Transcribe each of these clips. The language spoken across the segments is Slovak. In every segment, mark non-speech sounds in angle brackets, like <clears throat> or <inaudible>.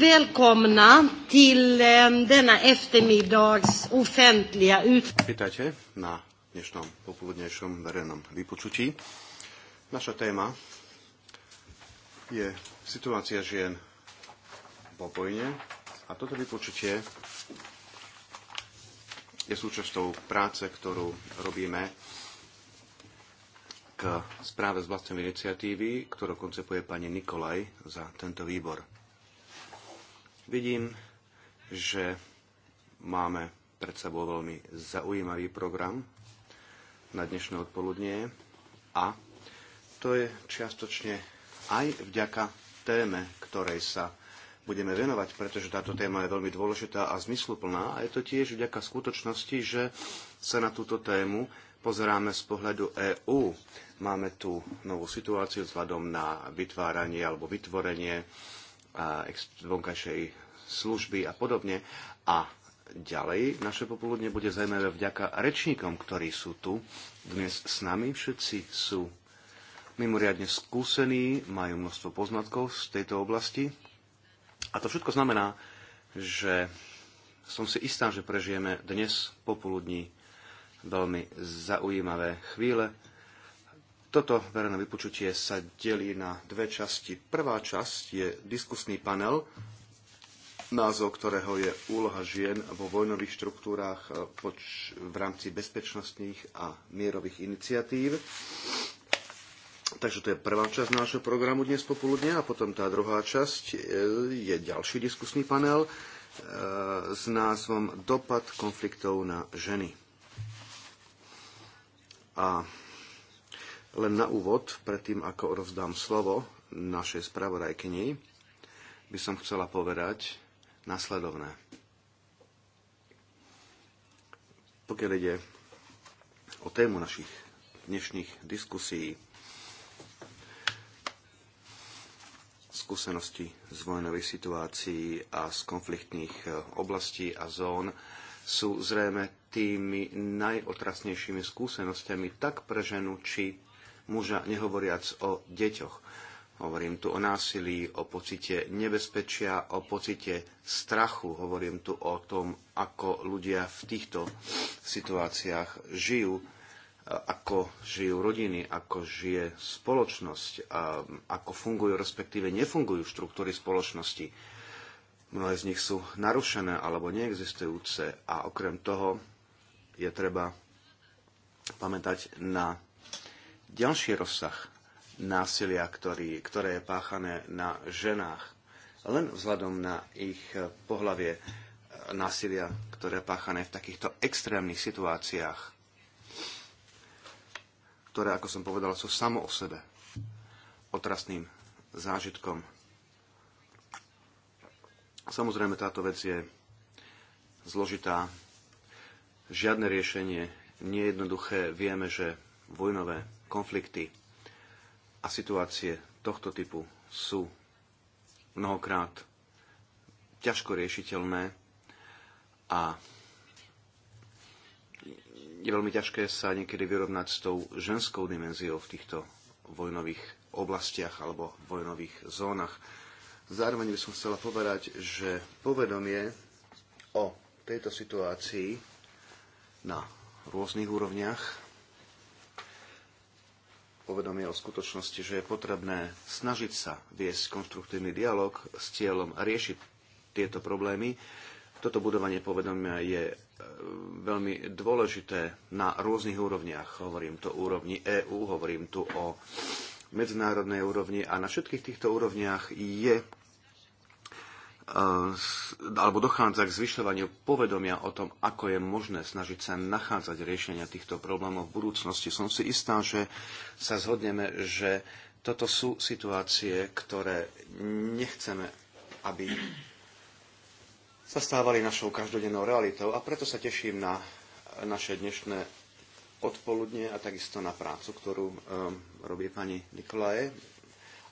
välkomna till eh, denna eftermiddags offentliga Vítajte na dnešnom popoludnejšom verejnom vypočutí. Naša téma je situácia žien v vojne a toto vypočutie je súčasťou práce, ktorú robíme k správe z vlastnej iniciatívy, ktorú koncepuje pani Nikolaj za tento výbor. Vidím, že máme pred sebou veľmi zaujímavý program na dnešné odpoludnie a to je čiastočne aj vďaka téme, ktorej sa budeme venovať, pretože táto téma je veľmi dôležitá a zmysluplná a je to tiež vďaka skutočnosti, že sa na túto tému pozeráme z pohľadu EÚ. Máme tu novú situáciu vzhľadom na vytváranie alebo vytvorenie a vonkajšej služby a podobne. A ďalej naše popoludne bude zaujímavé vďaka rečníkom, ktorí sú tu dnes s nami. Všetci sú mimoriadne skúsení, majú množstvo poznatkov z tejto oblasti. A to všetko znamená, že som si istá, že prežijeme dnes popoludní veľmi zaujímavé chvíle toto verejné vypočutie sa delí na dve časti. Prvá časť je diskusný panel, názov ktorého je Úloha žien vo vojnových štruktúrách eh, v rámci bezpečnostných a mierových iniciatív. Takže to je prvá časť nášho programu dnes popoludne a potom tá druhá časť eh, je ďalší diskusný panel eh, s názvom Dopad konfliktov na ženy. A len na úvod, predtým ako rozdám slovo našej spravodajkyni, by som chcela povedať nasledovné. Pokiaľ ide o tému našich dnešných diskusí, skúsenosti z vojnovej situácií a z konfliktných eh, oblastí a zón sú zrejme tými najotrasnejšími skúsenostiami tak pre ženu či muža, nehovoriac o deťoch. Hovorím tu o násilí, o pocite nebezpečia, o pocite strachu. Hovorím tu o tom, ako ľudia v týchto situáciách žijú, ako žijú rodiny, ako žije spoločnosť, ako fungujú, respektíve nefungujú štruktúry spoločnosti. Mnohé z nich sú narušené alebo neexistujúce a okrem toho je treba pamätať na ďalší rozsah násilia, ktorý, ktoré je páchané na ženách, len vzhľadom na ich pohlavie e, násilia, ktoré je páchané v takýchto extrémnych situáciách, ktoré, ako som povedal, sú samo o sebe otrasným zážitkom. Samozrejme, táto vec je zložitá. Žiadne riešenie nie je jednoduché. Vieme, že vojnové konflikty a situácie tohto typu sú mnohokrát ťažko riešiteľné a je veľmi ťažké sa niekedy vyrovnať s tou ženskou dimenziou v týchto vojnových oblastiach alebo vojnových zónach. Zároveň by som chcela povedať, že povedomie o tejto situácii na rôznych úrovniach povedomie o skutočnosti, že je potrebné snažiť sa viesť konštruktívny dialog s cieľom riešiť tieto problémy. Toto budovanie povedomia je e, veľmi dôležité na rôznych úrovniach. Hovorím tu o úrovni EÚ, hovorím tu o medzinárodnej úrovni a na všetkých týchto úrovniach je alebo dochádza k zvyšovaniu povedomia o tom, ako je možné snažiť sa nachádzať riešenia týchto problémov v budúcnosti. Som si istá, že sa zhodneme, že toto sú situácie, ktoré nechceme, aby sa stávali našou každodennou realitou a preto sa teším na naše dnešné odpoludne a takisto na prácu, ktorú um, robí pani Nikolaje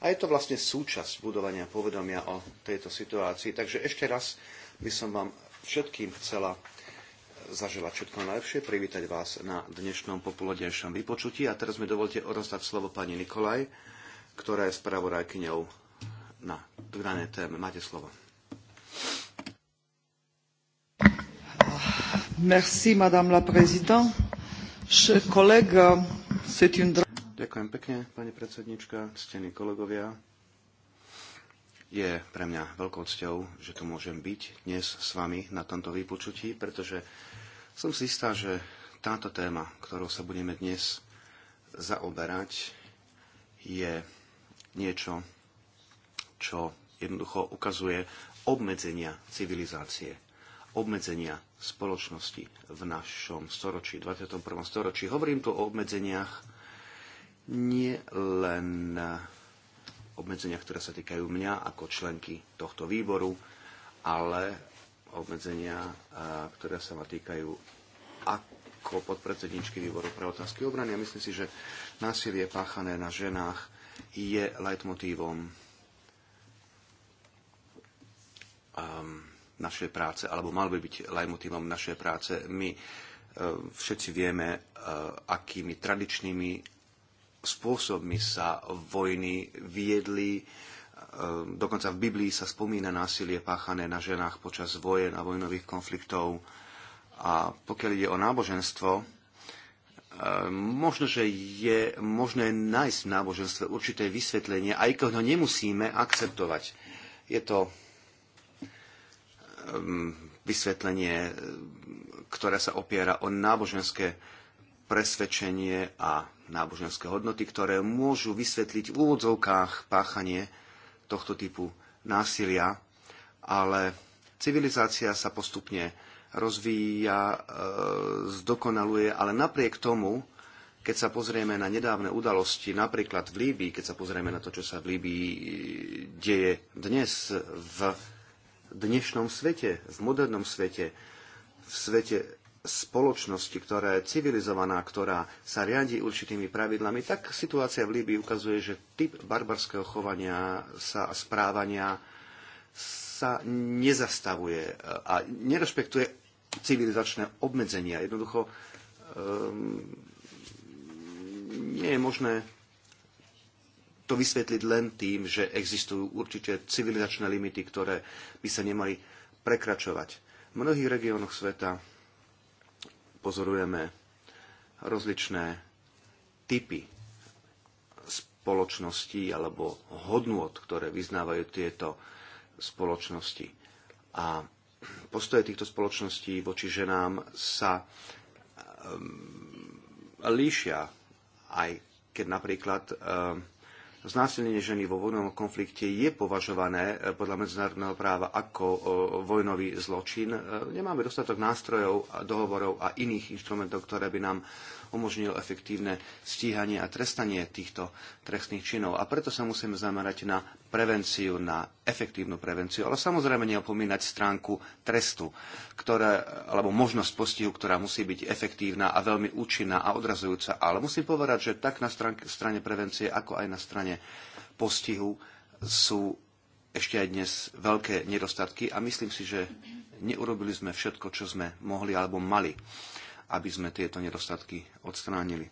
a je to vlastne súčasť budovania povedomia o tejto situácii. Takže ešte raz by som vám všetkým chcela zaželať všetko najlepšie, privítať vás na dnešnom popoludnejšom vypočutí. A teraz mi dovolte odostať slovo pani Nikolaj, ktorá je spravodajkyňou na dané téme. Máte slovo. Merci, madame la présidente. Chers collègues, c'est une Ďakujem pekne, pani predsednička, ctení kolegovia. Je pre mňa veľkou cťou, že tu môžem byť dnes s vami na tomto vypočutí, pretože som si istá, že táto téma, ktorou sa budeme dnes zaoberať, je niečo, čo jednoducho ukazuje obmedzenia civilizácie, obmedzenia spoločnosti v našom storočí, 21. storočí. Hovorím tu o obmedzeniach nie len obmedzenia, ktoré sa týkajú mňa ako členky tohto výboru, ale obmedzenia, ktoré sa ma týkajú ako podpredsedničky výboru pre otázky obrany. A myslím si, že násilie páchané na ženách je leitmotívom um, našej práce, alebo mal by byť leitmotívom našej práce. My uh, všetci vieme, uh, akými tradičnými spôsobmi sa vojny viedli. Eh, dokonca v Biblii sa spomína násilie páchané na ženách počas vojen a vojnových konfliktov. A pokiaľ ide o náboženstvo, eh, možno, že je možné nájsť v náboženstve určité vysvetlenie, aj keď ho nemusíme akceptovať. Je to ehm, vysvetlenie, eh, ktoré sa opiera o náboženské presvedčenie a náboženské hodnoty, ktoré môžu vysvetliť v úvodzovkách páchanie tohto typu násilia, ale civilizácia sa postupne rozvíja, e, zdokonaluje, ale napriek tomu, keď sa pozrieme na nedávne udalosti, napríklad v Líbii, keď sa pozrieme na to, čo sa v Líbii e, deje dnes, v dnešnom svete, v modernom svete, v svete spoločnosti, ktorá je civilizovaná, ktorá sa riadi určitými pravidlami, tak situácia v Líbii ukazuje, že typ barbarského chovania sa a správania sa nezastavuje e, a nerešpektuje civilizačné obmedzenia. Jednoducho um, nie je možné to vysvetliť len tým, že existujú určite civilizačné limity, ktoré by sa nemali prekračovať. V mnohých regiónoch sveta pozorujeme rozličné typy spoločností alebo hodnôt, ktoré vyznávajú tieto spoločnosti. A postoje týchto spoločností voči ženám sa um, líšia, aj keď napríklad um, Znásilnenie ženy vo vojnovom konflikte je považované e, podľa medzinárodného práva ako e, vojnový zločin. E, nemáme dostatok nástrojov, dohovorov a iných inštrumentov, ktoré by nám umožnil efektívne stíhanie a trestanie týchto trestných činov. A preto sa musíme zamerať na prevenciu, na efektívnu prevenciu, ale samozrejme neopomínať stránku trestu, ktoré, alebo možnosť postihu, ktorá musí byť efektívna a veľmi účinná a odrazujúca. Ale musím povedať, že tak na strane prevencie, ako aj na strane postihu sú ešte aj dnes veľké nedostatky a myslím si, že neurobili sme všetko, čo sme mohli alebo mali aby sme tieto nedostatky odstránili.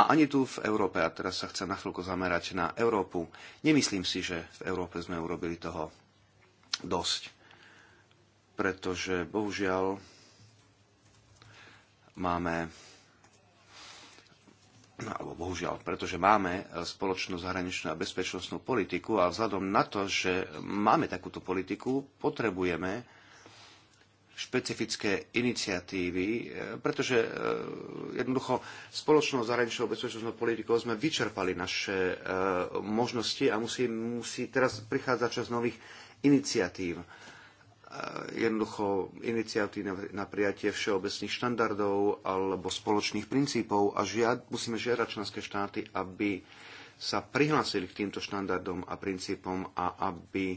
A ani tu v Európe, a teraz sa chcem na chvíľku zamerať na Európu, nemyslím si, že v Európe sme urobili toho dosť. Pretože bohužiaľ máme alebo bohužiaľ, pretože máme spoločnú zahraničnú a bezpečnostnú politiku a vzhľadom na to, že máme takúto politiku, potrebujeme špecifické iniciatívy, e, pretože e, jednoducho spoločnou zahraničnou bezpečnostnou politikou sme vyčerpali naše e, možnosti a musí, musí teraz prichádzať čas nových iniciatív. Jednoducho iniciatív na prijatie všeobecných štandardov alebo spoločných princípov a žiad, musíme žiadať členské štáty, aby sa prihlásili k týmto štandardom a princípom a aby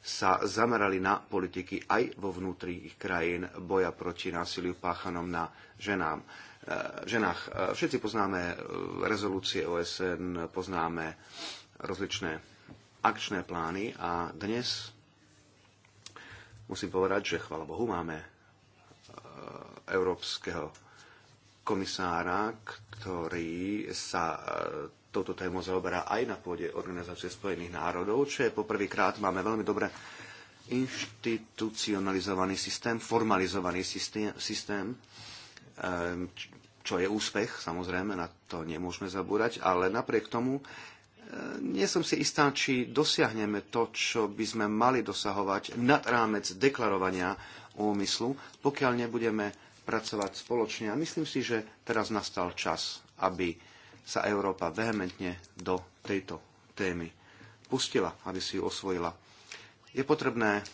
sa zamerali na politiky aj vo vnútri ich krajín boja proti násiliu páchanom na ženám. Eh, ženách. Eh, všetci poznáme eh, rezolúcie OSN, poznáme rozličné akčné plány a dnes musím povedať, že chvala Bohu máme európskeho komisára, ktorý sa touto tému zaoberá aj na pôde Organizácie spojených národov, čo je poprvýkrát máme veľmi dobre inštitucionalizovaný systém, formalizovaný systém, systém ehm, čo je úspech, samozrejme, na to nemôžeme zabúrať, ale napriek tomu ehm, nie som si istá, či dosiahneme to, čo by sme mali dosahovať nad rámec deklarovania úmyslu, pokiaľ nebudeme pracovať spoločne. A myslím si, že teraz nastal čas, aby sa Európa vehementne do tejto témy pustila, aby si ju osvojila. Je potrebné e,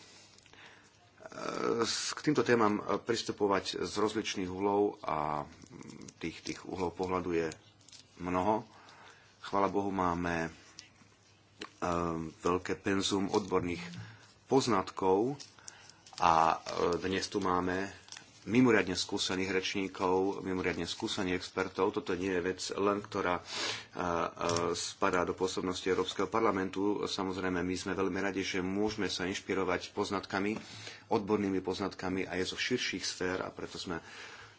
k týmto témam e, pristupovať z rozličných uhlov a mm, tých, tých uhlov pohľadu je mnoho. Chvala Bohu máme e, veľké penzum odborných poznatkov a dnes tu máme mimoriadne skúsených rečníkov, mimoriadne skúsených expertov. Toto nie je vec len, ktorá spadá do pôsobnosti Európskeho parlamentu. Samozrejme, my sme veľmi radi, že môžeme sa inšpirovať poznatkami, odbornými poznatkami aj zo širších sfér a preto sme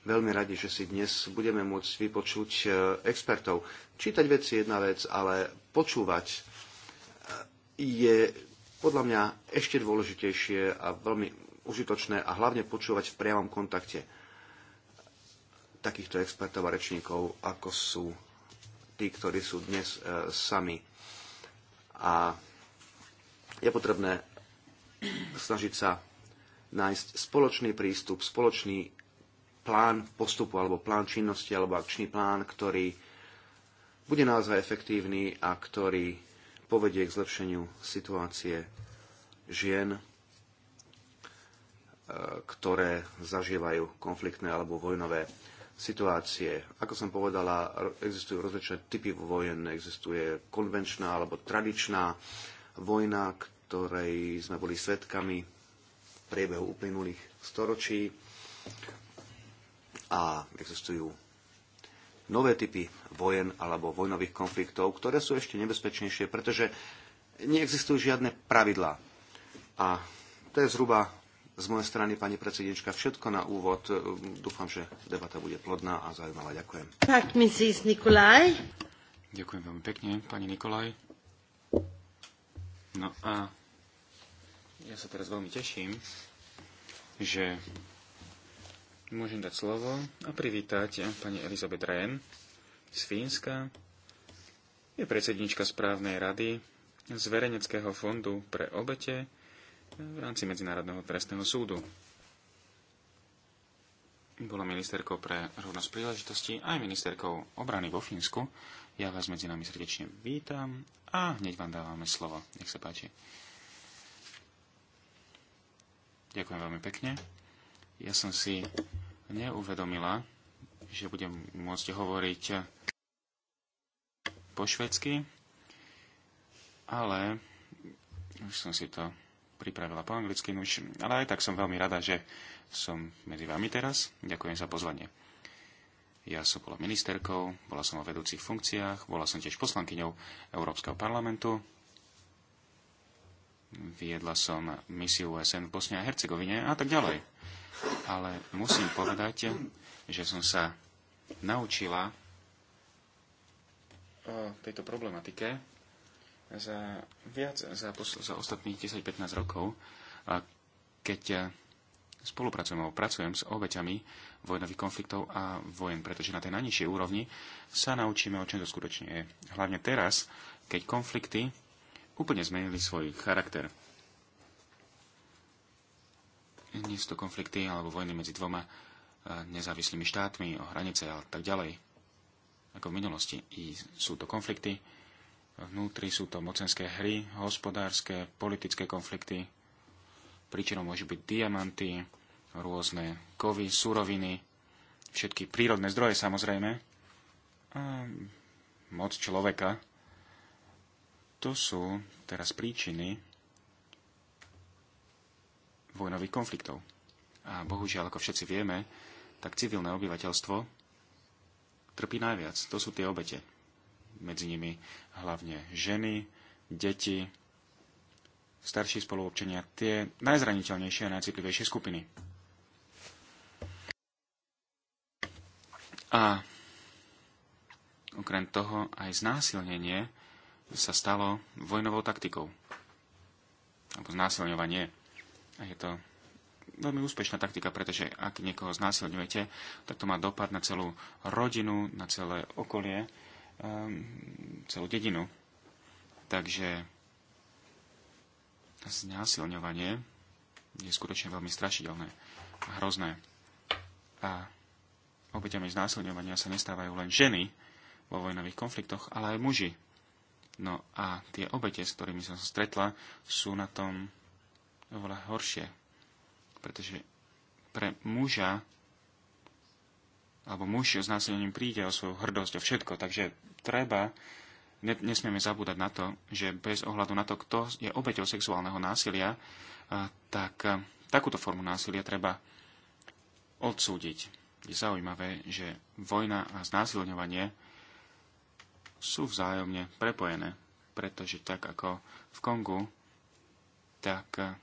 veľmi radi, že si dnes budeme môcť vypočuť e, expertov. Čítať veci je jedna vec, ale počúvať e, je podľa mňa ešte dôležitejšie a veľmi užitočné a hlavne počúvať v priamom kontakte takýchto expertov a rečníkov, ako sú tí, ktorí sú dnes e, sami. A je potrebné snažiť sa nájsť spoločný prístup, spoločný plán postupu alebo plán činnosti alebo akčný plán, ktorý bude naozaj efektívny a ktorý povedie k zlepšeniu situácie žien ktoré zažívajú konfliktné alebo vojnové situácie. Ako som povedala, existujú rozličné typy vojen. Existuje konvenčná alebo tradičná vojna, ktorej sme boli svetkami v priebehu uplynulých storočí. A existujú nové typy vojen alebo vojnových konfliktov, ktoré sú ešte nebezpečnejšie, pretože neexistujú žiadne pravidlá. A to je zhruba z mojej strany, pani predsednička, všetko na úvod. Dúfam, že debata bude plodná a zaujímavá. Ďakujem. Tak, Mrs. Nikolaj. Ďakujem veľmi pekne, pani Nikolaj. No a ja sa teraz veľmi teším, že môžem dať slovo a privítať eh, pani Elizabeth Rehn z Fínska. Je predsednička správnej rady z Verejneckého fondu pre obete v rámci Medzinárodného trestného súdu. Bola ministerkou pre rovnosť príležitosti aj ministerkou obrany vo Fínsku. Ja vás medzi nami srdečne vítam a hneď vám dávame slovo. Nech sa páči. Ďakujem veľmi pekne. Ja som si neuvedomila, že budem môcť hovoriť po švedsky, ale už som si to pripravila po anglicky, nuž, ale aj tak som veľmi rada, že som medzi vami teraz. Ďakujem za pozvanie. Ja som bola ministerkou, bola som o vedúcich funkciách, bola som tiež poslankyňou Európskeho parlamentu. Viedla som misiu USN v Bosne a Hercegovine a tak ďalej. Ale musím povedať, že som sa naučila o eh, tejto problematike za viac za, za ostatných 10-15 rokov, a keď eh, spolupracujem alebo pracujem s obeťami vojnových konfliktov a vojen, pretože na tej najnižšej úrovni sa naučíme, o čom to skutočne je. Hlavne teraz, keď konflikty úplne zmenili svoj charakter. Nie sú to konflikty alebo vojny medzi dvoma eh, nezávislými štátmi, o hranice a tak ďalej, ako v minulosti. I sú to konflikty, Vnútri sú to mocenské hry, hospodárske, politické konflikty. Príčinou môžu byť diamanty, rôzne kovy, suroviny, všetky prírodné zdroje samozrejme. A moc človeka. To sú teraz príčiny vojnových konfliktov. A bohužiaľ, ako všetci vieme, tak civilné obyvateľstvo trpí najviac. To sú tie obete medzi nimi hlavne ženy, deti, starší spoluobčania, tie najzraniteľnejšie a najcitlivejšie skupiny. A okrem toho aj znásilnenie sa stalo vojnovou taktikou. Alebo znásilňovanie. A je to veľmi úspešná taktika, pretože ak niekoho znásilňujete, tak to má dopad na celú rodinu, na celé okolie Ehm, celú dedinu. Takže znásilňovanie je skutočne veľmi strašidelné a hrozné. A obeťami znásilňovania sa nestávajú len ženy vo vojnových konfliktoch, ale aj muži. No a tie obete, s ktorými som sa stretla, sú na tom oveľa horšie. Pretože pre muža alebo muž s násilením príde o svoju hrdosť, o všetko. Takže treba, ne, nesmieme zabúdať na to, že bez ohľadu na to, kto je obeťou sexuálneho násilia, eh, tak eh, takúto formu násilia treba odsúdiť. Je zaujímavé, že vojna a znásilňovanie sú vzájomne prepojené, pretože tak ako v Kongu, tak eh,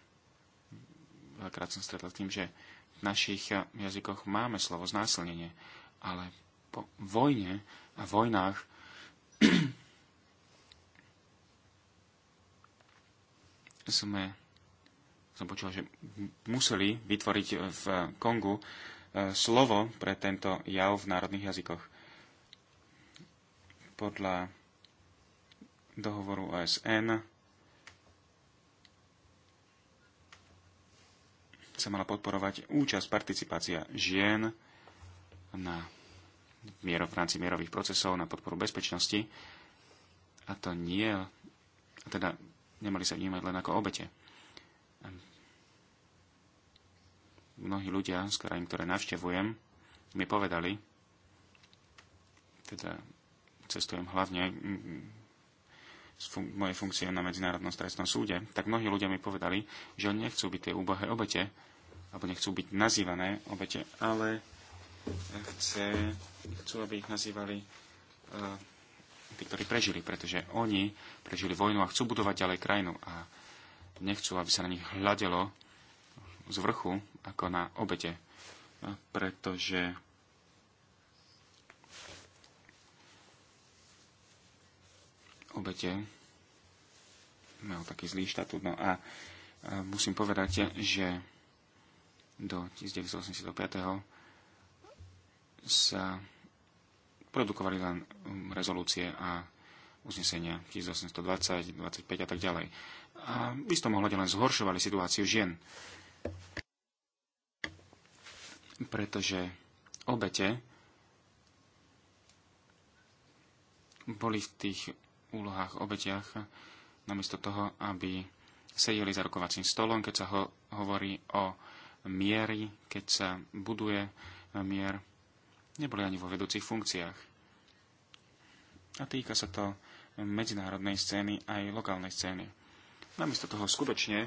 veľakrát som stretol s tým, že našich eh, jazykoch máme slovo znásilnenie, ale po vojne a vojnách <clears throat> sme, som počul, že museli vytvoriť eh, v Kongu eh, slovo pre tento jav v národných jazykoch. Podľa dohovoru OSN sa mala podporovať účasť, participácia žien na mierov, v rámci mierových procesov na podporu bezpečnosti. A to nie, a teda nemali sa vnímať len ako obete. Mnohí ľudia z krajín, ktoré navštevujem, mi povedali, teda cestujem hlavne fun- mojej funkcie na Medzinárodnom stresnom súde, tak mnohí ľudia mi povedali, že oni nechcú byť tie úbohé obete, alebo nechcú byť nazývané obete, ale chce, chcú, aby ich nazývali uh, tí, ktorí prežili, pretože oni prežili vojnu a chcú budovať ďalej krajinu a nechcú, aby sa na nich hľadelo z vrchu ako na obete, eh, pretože obete mal taký zlý štatút. No a musím povedať, že do 1985. sa produkovali len um, rezolúcie a uznesenia 1820, 25 a tak ďalej. A v istom ohľade len zhoršovali situáciu žien. Pretože obete boli v tých úlohách, obetiach, namiesto toho, aby sedeli za rokovacím stolom, keď sa ho, hovorí o miery, keď sa buduje mier, neboli ani vo vedúcich funkciách. A týka sa to medzinárodnej scény aj lokálnej scény. Namiesto toho skutočne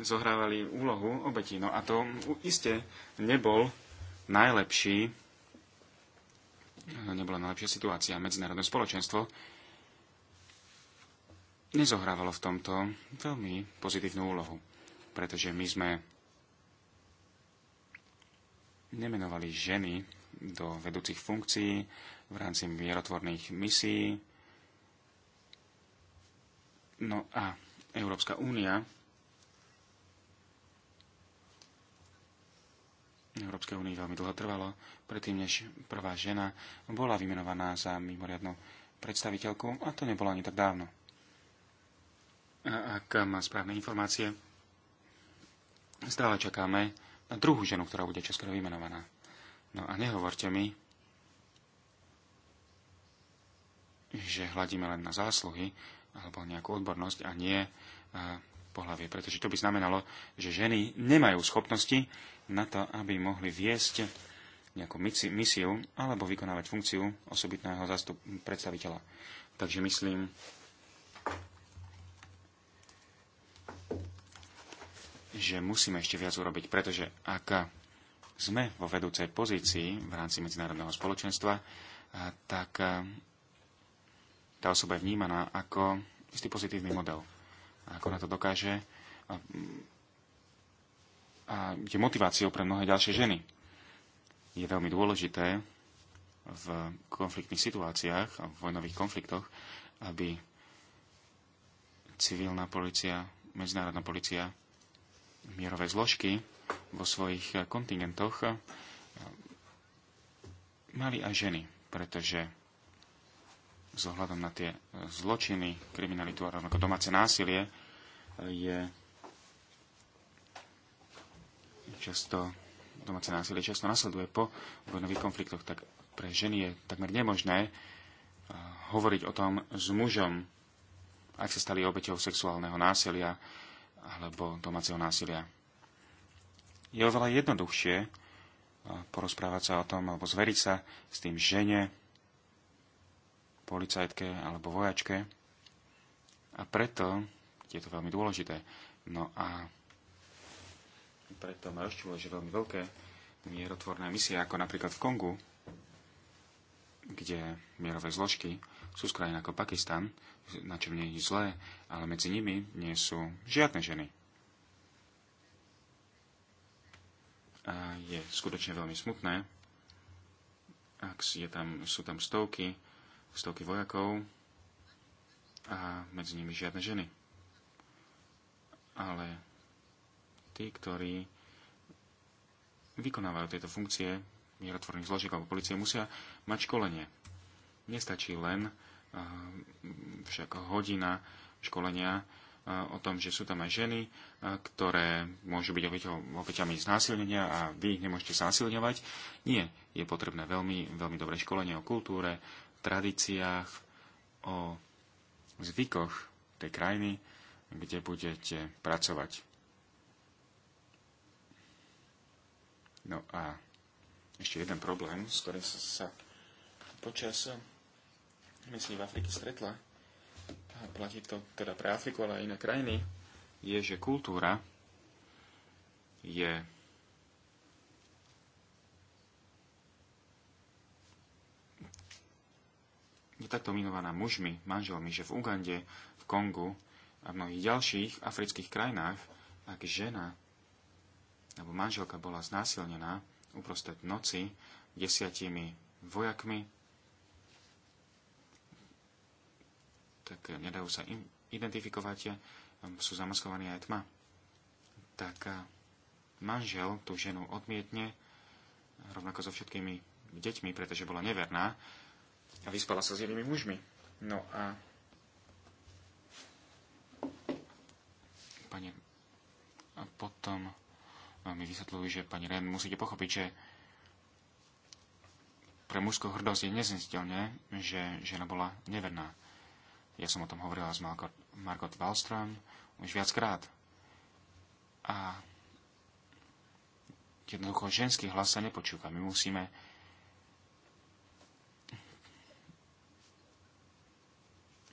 zohrávali úlohu obetí. No a to iste nebol najlepší nebola najlepšia situácia. Medzinárodné spoločenstvo nezohrávalo v tomto veľmi pozitívnu úlohu, pretože my sme nemenovali ženy do vedúcich funkcií v rámci mierotvorných misií. No a Európska únia Európskej únii veľmi dlho trvalo, predtým než prvá žena bola vymenovaná za mimoriadnu predstaviteľku a to nebolo ani tak dávno. A ak má správne informácie, stále čakáme na druhú ženu, ktorá bude čoskoro vymenovaná. No a nehovorte mi, že hľadíme len na zásluhy alebo nejakú odbornosť a nie pohľavie, pretože to by znamenalo, že ženy nemajú schopnosti na to, aby mohli viesť nejakú misiu alebo vykonávať funkciu osobitného zastup predstaviteľa. Takže myslím, že musíme ešte viac urobiť, pretože ak sme vo vedúcej pozícii v rámci medzinárodného spoločenstva, tak e, tá osoba je vnímaná ako istý pozitívny model ako na to dokáže a, a je motiváciou pre mnohé ďalšie ženy. Je veľmi dôležité v konfliktných situáciách a v vojnových konfliktoch, aby civilná policia, medzinárodná policia, mierové zložky vo svojich kontingentoch mali aj ženy, pretože zohľadom na tie e, zločiny, kriminalitu a rovnako domáce násilie e, je často domáce násilie často nasleduje po vojnových konfliktoch, tak pre ženy je takmer nemožné e, hovoriť o tom s mužom, ak sa stali obeťou sexuálneho násilia alebo domáceho násilia. Je oveľa jednoduchšie porozprávať sa o tom alebo zveriť sa s tým žene, policajtke alebo vojačke. A preto je to veľmi dôležité. No a preto ma rozčulo, že veľmi veľké mierotvorné misie, ako napríklad v Kongu, kde mierové zložky sú z krajín ako Pakistan, na čom nie je zlé, ale medzi nimi nie sú žiadne ženy. A je skutočne veľmi smutné, ak je tam, sú tam stovky stovky vojakov a medzi nimi žiadne ženy. Ale tí, ktorí vykonávajú tieto funkcie mierotvorných zložiek alebo policie, musia mať školenie. Nestačí len však hodina školenia o tom, že sú tam aj ženy, ktoré môžu byť obeťami znásilnenia a vy ich nemôžete znásilňovať. Nie, je potrebné veľmi, veľmi dobré školenie o kultúre, tradíciách, o zvykoch tej krajiny, kde budete pracovať. No a ešte jeden problém, s ktorým som sa počas myslím v Afrike stretla, a platí to teda pre Afriku, ale aj iné krajiny, je, že kultúra je je takto minovaná mužmi, manželmi, že v Ugande, v Kongu a v mnohých ďalších afrických krajinách, ak žena alebo manželka bola znásilnená uprostred noci desiatimi vojakmi, tak nedajú sa im identifikovať, sú zamaskovaní aj tma. Tak manžel tú ženu odmietne, rovnako so všetkými deťmi, pretože bola neverná, a vyspala sa s inými mužmi. No a pani a potom mi vysvetľujú, že pani Ren, musíte pochopiť, že pre mužskú hrdosť je neznesiteľné, že žena bola neverná. Ja som o tom hovorila s Margot, Margot Wallström už viackrát. A jednoducho ženský hlas sa nepočúva. My musíme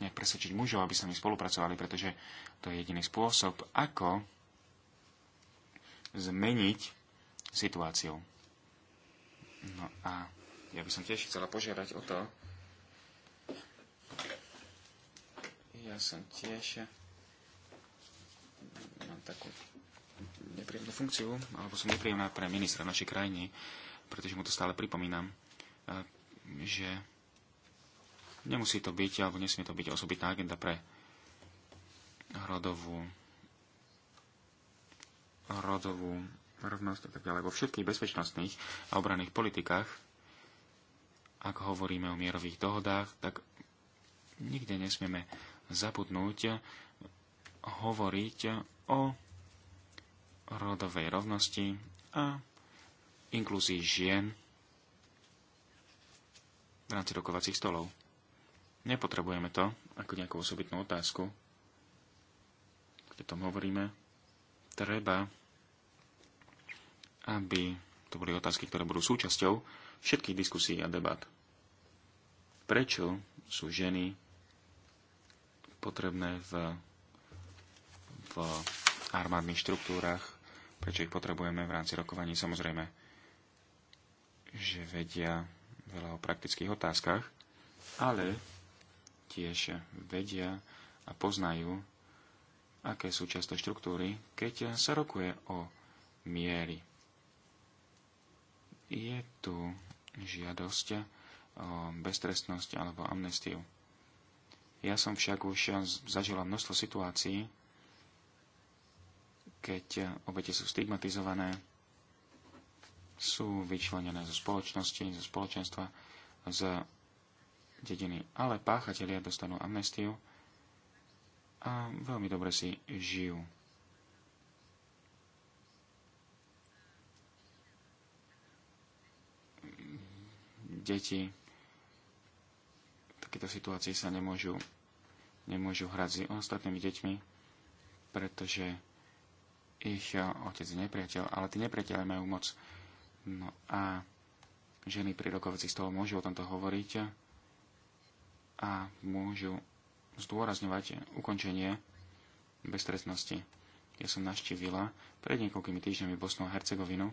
nejak vlastne presvedčiť mužov, aby s nami spolupracovali, pretože to je jediný spôsob, ako zmeniť situáciu. No a ja by som tiež chcela požiadať o to. Ja som tiež eh, mám takú nepríjemnú funkciu, alebo som nepríjemná pre ministra našej krajiny, pretože mu to stále pripomínam, eh, že Nemusí to byť, alebo nesmie to byť osobitná agenda pre rodovú, rodovú rovnosť a tak ďalej. Vo všetkých bezpečnostných a obranných politikách, ak hovoríme o mierových dohodách, tak nikde nesmieme zabudnúť hovoriť o rodovej rovnosti a inklúzii žien v rámci rokovacích stolov. Nepotrebujeme to ako nejakú osobitnú otázku. Keď o tom hovoríme, treba, aby to boli otázky, ktoré budú súčasťou všetkých diskusí a debat. Prečo sú ženy potrebné v, v armádnych štruktúrach, prečo ich potrebujeme v rámci rokovaní. Samozrejme, že vedia veľa o praktických otázkach, ale tiež vedia a poznajú, aké sú často štruktúry, keď sa rokuje o miery. Je tu žiadosť o beztrestnosť alebo amnestiu. Ja som však už zažila množstvo situácií, keď obete sú stigmatizované, sú vyčlenené zo spoločnosti, zo spoločenstva, z dediny, ale páchatelia dostanú amnestiu a veľmi dobre si žijú. Deti v takéto situácii sa nemôžu, nemôžu hrať s ostatnými deťmi, pretože ich eh, otec je nepriateľ, ale tí nepriateľe majú moc. No a ženy pri z toho môžu o tomto hovoriť, a môžu zdôrazňovať ukončenie beztrestnosti. Ja som naštívila pred niekoľkými týždňami Bosnu a Hercegovinu.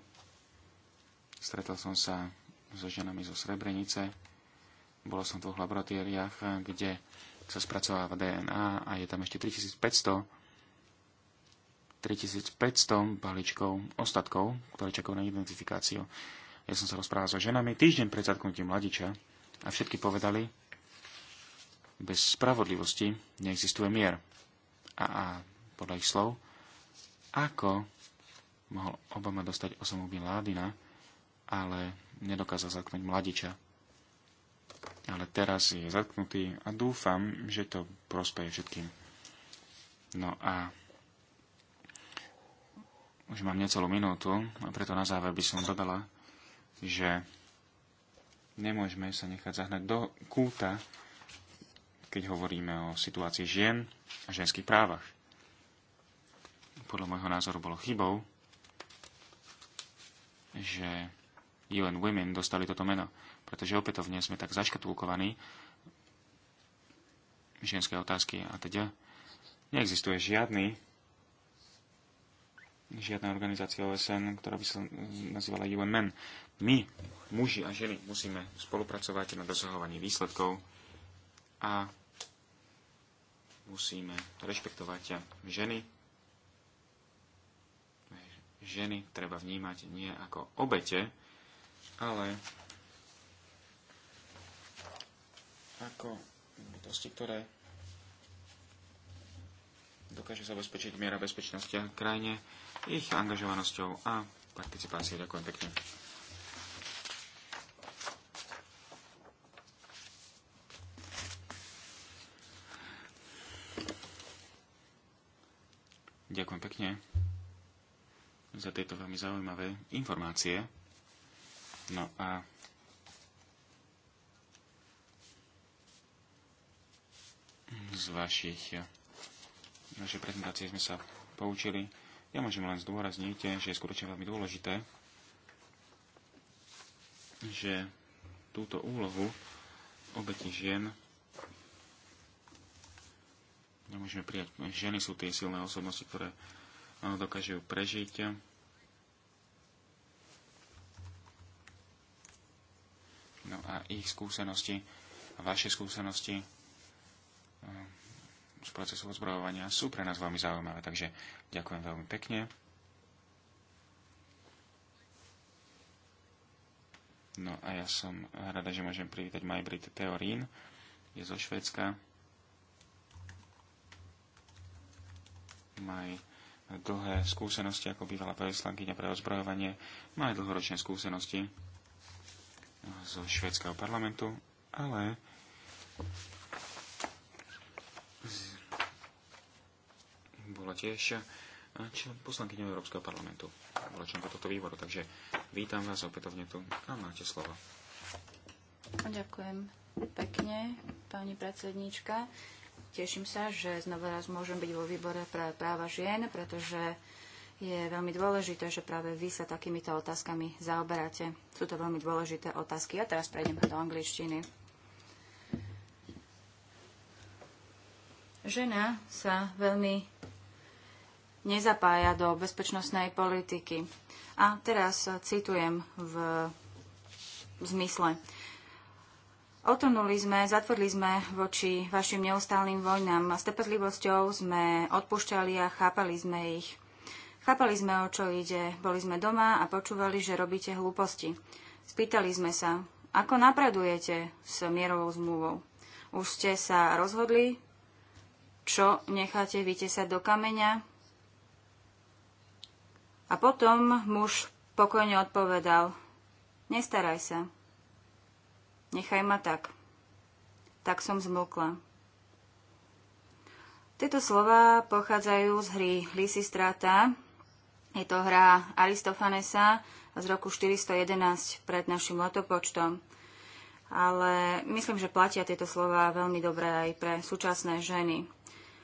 Stretol som sa so ženami zo Srebrenice. Bola som v dvoch laboratóriách, kde sa spracováva DNA a je tam ešte 3500 3500 balíčkov ostatkov, ktoré čakajú na identifikáciu. Ja som sa rozprával so ženami týždeň pred zatknutím mladiča a všetky povedali, bez spravodlivosti neexistuje mier. A, a podľa ich slov, ako mohol Obama dostať Osamu Bin Ládina, ale nedokázal zatknúť mladiča. Ale teraz je zatknutý a dúfam, že to prospeje všetkým. No a už mám necelú minútu a preto na záver by som dodala, že nemôžeme sa nechať zahnať do kúta, keď hovoríme o situácii žien a ženských právach. Podľa môjho názoru bolo chybou, že UN Women dostali toto meno, pretože opätovne sme tak zaškatulkovaní ženské otázky a teda neexistuje žiadny žiadna organizácia OSN, ktorá by sa nazývala UN Men. My, muži a ženy, musíme spolupracovať na dosahovaní výsledkov a musíme rešpektovať ženy. Ženy treba vnímať nie ako obete, ale ako bytosti, ktoré dokáže zabezpečiť miera bezpečnosti a krajine ich angažovanosťou a participáciou. Ďakujem pekne. pekne za tieto veľmi zaujímavé informácie. No a z vašich našej prezentácie sme sa poučili. Ja môžem len zdôrazniť, že je skutočne veľmi dôležité, že túto úlohu obeti žien nemôžeme prijať. Ženy sú tie silné osobnosti, ktoré ju prežiť. No a ich skúsenosti, vaše skúsenosti eh, z procesu odzbrojovania sú pre nás veľmi zaujímavé, takže ďakujem veľmi pekne. No a ja som rada, že môžem privítať Majbrit Teorín, je zo Švedska. Maj dlhé skúsenosti, ako bývala preslankyňa pre ozbrojovanie, má aj dlhoročné skúsenosti zo švedského parlamentu, ale bola tiež poslankyňa Európskeho parlamentu. Bola členka tohto výboru, takže vítam vás opätovne tu a máte slovo. Ďakujem pekne, pani predsedníčka. Teším sa, že znovu raz môžem byť vo výbore pre práva žien, pretože je veľmi dôležité, že práve vy sa takýmito otázkami zaoberáte. Sú to veľmi dôležité otázky. Ja teraz prejdem do angličtiny. Žena sa veľmi nezapája do bezpečnostnej politiky. A teraz citujem v zmysle. Otrnuli sme, zatvorili sme voči vašim neustálnym vojnám. S trpezlivosťou sme odpúšťali a chápali sme ich. Chápali sme, o čo ide. Boli sme doma a počúvali, že robíte hlúposti. Spýtali sme sa, ako napredujete s mierovou zmluvou? Už ste sa rozhodli, čo necháte vytesať do kameňa? A potom muž pokojne odpovedal, nestaraj sa. Nechaj ma tak. Tak som zmlkla. Tieto slova pochádzajú z hry Lysistrata. Je to hra Aristofanesa z roku 411 pred našim letopočtom. Ale myslím, že platia tieto slova veľmi dobre aj pre súčasné ženy.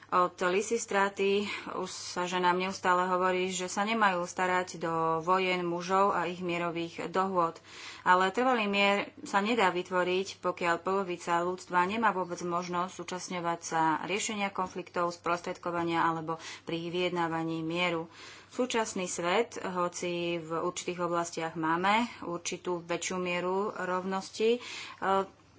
Od Lisistraty už sa ženám neustále hovorí, že sa nemajú starať do vojen mužov a ich mierových dohôd. Ale trvalý mier sa nedá vytvoriť, pokiaľ polovica ľudstva nemá vôbec možnosť súčasňovať sa riešenia konfliktov, sprostredkovania alebo pri vyjednávaní mieru. Súčasný svet, hoci v určitých oblastiach máme určitú väčšiu mieru rovnosti,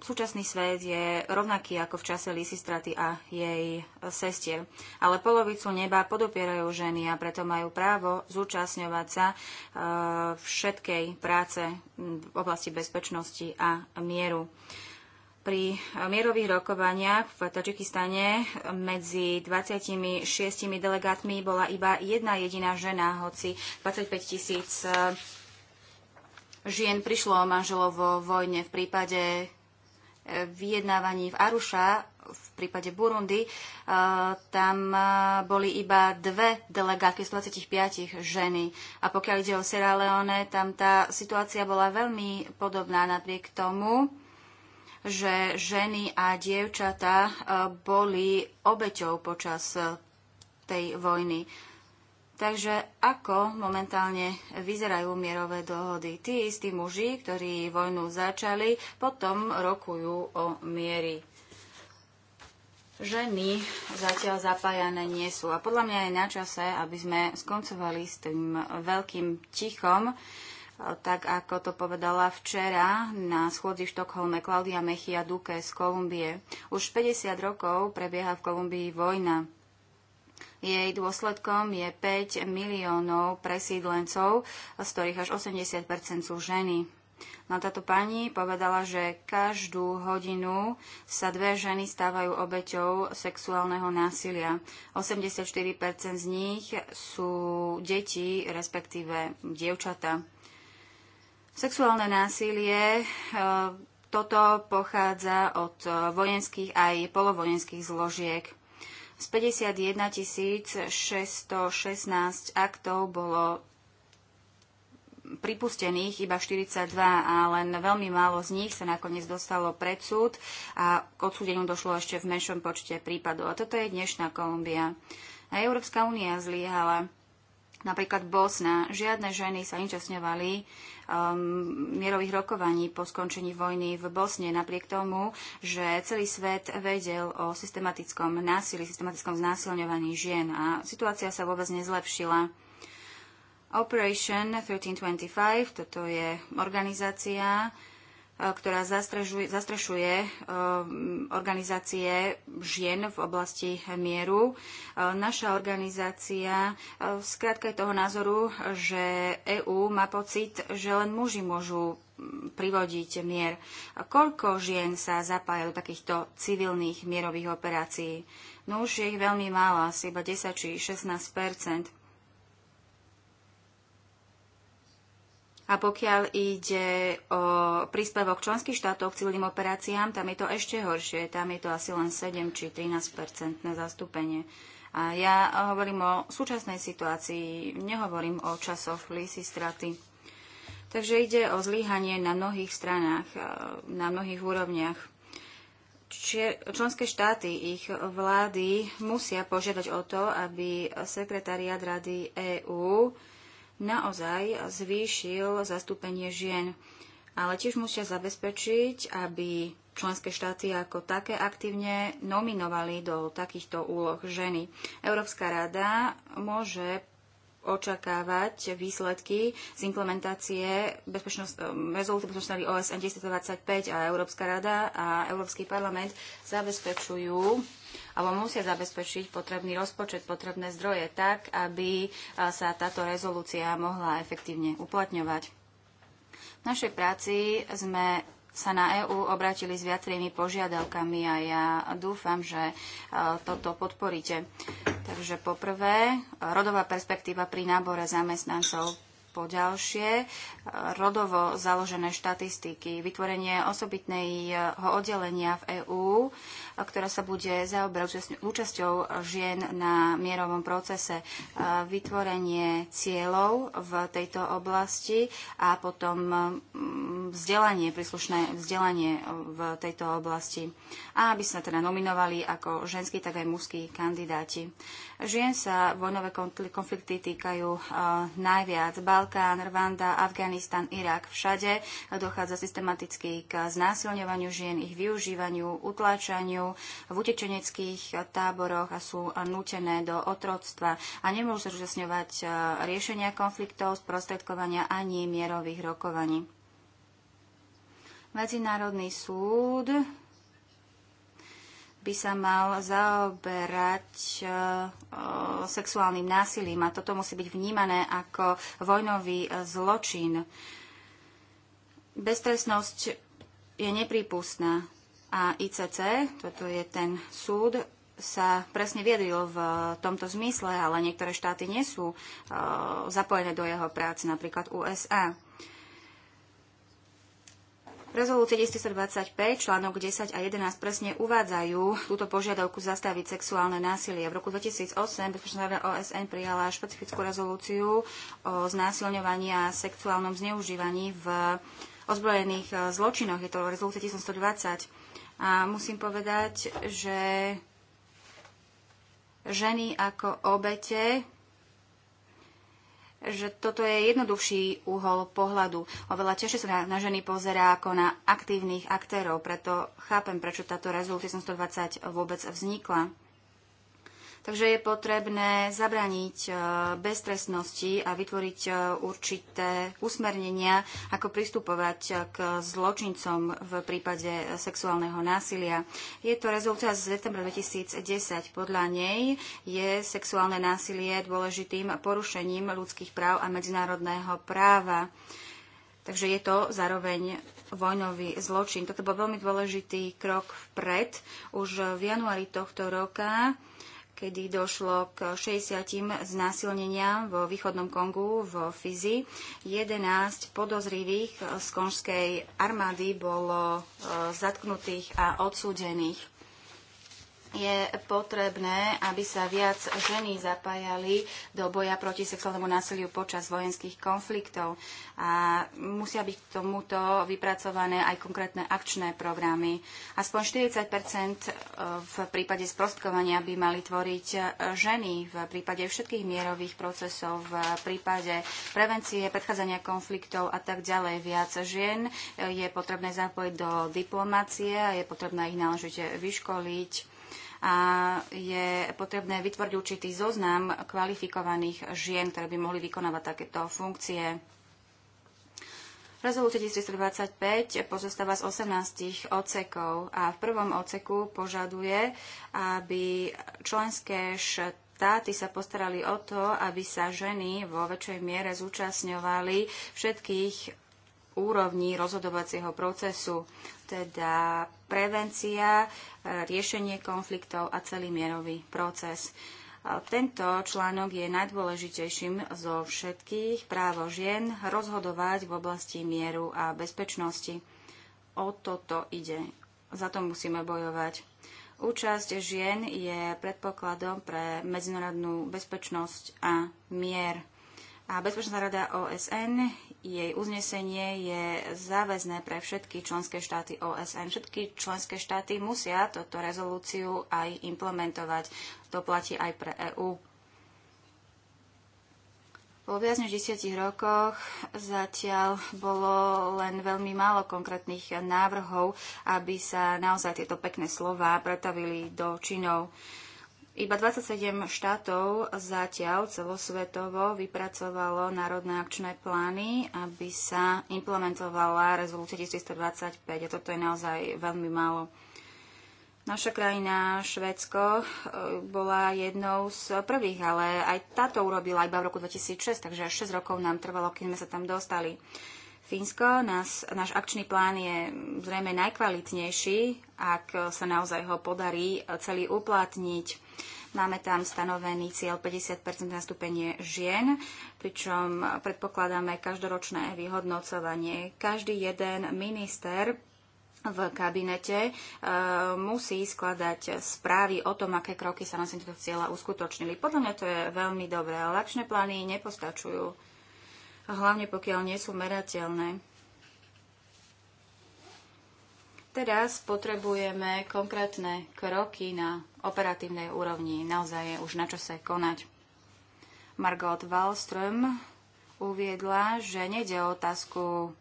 Súčasný svet je rovnaký ako v čase Lysistraty a jej sestier. Ale polovicu neba podopierajú ženy a preto majú právo zúčastňovať sa e, všetkej práce v oblasti bezpečnosti a mieru pri mierových rokovaniach v Tadžikistane medzi 26 delegátmi bola iba jedna jediná žena, hoci 25 tisíc e, žien prišlo o manželovo vo vojne. V prípade vyjednávaní v Aruša, v prípade Burundi, e, tam e, boli iba dve delegátky z 25 ženy. A pokiaľ ide o Sierra Leone, tam tá situácia bola veľmi podobná napriek tomu, že ženy a dievčatá e, boli obeťou počas tej vojny. Takže ako momentálne vyzerajú mierové dohody? Tí istí muži, ktorí vojnu začali, potom rokujú o miery. Ženy zatiaľ zapájané nie sú. A podľa mňa je na čase, aby sme skoncovali s tým veľkým tichom, tak ako to povedala včera na schôdzi v Štokholme Klaudia Mechia duke z Kolumbie. Už 50 rokov prebieha v Kolumbii vojna. Jej dôsledkom je 5 miliónov presídlencov, z ktorých až 80 sú ženy. No táto pani povedala, že každú hodinu sa dve ženy stávajú obeťou sexuálneho násilia. 84% z nich sú deti, respektíve dievčata. Sexuálne násilie, e, toto pochádza od vojenských aj polovojenských zložiek. Z 51 616 aktov bolo pripustených iba 42 a len veľmi málo z nich sa nakoniec dostalo pred súd a k odsúdeniu došlo ešte v menšom počte prípadov. A toto je dnešná Kolumbia. A Európska únia zlyhala. Napríklad Bosna. Žiadne ženy sa inčasňovali um, mierových rokovaní po skončení vojny v Bosne, napriek tomu, že celý svet vedel o systematickom násilí, systematickom znásilňovaní žien a situácia sa vôbec nezlepšila. Operation 1325, toto je organizácia, ktorá zastrešuje e, organizácie žien v oblasti mieru. E, naša organizácia v e, skratke toho názoru, že EÚ má pocit, že len muži môžu privodiť mier. Koľko žien sa zapája do takýchto civilných mierových operácií? No už je ich veľmi málo, asi iba 10 či 16 A pokiaľ ide o príspevok členských štátov k civilným operáciám, tam je to ešte horšie. Tam je to asi len 7 či 13 zastúpenie. A ja hovorím o súčasnej situácii, nehovorím o časoch lísy straty. Takže ide o zlíhanie na mnohých stranách, na mnohých úrovniach. Členské štáty, ich vlády musia požiadať o to, aby sekretariat Rady EÚ naozaj zvýšil zastúpenie žien. Ale tiež musia zabezpečiť, aby členské štáty ako také aktívne nominovali do takýchto úloh ženy. Európska rada môže očakávať výsledky z implementácie rezolúcie bezpečnosti OSN 1025 a Európska rada a Európsky parlament zabezpečujú alebo musia zabezpečiť potrebný rozpočet, potrebné zdroje tak, aby sa táto rezolúcia mohla efektívne uplatňovať. V našej práci sme sa na EÚ obratili s viacerými požiadavkami a ja dúfam, že toto podporíte. Takže poprvé, rodová perspektíva pri nábore zamestnancov. Po ďalšie, rodovo založené štatistiky, vytvorenie osobitného oddelenia v EÚ ktorá sa bude zaoberať účasťou žien na mierovom procese, vytvorenie cieľov v tejto oblasti a potom mm, vzdelanie, príslušné vzdelanie v tejto oblasti. A aby sa teda nominovali ako ženskí, tak aj mužskí kandidáti. Žien sa vojnové konflikty týkajú najviac. Balkán, Rwanda, Afganistan, Irak, všade dochádza systematicky k znásilňovaniu žien, ich využívaniu, utláčaniu, v utečeneckých táboroch a sú nútené do otroctva a nemôžu zúčastňovať e, riešenia konfliktov, sprostredkovania ani mierových rokovaní. Medzinárodný súd by sa mal zaoberať e, e, sexuálnym násilím a toto musí byť vnímané ako vojnový zločin. Beztrestnosť je neprípustná. A ICC, toto je ten súd, sa presne viedril v tomto zmysle, ale niektoré štáty nie sú uh, zapojené do jeho práce, napríklad USA. Rezolúcie 1025, článok 10 a 11 presne uvádzajú túto požiadavku zastaviť sexuálne násilie. V roku 2008 Bezpečná rada OSN prijala špecifickú rezolúciu o znásilňovaní a sexuálnom zneužívaní v ozbrojených uh, zločinoch. Je to rezolúcia 1120. A musím povedať, že ženy ako obete že toto je jednoduchší uhol pohľadu. Oveľa ťažšie sa na, ženy pozerá ako na aktívnych aktérov, preto chápem, prečo táto rezolúcia 120 vôbec vznikla. Takže je potrebné zabraniť e, beztrestnosti a vytvoriť e, určité usmernenia, ako pristupovať e, k zločincom v prípade sexuálneho násilia. Je to rezultát z septembra 2010. Podľa nej je sexuálne násilie dôležitým porušením ľudských práv a medzinárodného práva. Takže je to zároveň vojnový zločin. Toto bol veľmi dôležitý krok vpred. Už v januári tohto roka kedy došlo k 60 znásilneniam vo východnom Kongu, v Fizi. 11 podozrivých z konžskej armády bolo e, zatknutých a odsúdených je potrebné, aby sa viac ženy zapájali do boja proti sexuálnemu násiliu počas vojenských konfliktov. A musia byť k tomuto vypracované aj konkrétne akčné programy. Aspoň 40 e, v prípade sprostkovania by mali tvoriť e, ženy v prípade všetkých mierových procesov, v prípade prevencie, predchádzania konfliktov a tak ďalej. Viac žien e, je potrebné zapojiť do diplomácie a je potrebné ich náležite vyškoliť a je potrebné vytvoriť určitý zoznam kvalifikovaných žien, ktoré by mohli vykonávať takéto funkcie. Rezolúcia 1325 pozostáva z 18 odsekov a v prvom odseku požaduje, aby členské štáty sa postarali o to, aby sa ženy vo väčšej miere zúčastňovali všetkých úrovni rozhodovacieho procesu, teda prevencia, e, riešenie konfliktov a celý mierový proces. E, tento článok je najdôležitejším zo všetkých právo žien rozhodovať v oblasti mieru a bezpečnosti. O toto ide. Za to musíme bojovať. Účasť žien je predpokladom pre medzinárodnú bezpečnosť a mier. A Bezpečná rada OSN jej uznesenie je záväzné pre všetky členské štáty OSN. Všetky členské štáty musia toto rezolúciu aj implementovať. To platí aj pre EÚ. Po viac než desiatich rokoch zatiaľ bolo len veľmi málo konkrétnych návrhov, aby sa naozaj tieto pekné slova pretavili do činov. Iba 27 štátov zatiaľ celosvetovo vypracovalo národné akčné plány, aby sa implementovala rezolúcia 1325 a toto je naozaj veľmi málo. Naša krajina, Švedsko, e, bola jednou z prvých, ale aj táto urobila iba v roku 2006, takže až 6 rokov nám trvalo, kým sme sa tam dostali. Fínsko, nás, náš akčný plán je zrejme najkvalitnejší ak sa naozaj ho podarí celý uplatniť. Máme tam stanovený cieľ 50% nastúpenie žien, pričom predpokladáme každoročné vyhodnocovanie. Každý jeden minister v kabinete e, musí skladať správy o tom, aké kroky sa na tento cieľa uskutočnili. Podľa mňa to je veľmi dobré, ale akčné plány nepostačujú, hlavne pokiaľ nie sú merateľné. Teraz potrebujeme konkrétne kroky na operatívnej úrovni. Naozaj je už na čo sa konať. Margot Wallström uviedla, že nejde o otázku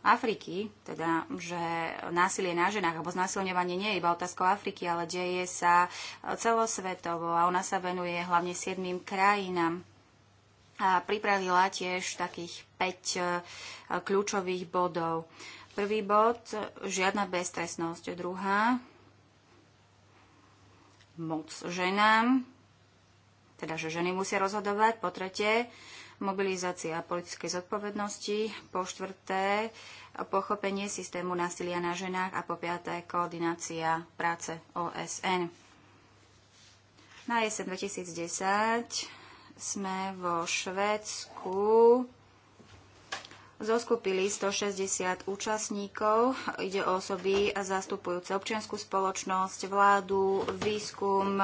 Afriky, teda, že násilie na ženách alebo znásilňovanie nie je iba otázkou Afriky, ale deje sa celosvetovo a ona sa venuje hlavne siedmým krajinám. A pripravila tiež takých 5 eh, kľúčových bodov. Prvý bod, žiadna beztrestnosť. Druhá, moc ženám, teda že ženy musia rozhodovať. Po tretie, mobilizácia politickej zodpovednosti. Po štvrté, pochopenie systému násilia na ženách a po piaté, koordinácia práce OSN. Na jeseň 2010 sme vo Švédsku zoskupili 160 účastníkov. Ide o osoby zastupujúce občianskú spoločnosť, vládu, výskum,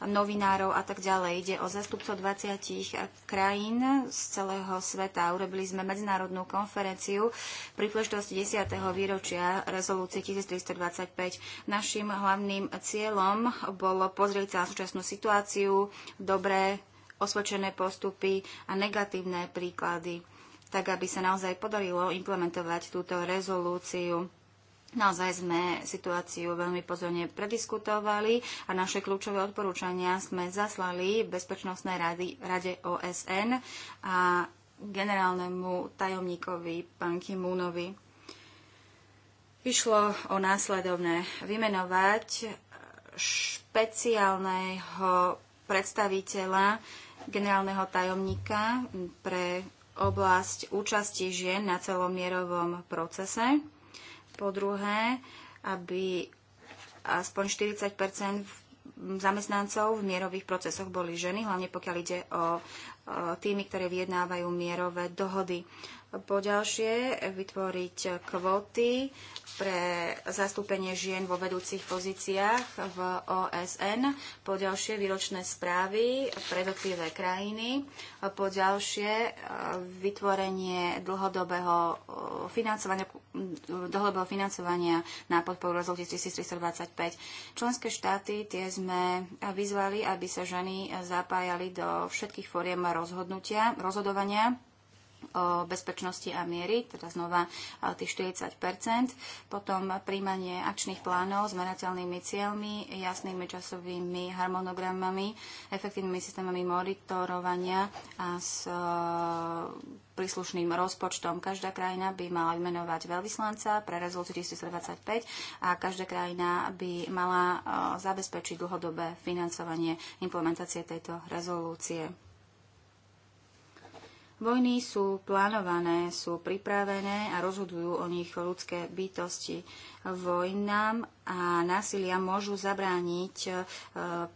novinárov a tak ďalej. Ide o zastupcov 20 krajín z celého sveta. Urobili sme medzinárodnú konferenciu pri príležitosti 10. výročia rezolúcie 1325. Našim hlavným cieľom bolo pozrieť sa na súčasnú situáciu, dobré osvočené postupy a negatívne príklady tak aby sa naozaj podarilo implementovať túto rezolúciu. Naozaj sme situáciu veľmi pozorne prediskutovali a naše kľúčové odporúčania sme zaslali Bezpečnostnej rady, rade OSN a generálnemu tajomníkovi pán Kimúnovi. Išlo o následovné vymenovať špeciálneho predstaviteľa generálneho tajomníka pre oblasť účasti žien na celomierovom procese. Po druhé, aby aspoň 40 zamestnancov v mierových procesoch boli ženy, hlavne pokiaľ ide o týmy, ktoré vyjednávajú mierové dohody. Po ďalšie, vytvoriť kvóty pre zastúpenie žien vo vedúcich pozíciách v OSN. Po ďalšie, výročné správy pre jednotlivé krajiny. Po ďalšie, vytvorenie dlhodobého eh, financovania, hm, dlhodobého financovania na podporu rozhodnutí 1325. Členské štáty tie sme vyzvali, aby sa ženy zapájali do všetkých fóriem rozhodnutia, rozhodovania o bezpečnosti a miery, teda znova tých 40 potom príjmanie akčných plánov s merateľnými cieľmi, jasnými časovými harmonogramami, efektívnymi systémami monitorovania a s e, príslušným rozpočtom. Každá krajina by mala vymenovať veľvyslanca pre rezolúciu 1025 a každá krajina by mala e, zabezpečiť dlhodobé financovanie implementácie tejto rezolúcie. Vojny sú plánované, sú pripravené a rozhodujú o nich ľudské bytosti. Vojnám a násilia môžu zabrániť e,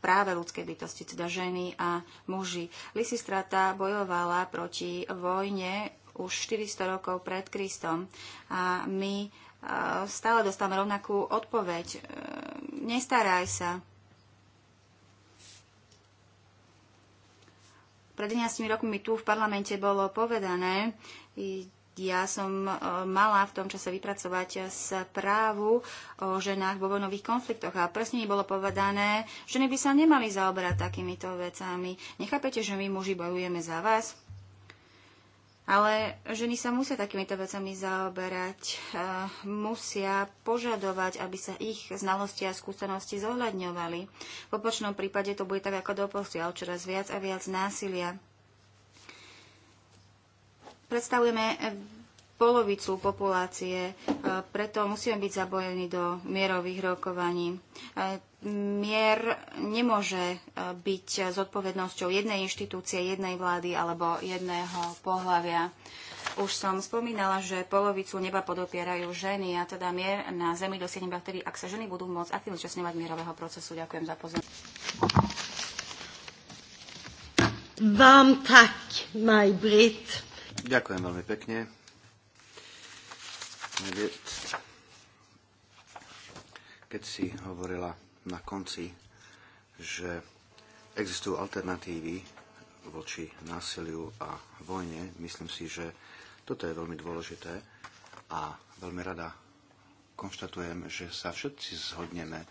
práve ľudské bytosti, teda ženy a muži. Lisistrata bojovala proti vojne už 400 rokov pred Kristom a my e, stále dostávame rovnakú odpoveď. E, nestaraj sa, Pred 11 rokmi tu v parlamente bolo povedané, ja som e, mala v tom čase vypracovať správu o ženách vo vojnových konfliktoch a presne mi bolo povedané, ženy by sa nemali zaoberať takýmito vecami. Nechápete, že my muži bojujeme za vás? Ale ženy sa musia takýmito vecami zaoberať, eh, musia požadovať, aby sa ich znalosti a skúsenosti zohľadňovali. V opočnom prípade to bude tak ako doposiaľ, čoraz viac a viac násilia. Predstavujeme polovicu populácie, e, preto musíme byť zabojení do mierových rokovaní. E, mier nemôže e, byť zodpovednosťou jednej inštitúcie, jednej vlády alebo jedného pohľavia. Už som spomínala, že polovicu neba podopierajú ženy a teda mier na Zemi dosiahne iba vtedy, ak sa ženy budú môcť aktívne zúčastňovať mierového procesu. Ďakujem za pozornosť. Vám tak, Maj Brit. Ďakujem veľmi pekne keď si hovorila na konci, že existujú alternatívy voči násiliu a vojne, myslím si, že toto je veľmi dôležité a veľmi rada konštatujem, že sa všetci zhodneme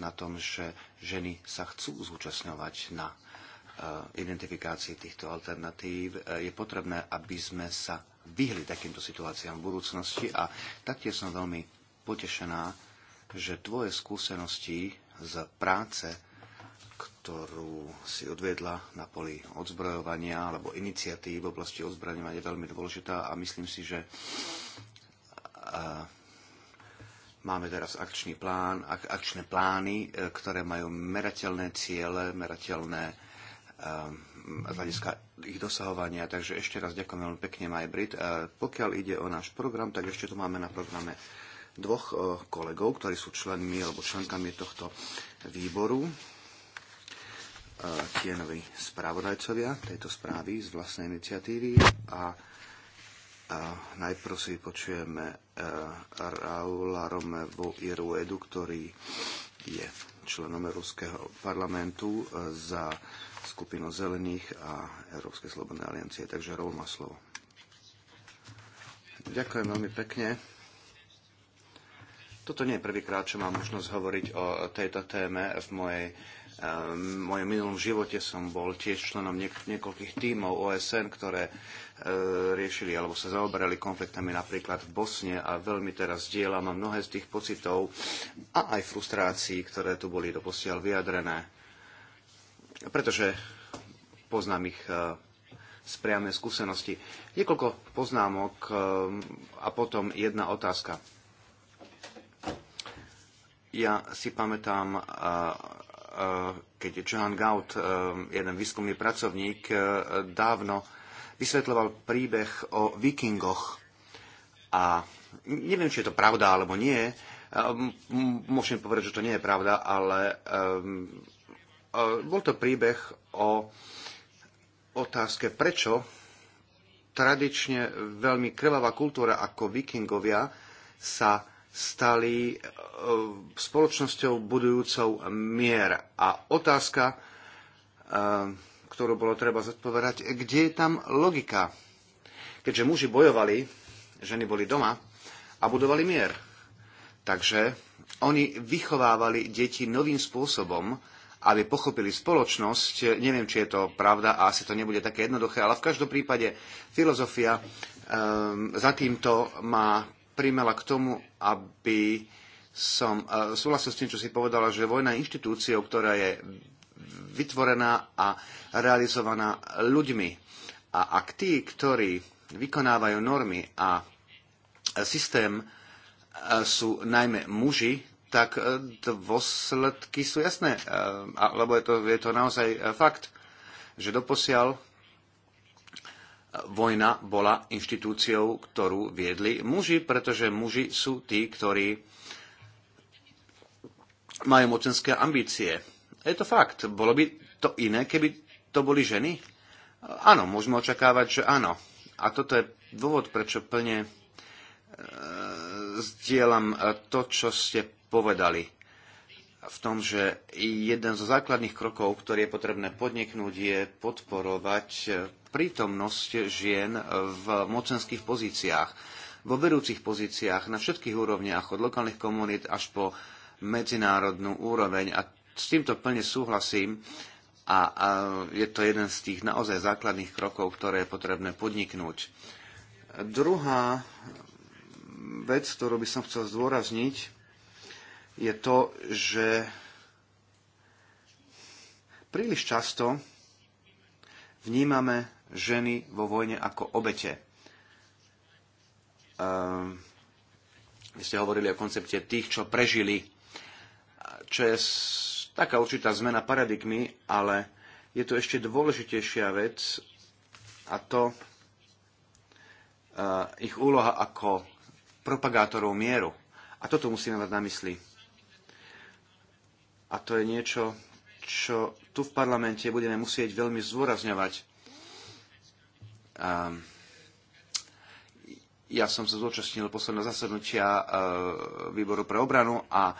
na tom, že ženy sa chcú zúčastňovať na eh, identifikácii týchto alternatív. Eh, je potrebné, aby sme sa vyhli takýmto situáciám v budúcnosti a taktiež som veľmi potešená, že tvoje skúsenosti z práce, ktorú si odviedla na poli odzbrojovania alebo iniciatív v oblasti odzbrojovania je veľmi dôležitá a myslím si, že máme teraz akčný plán, ak, akčné plány, e, ktoré majú merateľné ciele, merateľné e, z hľadiska ich dosahovania. Takže ešte raz ďakujem veľmi pekne, Majbrit. pokiaľ ide o náš program, tak ešte tu máme na programe dvoch e, kolegov, ktorí sú členmi alebo členkami tohto výboru noví e, správodajcovia tejto správy z vlastnej iniciatívy a, a e, najprv si počujeme Raula Romevu Iruedu, ktorý je členom Ruského parlamentu za skupinu Zelených a Európskej slobodnej aliancie. Takže Rol má slovo. Ďakujem veľmi pekne. Toto nie je prvýkrát, čo mám možnosť hovoriť o tejto téme. V mojej, um, mojom minulom živote som bol tiež členom niek- niekoľkých tímov OSN, ktoré uh, riešili alebo sa zaoberali konfliktami napríklad v Bosne a veľmi teraz dielam mnohé z tých pocitov a aj frustrácií, ktoré tu boli doposiaľ vyjadrené pretože poznám ich z e, priamej skúsenosti. Niekoľko poznámok e, a potom jedna otázka. Ja si pamätám, e, keď Johan Gaut, jeden výskumný pracovník, dávno vysvetľoval príbeh o vikingoch. A neviem, či je to pravda alebo nie. Môžem povedať, že to nie je pravda, ale bol to príbeh o otázke, prečo tradične veľmi krvavá kultúra ako vikingovia sa stali e, spoločnosťou budujúcou mier. A otázka, e, ktorú bolo treba zodpovedať, kde je tam logika? Keďže muži bojovali, ženy boli doma a budovali mier. Takže oni vychovávali deti novým spôsobom, aby pochopili spoločnosť. Neviem, či je to pravda a asi to nebude také jednoduché, ale v každom prípade filozofia ehm, za týmto ma primela k tomu, aby som e, súhlasil s tým, čo si povedala, že vojna je inštitúciou, ktorá je vytvorená a realizovaná ľuďmi. A ak tí, ktorí vykonávajú normy a systém e, sú najmä muži, tak e, dôsledky sú jasné. E, lebo je to, je to naozaj e, fakt, že doposiaľ vojna bola inštitúciou, ktorú viedli muži, pretože muži sú tí, ktorí majú mocenské ambície. Je to fakt. Bolo by to iné, keby to boli ženy? Áno, môžeme očakávať, že áno. A toto je dôvod, prečo plne e, zdieľam to, čo ste povedali v tom, že jeden zo základných krokov, ktorý je potrebné podniknúť, je podporovať prítomnosť žien v mocenských pozíciách, vo vedúcich pozíciách na všetkých úrovniach, od lokálnych komunít až po medzinárodnú úroveň. A s týmto plne súhlasím a, a je to jeden z tých naozaj základných krokov, ktoré je potrebné podniknúť. Druhá vec, ktorú by som chcel zdôrazniť, je to, že príliš často vnímame ženy vo vojne ako obete. Ehm, vy ste hovorili o koncepte tých, čo prežili, čo je taká určitá zmena paradigmy, ale je tu ešte dôležitejšia vec a to eh, ich úloha ako propagátorov mieru. A toto musíme mať na mysli. A to je niečo, čo tu v parlamente budeme musieť veľmi zdôrazňovať. Ehm, ja som sa zúčastnil posledného zasadnutia eh, výboru pre obranu a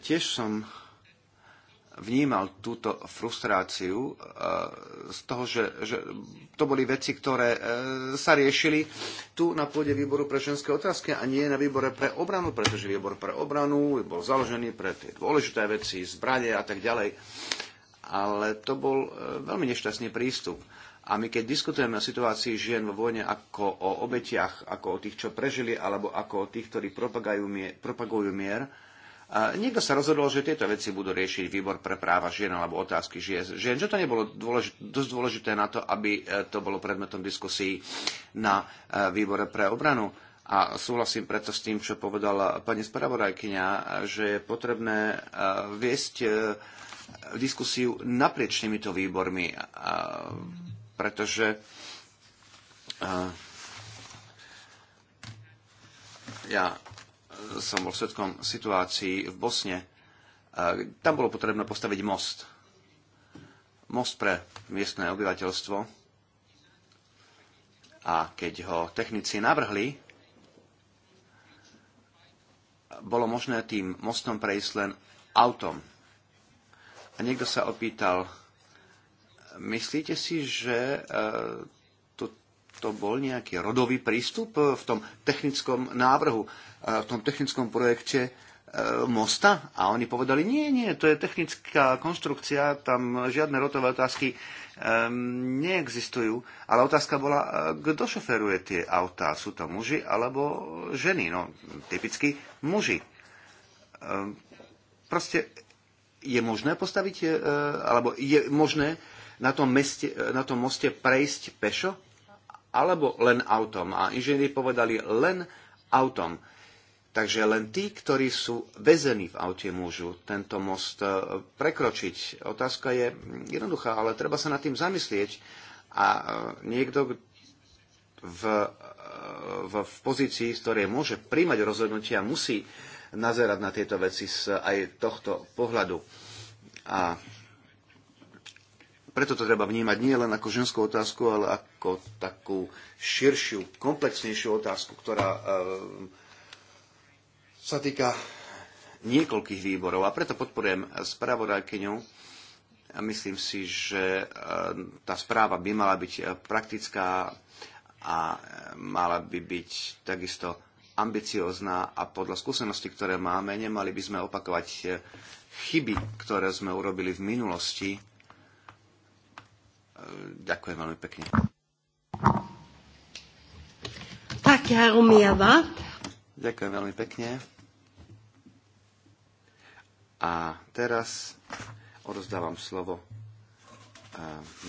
tiež som vnímal túto frustráciu e, z toho, že, že to boli veci, ktoré e, sa riešili tu na pôde výboru pre ženské otázky a nie na výbore pre obranu, pretože výbor pre obranu bol založený pre tie dôležité veci, zbranie a tak ďalej. Ale to bol e, veľmi nešťastný prístup. A my keď diskutujeme o situácii žien vo vojne ako o obetiach, ako o tých, čo prežili, alebo ako o tých, ktorí propagujú mier, propagujú mier a niekto sa rozhodol, že tieto veci budú riešiť výbor pre práva žien alebo otázky žien, že to nebolo dôležité, dosť dôležité na to, aby e, to bolo predmetom diskusí na e, výbore pre obranu. A súhlasím preto s tým, čo povedala pani spravodajkyňa, že je potrebné e, viesť diskusiu naprieč týmito výbormi, pretože ja som bol svetkom situácií v Bosne. E, tam bolo potrebné postaviť most. Most pre miestne obyvateľstvo. A keď ho technici navrhli, bolo možné tým mostom prejsť len autom. A niekto sa opýtal, myslíte si, že e, to, to bol nejaký rodový prístup v tom technickom návrhu? E, v tom technickom projekte e, mosta? A oni povedali, nie, nie, to je technická konštrukcia, tam žiadne rotové otázky e, neexistujú. Ale otázka bola, kto šoferuje tie autá? Sú to muži alebo ženy? No, typicky muži. proste je možné postaviť, alebo je možné na tom, meste, na tom moste prejsť pešo? Alebo len autom? A inžinieri povedali, len autom Takže len tí, ktorí sú vezení v aute, môžu tento most e, prekročiť. Otázka je jednoduchá, ale treba sa nad tým zamyslieť. A e, niekto v, e, v, v pozícii, z ktorej môže príjmať rozhodnutia, musí nazerať na tieto veci z aj tohto pohľadu. A preto to treba vnímať nie len ako ženskú otázku, ale ako takú širšiu, komplexnejšiu otázku, ktorá e, sa týka niekoľkých výborov a preto podporujem spravodajkyňu. Myslím si, že eh, tá správa by mala byť eh, praktická a eh, mala by byť takisto ambiciozná a podľa skúseností, ktoré máme, nemali by sme opakovať chyby, ktoré sme urobili v minulosti. Ďakujem veľmi pekne. Ďakujem veľmi pekne. A teraz odozdávam slovo e,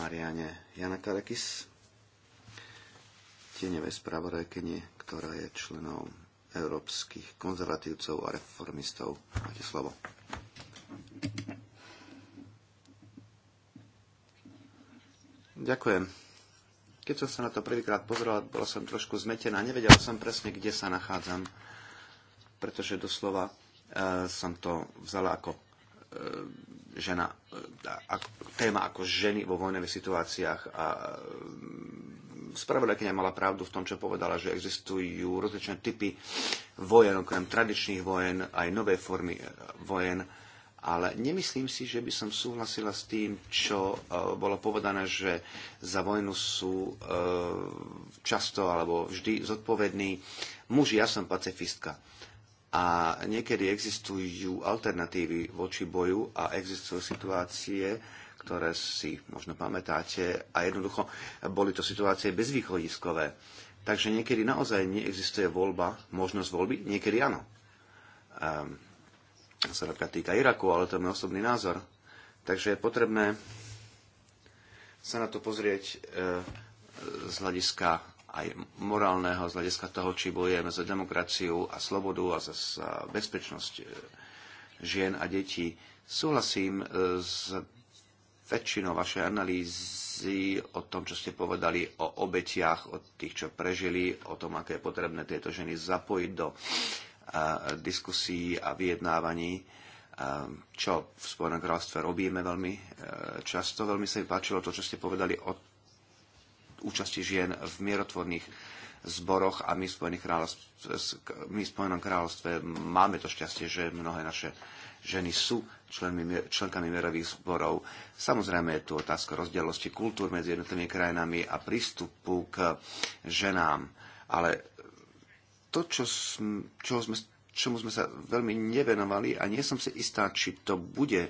Mariane Karekis, tieňové spravodajkyni, ktorá je členom európskych konzervatívcov a reformistov. Máte slovo. Ďakujem. Keď som sa na to prvýkrát pozrel, bola som trošku zmetená. Nevedela som presne, kde sa nachádzam, pretože doslova Eh, som to vzala ako eh, žena, eh, ako, téma ako ženy vo vojnových situáciách a spravodajkynia mala pravdu v tom, čo povedala, že existujú rozličné typy vojen, okrem tradičných vojen, aj nové formy vojen, ale nemyslím si, že by som súhlasila s tým, čo uh, bolo povedané, že za vojnu sú uh, často alebo vždy zodpovední muži. Ja som pacifistka a niekedy existujú alternatívy voči boju a existujú situácie, ktoré si možno pamätáte a jednoducho boli to situácie bezvýchodiskové. Takže niekedy naozaj neexistuje voľba, možnosť voľby, niekedy áno. Um, sa napríklad týka Iraku, ale to je môj osobný názor. Takže je potrebné sa na to pozrieť e, z hľadiska aj morálneho, z hľadiska toho, či bojujeme za demokraciu a slobodu a za, bezpečnosť e, žien a detí. Súhlasím e, s väčšinou vašej analýzy o tom, čo ste povedali o obetiach, o tých, čo prežili, o tom, aké je potrebné tieto ženy zapojiť do e, diskusí a vyjednávaní, čo v Spojenom kráľovstve robíme veľmi často. Veľmi sa mi páčilo to, čo ste povedali o účasti žien v mierotvorných zboroch a my v, my v Spojenom kráľovstve máme to šťastie, že mnohé naše ženy sú členmi, členkami mierových zborov. Samozrejme je tu otázka rozdielnosti kultúr medzi jednotlivými krajinami a prístupu k ženám. Ale to, čo, čo sme čomu sme sa veľmi nevenovali a nie som si istá, či to bude, e,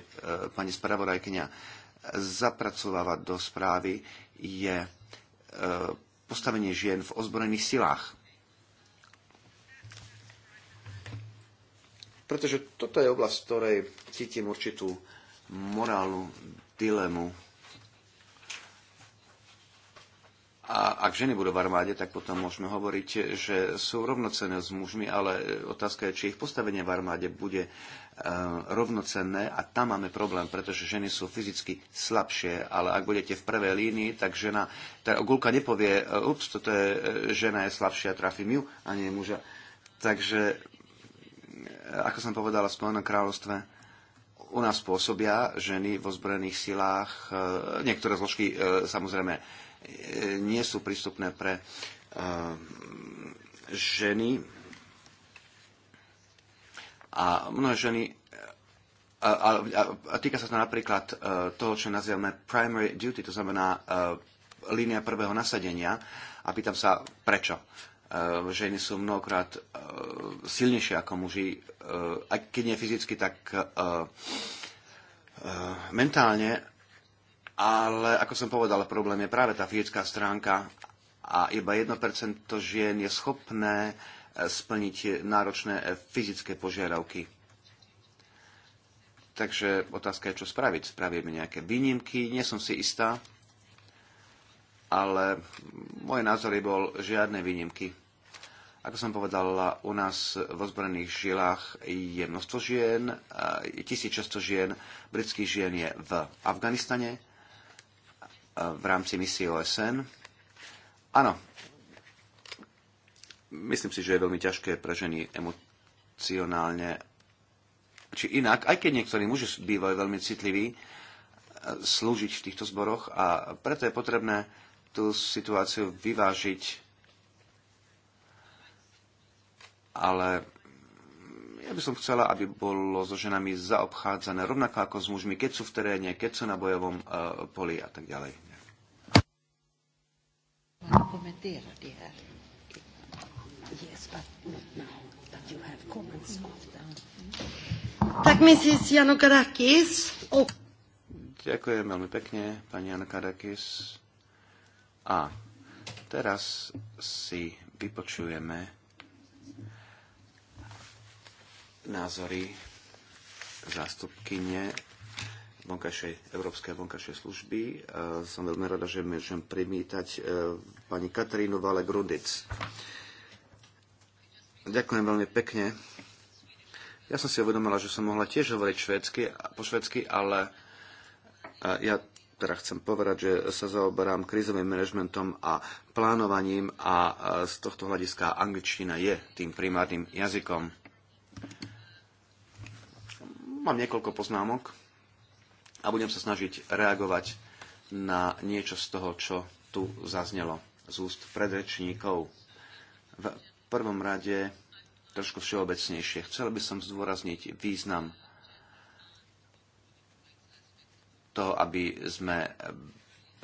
pani spravodajkňa, zapracovávať do správy, je E, postavenie žien v ozbrojených silách. Pretože toto je oblasť, v ktorej cítim určitú morálnu dilemu A ak ženy budú v armáde, tak potom môžeme hovoriť, že sú rovnocenné s mužmi, ale otázka je, či ich postavenie v armáde bude e, rovnocenné a tam máme problém, pretože ženy sú fyzicky slabšie, ale ak budete v prvej línii, tak žena, tá ogulka nepovie, e, ups, toto je, e, žena je slabšia, trafím ju a nie muža. Takže, ako som povedala, v Spojenom kráľovstve u nás pôsobia ženy v ozbrojených silách, niektoré zložky samozrejme nie sú prístupné pre eh, ženy. A mnohé ženy a, a, a týka sa to napríklad eh, toho, čo nazývame primary duty, to znamená eh, línia prvého nasadenia. A pýtam sa, prečo? Ženy sú mnohokrát silnejšie ako muži, aj keď nie fyzicky, tak mentálne ale ako som povedal, problém je práve tá fyzická stránka a iba 1% žien je schopné eh, splniť náročné eh, fyzické požiadavky. Takže otázka je, čo spraviť. Spravíme nejaké výnimky, nie som si istá, ale môj názor je bol žiadne výnimky. Ako som povedal, u nás v ozbrojených žilách je množstvo žien, 1600 eh, žien, britských žien je v Afganistane, v rámci misie OSN. Áno, myslím si, že je veľmi ťažké pre ženy emocionálne či inak, aj keď niektorí muži bývajú veľmi citliví, e, slúžiť v týchto zboroch a preto je potrebné tú situáciu vyvážiť. Ale ja by som chcela, aby bolo so ženami zaobchádzané rovnako ako s mužmi, keď sú v teréne, keď sú na bojovom e, poli a tak ďalej one commentator there. Yes, but Karakis. now. you have comments Mrs. Ďakujem veľmi pekne, pani Janokarakis. A teraz si vypočujeme názory zástupkyne vonkajšej, Európskej vonkajšej služby. E, som veľmi rada, že môžem primítať e, pani Katarínu Vale Grudic. Ďakujem veľmi pekne. Ja som si uvedomila, že som mohla tiež hovoriť švédsky, po švédsky, ale e, ja teda chcem povedať, že sa zaoberám krizovým manažmentom a plánovaním a z tohto hľadiska angličtina je tým primárnym jazykom. Mám niekoľko poznámok a budem sa snažiť reagovať na niečo z toho, čo tu zaznelo z úst predrečníkov. V prvom rade trošku všeobecnejšie. Chcel by som zdôrazniť význam toho, aby sme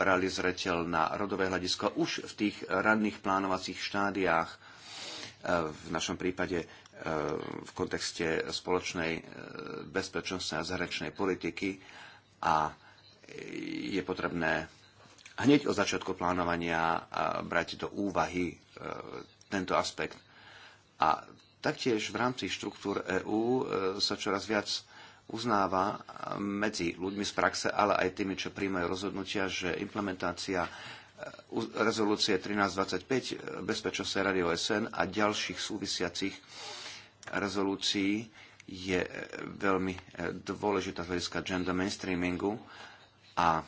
brali zreteľ na rodové hľadisko už v tých ranných plánovacích štádiách, v našom prípade e, v kontexte spoločnej e, bezpečnostnej a zahraničnej politiky, a je potrebné hneď od začiatku plánovania brať do úvahy e, tento aspekt. A taktiež v rámci štruktúr EÚ e, sa čoraz viac uznáva e, medzi ľuďmi z praxe, ale aj tými, čo príjmajú rozhodnutia, že implementácia rezolúcie 1325 Bezpečnostnej rady OSN a ďalších súvisiacich rezolúcií je eh, veľmi eh, dôležitá z hľadiska gender mainstreamingu a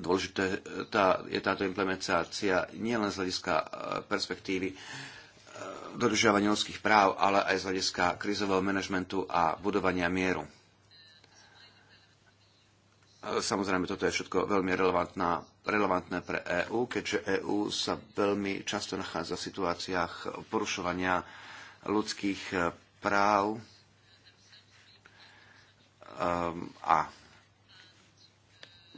dôležité eh, tá, je táto implementácia nielen z hľadiska perspektívy dodržiavania ľudských práv, ale aj z hľadiska krizového manažmentu a budovania mieru. Samozrejme, toto je všetko veľmi relevantné pre EÚ, keďže EÚ sa veľmi často nachádza v situáciách porušovania ľudských práv Ehm, a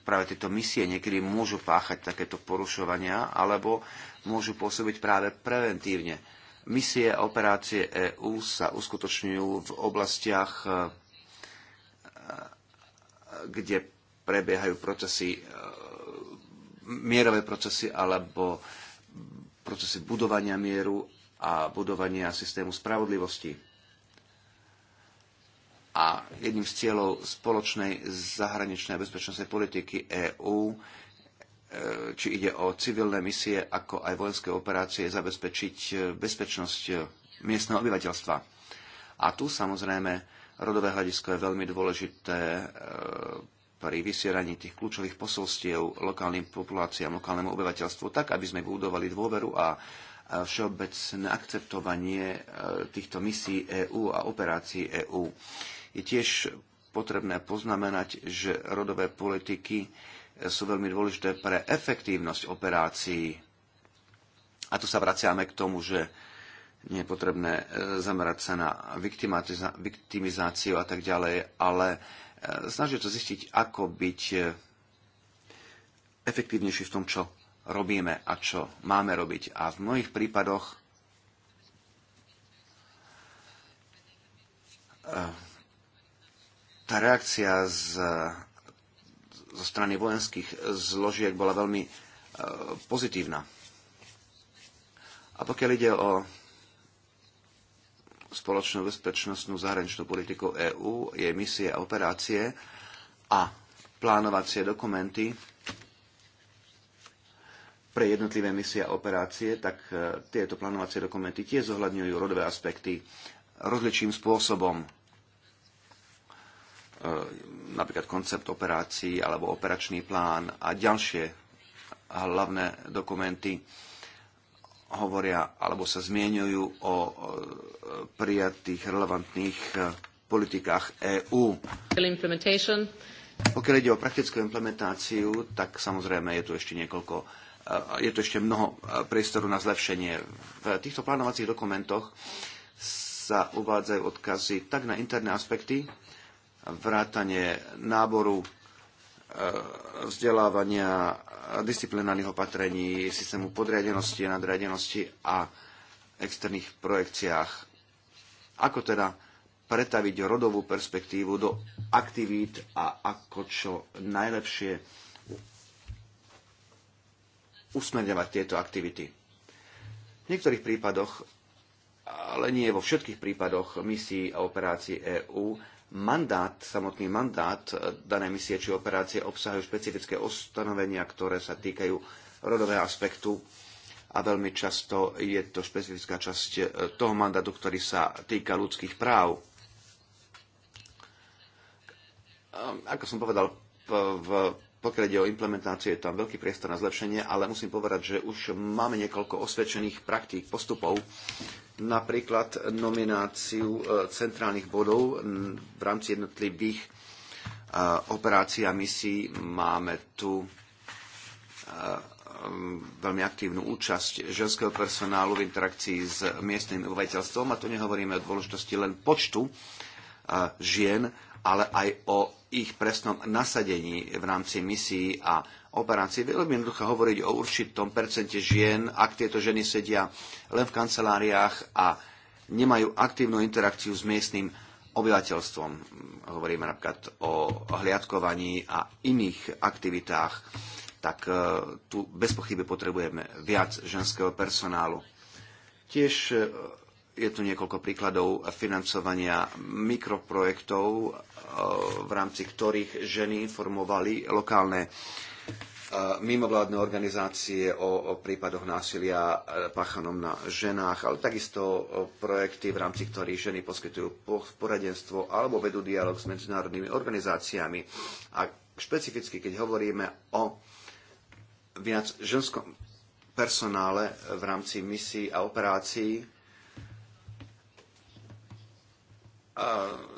práve tieto misie niekedy môžu páchať takéto porušovania alebo môžu pôsobiť práve preventívne. Misie a operácie EÚ sa uskutočňujú v oblastiach, e, e, kde prebiehajú procesy, e, mierové procesy alebo procesy budovania mieru a budovania systému spravodlivosti a jedným z cieľov spoločnej zahraničnej a bezpečnostnej politiky EÚ, e, či ide o civilné misie ako aj vojenské operácie, zabezpečiť e, bezpečnosť e, miestneho obyvateľstva. A tu samozrejme rodové hľadisko je veľmi dôležité pri vysieraní tých kľúčových posolstiev lokálnym populáciám, lokálnemu obyvateľstvu, tak aby sme budovali dôveru a všeobecné akceptovanie týchto misií EÚ a operácií EÚ. Je tiež potrebné poznamenať, že rodové politiky sú veľmi dôležité pre efektívnosť operácií. A tu sa vraciame k tomu, že nie je potrebné e, zamerať sa na viktimizáciu a tak ďalej, ale e, snažiť sa zistiť, ako byť e, efektívnejší v tom, čo robíme a čo máme robiť. A v mnohých prípadoch tá reakcia z, zo strany vojenských zložiek bola veľmi e, pozitívna. A pokiaľ ide o spoločnú bezpečnostnú zahraničnú politiku EÚ, jej misie a operácie a plánovacie dokumenty pre jednotlivé misie a operácie, tak e, tieto plánovacie dokumenty tie zohľadňujú rodové aspekty rozličným spôsobom E, napríklad koncept operácií alebo operačný plán a ďalšie hlavné dokumenty hovoria alebo sa zmienujú o e, prijatých relevantných e, politikách EÚ. Pokiaľ ide o praktickú implementáciu, tak samozrejme je tu ešte niekoľko, je tu ešte mnoho priestoru na zlepšenie. V týchto plánovacích dokumentoch sa uvádzajú odkazy tak na interné aspekty, vrátanie náboru, e, vzdelávania, disciplinárnych opatrení, systému podriadenosti, nadriadenosti a externých projekciách. Ako teda pretaviť rodovú perspektívu do aktivít a ako čo najlepšie usmerňovať tieto aktivity. V niektorých prípadoch, ale nie vo všetkých prípadoch misií a operácií EÚ, mandát, samotný mandát e, danej misie či operácie obsahujú špecifické ustanovenia, ktoré sa týkajú rodového aspektu a veľmi často je to špecifická časť e, toho mandátu, ktorý sa týka ľudských práv. E, ako som povedal v pokiaľ ide o implementáciu, je tam veľký priestor na zlepšenie, ale musím povedať, že už máme niekoľko osvedčených praktík, postupov, napríklad nomináciu e, centrálnych bodov v rámci jednotlivých e, operácií a misií. Máme tu e, veľmi aktívnu účasť ženského personálu v interakcii s miestnym obyvateľstvom a tu nehovoríme o dôležitosti len počtu žien, ale aj o ich presnom nasadení v rámci misií a operácií. Veľmi jednoducho hovoriť o určitom percente žien, ak tieto ženy sedia len v kanceláriách a nemajú aktívnu interakciu s miestnym obyvateľstvom. Hovoríme napríklad o hliadkovaní a iných aktivitách, tak e, tu bez pochyby potrebujeme viac ženského personálu. Tiež e, je tu niekoľko príkladov financovania mikroprojektov, e, v rámci ktorých ženy informovali lokálne e, mimovládne organizácie o, prípadoch násilia e, páchanom na ženách, ale takisto projekty, v rámci ktorých ženy poskytujú poradenstvo alebo vedú dialog s medzinárodnými organizáciami. A špecificky, keď hovoríme o viac ženskom personále v rámci misií a operácií,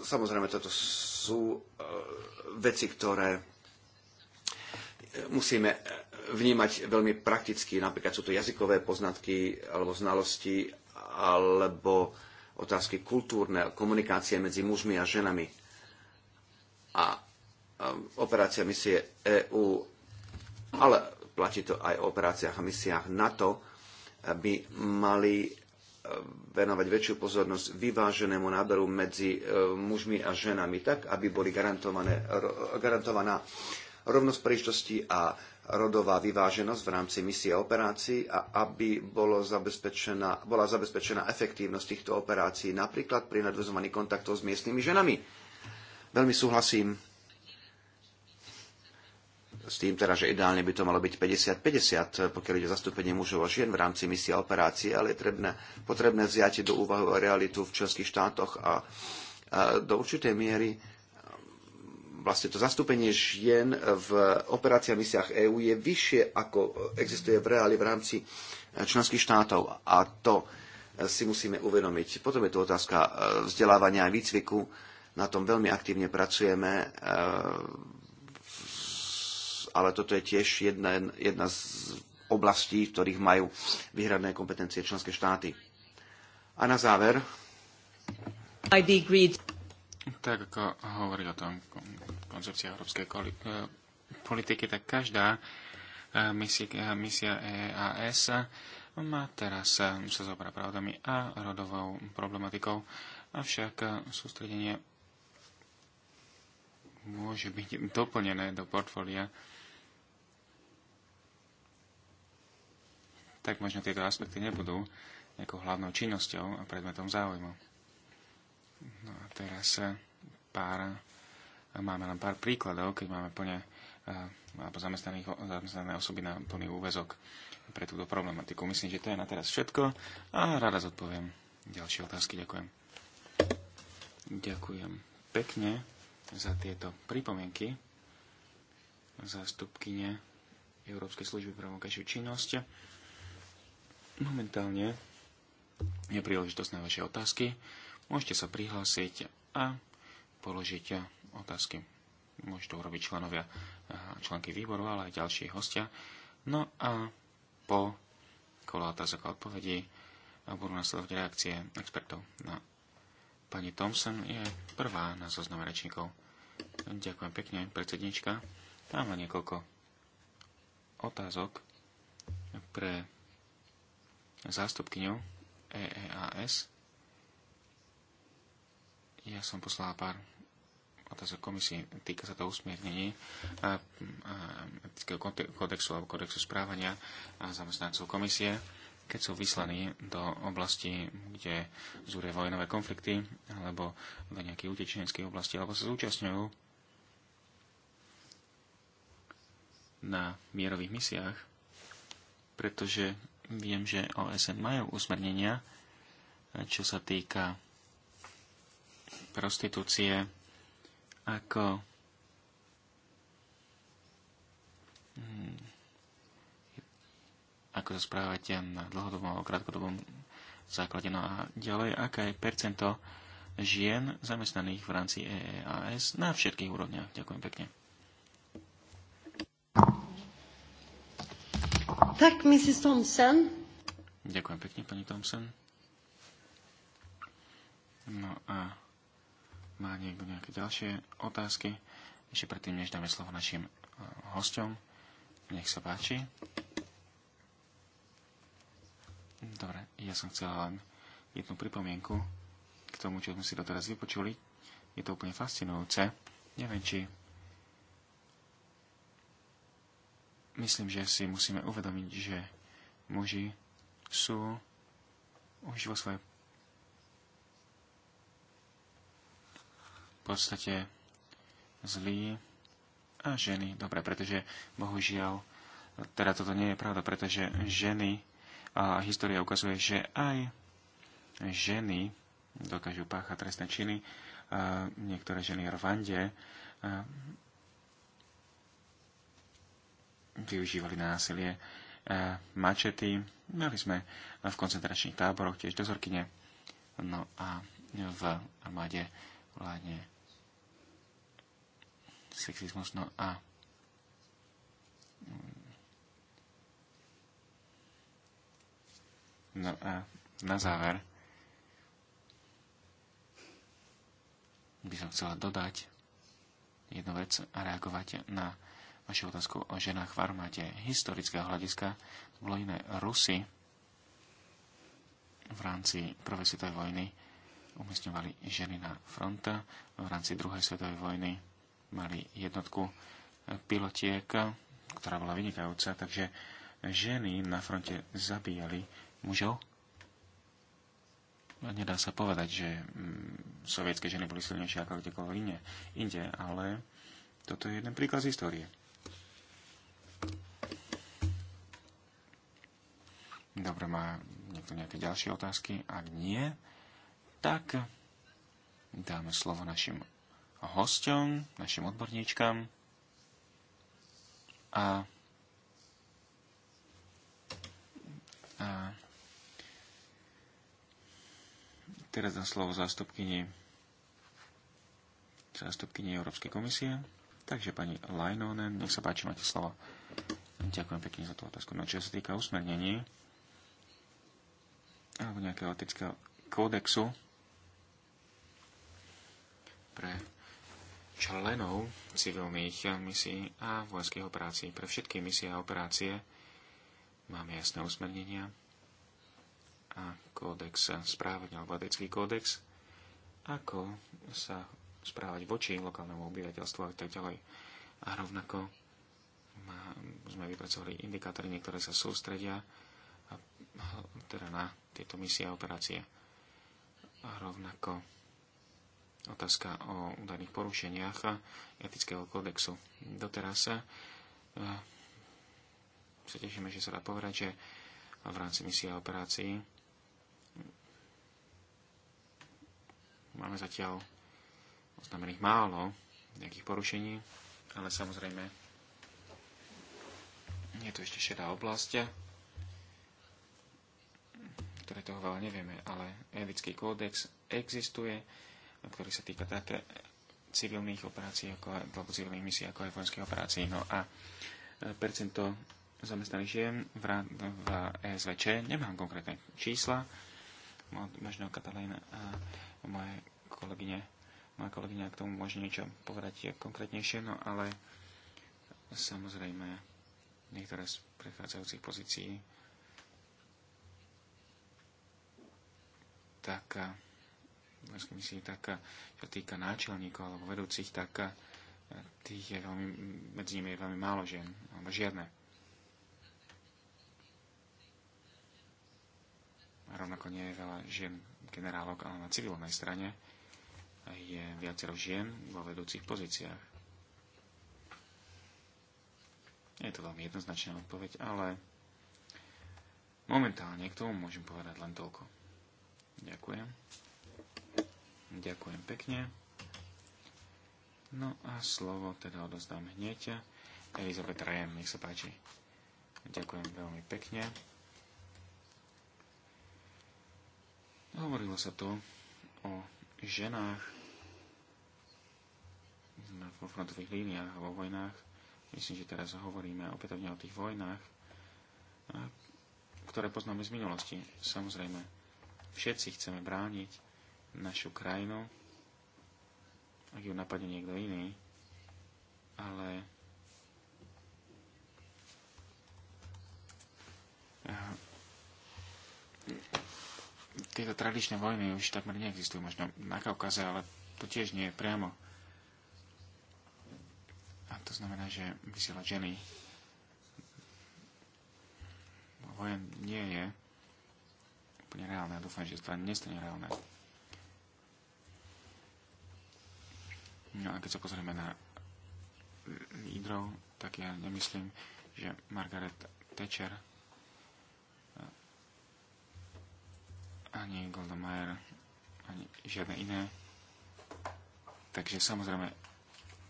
Samozrejme, toto sú e, veci, ktoré musíme vnímať veľmi prakticky. Napríklad sú to jazykové poznatky alebo znalosti alebo otázky kultúrne, komunikácie medzi mužmi a ženami. A e, operácia misie EÚ, ale platí to aj o operáciách a misiách NATO, by mali venovať väčšiu pozornosť vyváženému náberu medzi e, mužmi a ženami, tak aby boli garantovaná rovnosť príštosti a rodová vyváženosť v rámci misie a operácií a aby bolo zabezpečená, bola zabezpečená efektívnosť týchto operácií, napríklad pri nadvezovaní kontaktov s miestnymi ženami. Veľmi súhlasím s tým teda, že ideálne by to malo byť 50-50, pokiaľ ide o zastúpenie mužov a žien v rámci misie a operácií, ale je trebné, potrebné vziať do úvahu realitu v členských štátoch a, a do určitej miery um, vlastne to zastúpenie žien v operáciách a misiách EÚ je vyššie, ako existuje v reáli v rámci e, členských štátov. A to e, si musíme uvedomiť. Potom je tu otázka e, vzdelávania a výcviku. Na tom veľmi aktívne pracujeme ale toto je tiež jedna, jedna z oblastí, v ktorých majú výhradné kompetencie členské štáty. A na záver. Tak ako hovorí o tom koncepcia európskej eh, politiky, tak každá eh, eh, misia, EAS má teraz sa zobra pravdami a rodovou problematikou, avšak sústredenie môže byť doplnené do portfólia tak možno tieto aspekty nebudú nejakou hlavnou činnosťou a predmetom záujmu. No a teraz eh, pár, eh, máme len pár príkladov, keď máme plne eh, alebo zamestnané osoby na plný úvezok pre túto problematiku. Myslím, že to je na teraz všetko a rada zodpoviem ďalšie otázky. Ďakujem. Ďakujem pekne za tieto pripomienky zástupkyne Európskej služby pre vonkajšiu činnosť. Momentálne je príležitosť na vaše otázky. Môžete sa prihlásiť a položiť otázky. Môžete urobiť členovia členky výboru, ale aj ďalšie hostia. No a po kola otázok a odpovedí budú nasledovať reakcie expertov. No. Pani Thompson je prvá na zozname rečníkov. Ďakujem pekne, predsednička. má niekoľko otázok pre zástupkyňou EEAS. Ja som poslala pár otázok komisie. Týka sa to usmiernení etického kodexu alebo kodexu správania a zamestnancov komisie, keď sú vyslaní do oblasti, kde zúrie vojnové konflikty alebo do nejakých utečeneckých oblasti, alebo sa zúčastňujú na mierových misiách, pretože Viem, že OSN majú usmernenia, čo sa týka prostitúcie, ako hm, ako sa správate na dlhodobom alebo krátkodobom základe. No a ďalej, aká je percento žien zamestnaných v rámci EEAS na všetkých úrovniach. Ďakujem pekne. tak, Mrs. Thompson. Ďakujem pekne, pani Thompson. No a má niekto nejaké ďalšie otázky? Ešte predtým, než dáme slovo našim e, hosťom. nech sa páči. Dobre, ja som chcela len jednu pripomienku k tomu, čo sme si doteraz vypočuli. Je to úplne fascinujúce. Neviem, či myslím, že si musíme uvedomiť, že muži sú už vo svojej podstate zlí a ženy. Dobre, pretože bohužiaľ, teda toto nie je pravda, pretože ženy, a história ukazuje, že aj ženy dokážu páchať trestné činy. A niektoré ženy v Rwande využívali násilie, e, mačety. Mali sme v koncentračných táboroch tiež dozorkyne. No a v armáde vládne sexizmus. No a mm, No a na záver by som chcela dodať jednu vec a reagovať na vašu otázku o ženách v armáde. Historického hľadiska to bolo iné. Rusy v rámci prvej svetovej vojny umiestňovali ženy na fronta. V rámci druhej svetovej vojny mali jednotku pilotiek, ktorá bola vynikajúca, takže ženy na fronte zabíjali mužov. Nedá sa povedať, že mm, sovietské ženy boli silnejšie ako kdekoľvek inde, ale toto je jeden príklad z histórie. Dobre, má niekto nejaké ďalšie otázky? Ak nie, tak dáme slovo našim hostom, našim odborníčkam a, a teraz dám slovo zástupkyni zástupkyni Európskej komisie. Takže pani Lajnonen, nech sa páči, máte slovo. Ďakujem pekne za tú otázku. No čo sa týka usmernení, alebo nejakého etického kódexu pre členov civilných misií a vojenských operácií. Pre všetky misie a operácie máme jasné usmernenia a kódex správania alebo etický kódex, ako sa správať voči lokálnemu obyvateľstvu a tak ďalej. A rovnako má, sme vypracovali indikátory, niektoré sa sústredia teda na tieto misie a operácie. A rovnako otázka o údajných porušeniach a etického kódexu. Doteraz sa, e, sa tešíme, že sa dá povedať, že v rámci misie a operácií máme zatiaľ oznamených málo nejakých porušení, ale samozrejme je tu ešte šedá oblasť ktoré toho veľa nevieme, ale etický kódex existuje, ktorý sa týka tak civilných operácií, ako aj, alebo civilných misií, ako aj vojenských operácií. No a e, percento zamestnaných žien v, v ESVČ, nemám konkrétne čísla, možno Katalín a e, moje kolegyne, moja kolegyňa k tomu môže niečo povedať konkrétnejšie, no ale samozrejme niektoré z predchádzajúcich pozícií tak eh, myslím si, tak eh, čo týka náčelníkov alebo vedúcich, tak eh, tých je veľmi, medzi nimi je veľmi málo žien, alebo žiadne. A rovnako nie je veľa žien generálok, ale na civilnej strane je viacero žien vo vedúcich pozíciách. Nie je to veľmi jednoznačná odpoveď, ale momentálne k tomu môžem povedať len toľko. Ďakujem. Ďakujem pekne. No a slovo teda odozdám hneď. Elizabeth Rem, nech sa páči. Ďakujem veľmi pekne. Hovorilo sa tu o ženách vo frontových líniách, vo vojnách. Myslím, že teraz hovoríme opätovne o tých vojnách, ktoré poznáme z minulosti. Samozrejme, Všetci chceme brániť našu krajinu, ak ju napadne niekto iný, ale tieto tradičné vojny už takmer neexistujú, možno na Kaukaze, ale to tiež nie je priamo. A to znamená, že vysielať ženy vojen nie je úplne reálne. Dúfam, že ani nestane reálne. No a keď sa pozrieme na lídrov, tak ja nemyslím, že Margaret Thatcher ani Golda ani žiadne iné. Takže samozrejme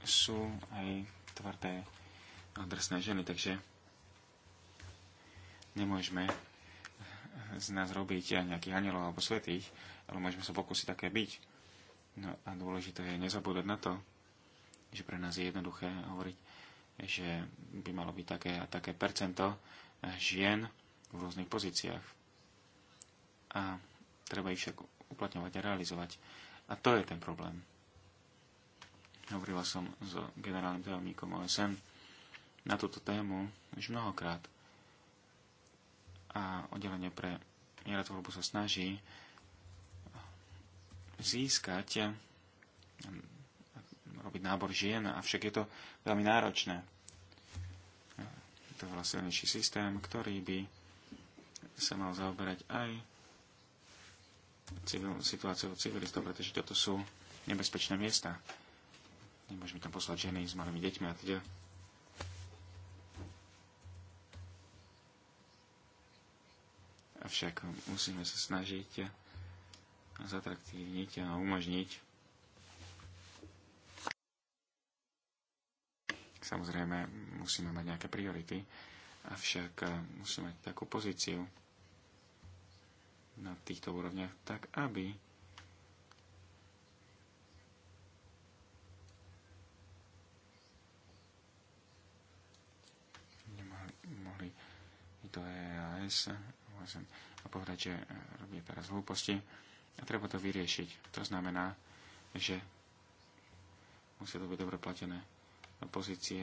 sú aj tvrdé a drsné ženy, takže nemôžeme z nás robiť nejakých anielov alebo svetých, ale môžeme sa pokúsiť také byť. No a dôležité je nezabúdať na to, že pre nás je jednoduché hovoriť, že by malo byť také a také percento žien v rôznych pozíciách. A treba ich však uplatňovať a realizovať. A to je ten problém. Hovorila som s generálnym tajomníkom OSN na túto tému už mnohokrát a oddelenie pre mierotvorbu sa snaží získať mm, robiť nábor žien, avšak je to veľmi náročné. Je to veľa silnejší systém, ktorý by sa mal zaoberať aj civil, situáciou civilistov, pretože toto sú nebezpečné miesta. Nemôžeme tam poslať ženy s malými deťmi a teda avšak musíme sa snažiť zatraktívniť a umožniť Samozrejme, musíme mať nejaké priority, avšak musíme mať takú pozíciu na týchto úrovniach, tak aby mohli, mohli to EAS zem a povedať, že eh, robí teraz hlúposti a treba to vyriešiť. To znamená, že musia to byť dobre platené pozície,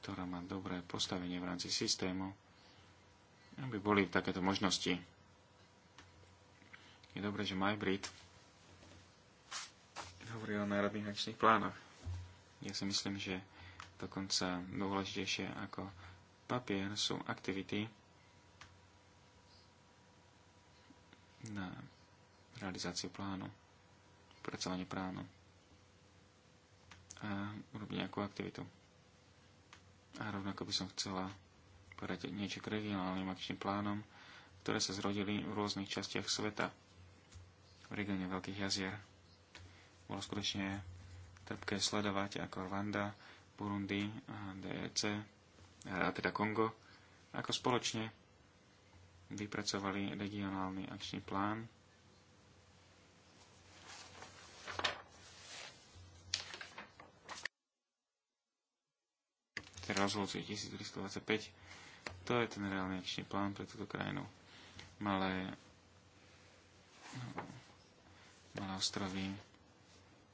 ktorá má dobré postavenie v rámci systému, aby boli takéto možnosti. Je dobré, že MyBrit hovorí o národných akčných plánoch. Ja si myslím, že dokonca dôležitejšie ako papier sú aktivity, na realizáciu plánu, pracovanie plánu a urobiť nejakú aktivitu. A rovnako by som chcela povedať niečo k regionálnym akčným plánom, ktoré sa zrodili v rôznych častiach sveta, v regióne Veľkých jazier. Bolo skutočne trpké sledovať, ako Rwanda, Burundi DEC, a teda Kongo, ako spoločne vypracovali regionálny akčný plán. Teraz rozhodujúci 1325. To je ten reálny akčný plán pre túto krajinu. Malé, malé ostrovy,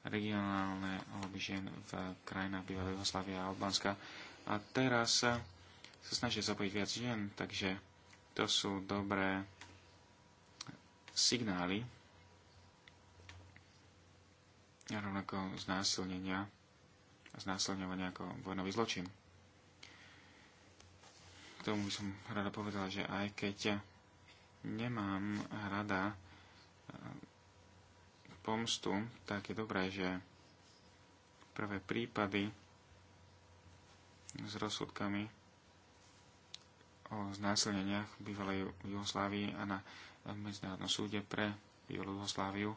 regionálne hobby v krajinách bývalej Jugoslavia a Albánska. A teraz sa snažia zapojiť viac žien, takže to sú dobré signály rovnako znásilnenia a znásilňovania ako vojnový zločin. K tomu by som rada povedala, že aj keď nemám rada eh, pomstu, tak je dobré, že prvé prípady s rozsudkami o znásilneniach v bývalej Jugoslávii a na Medzinárodnom súde pre bývalú Jugosláviu,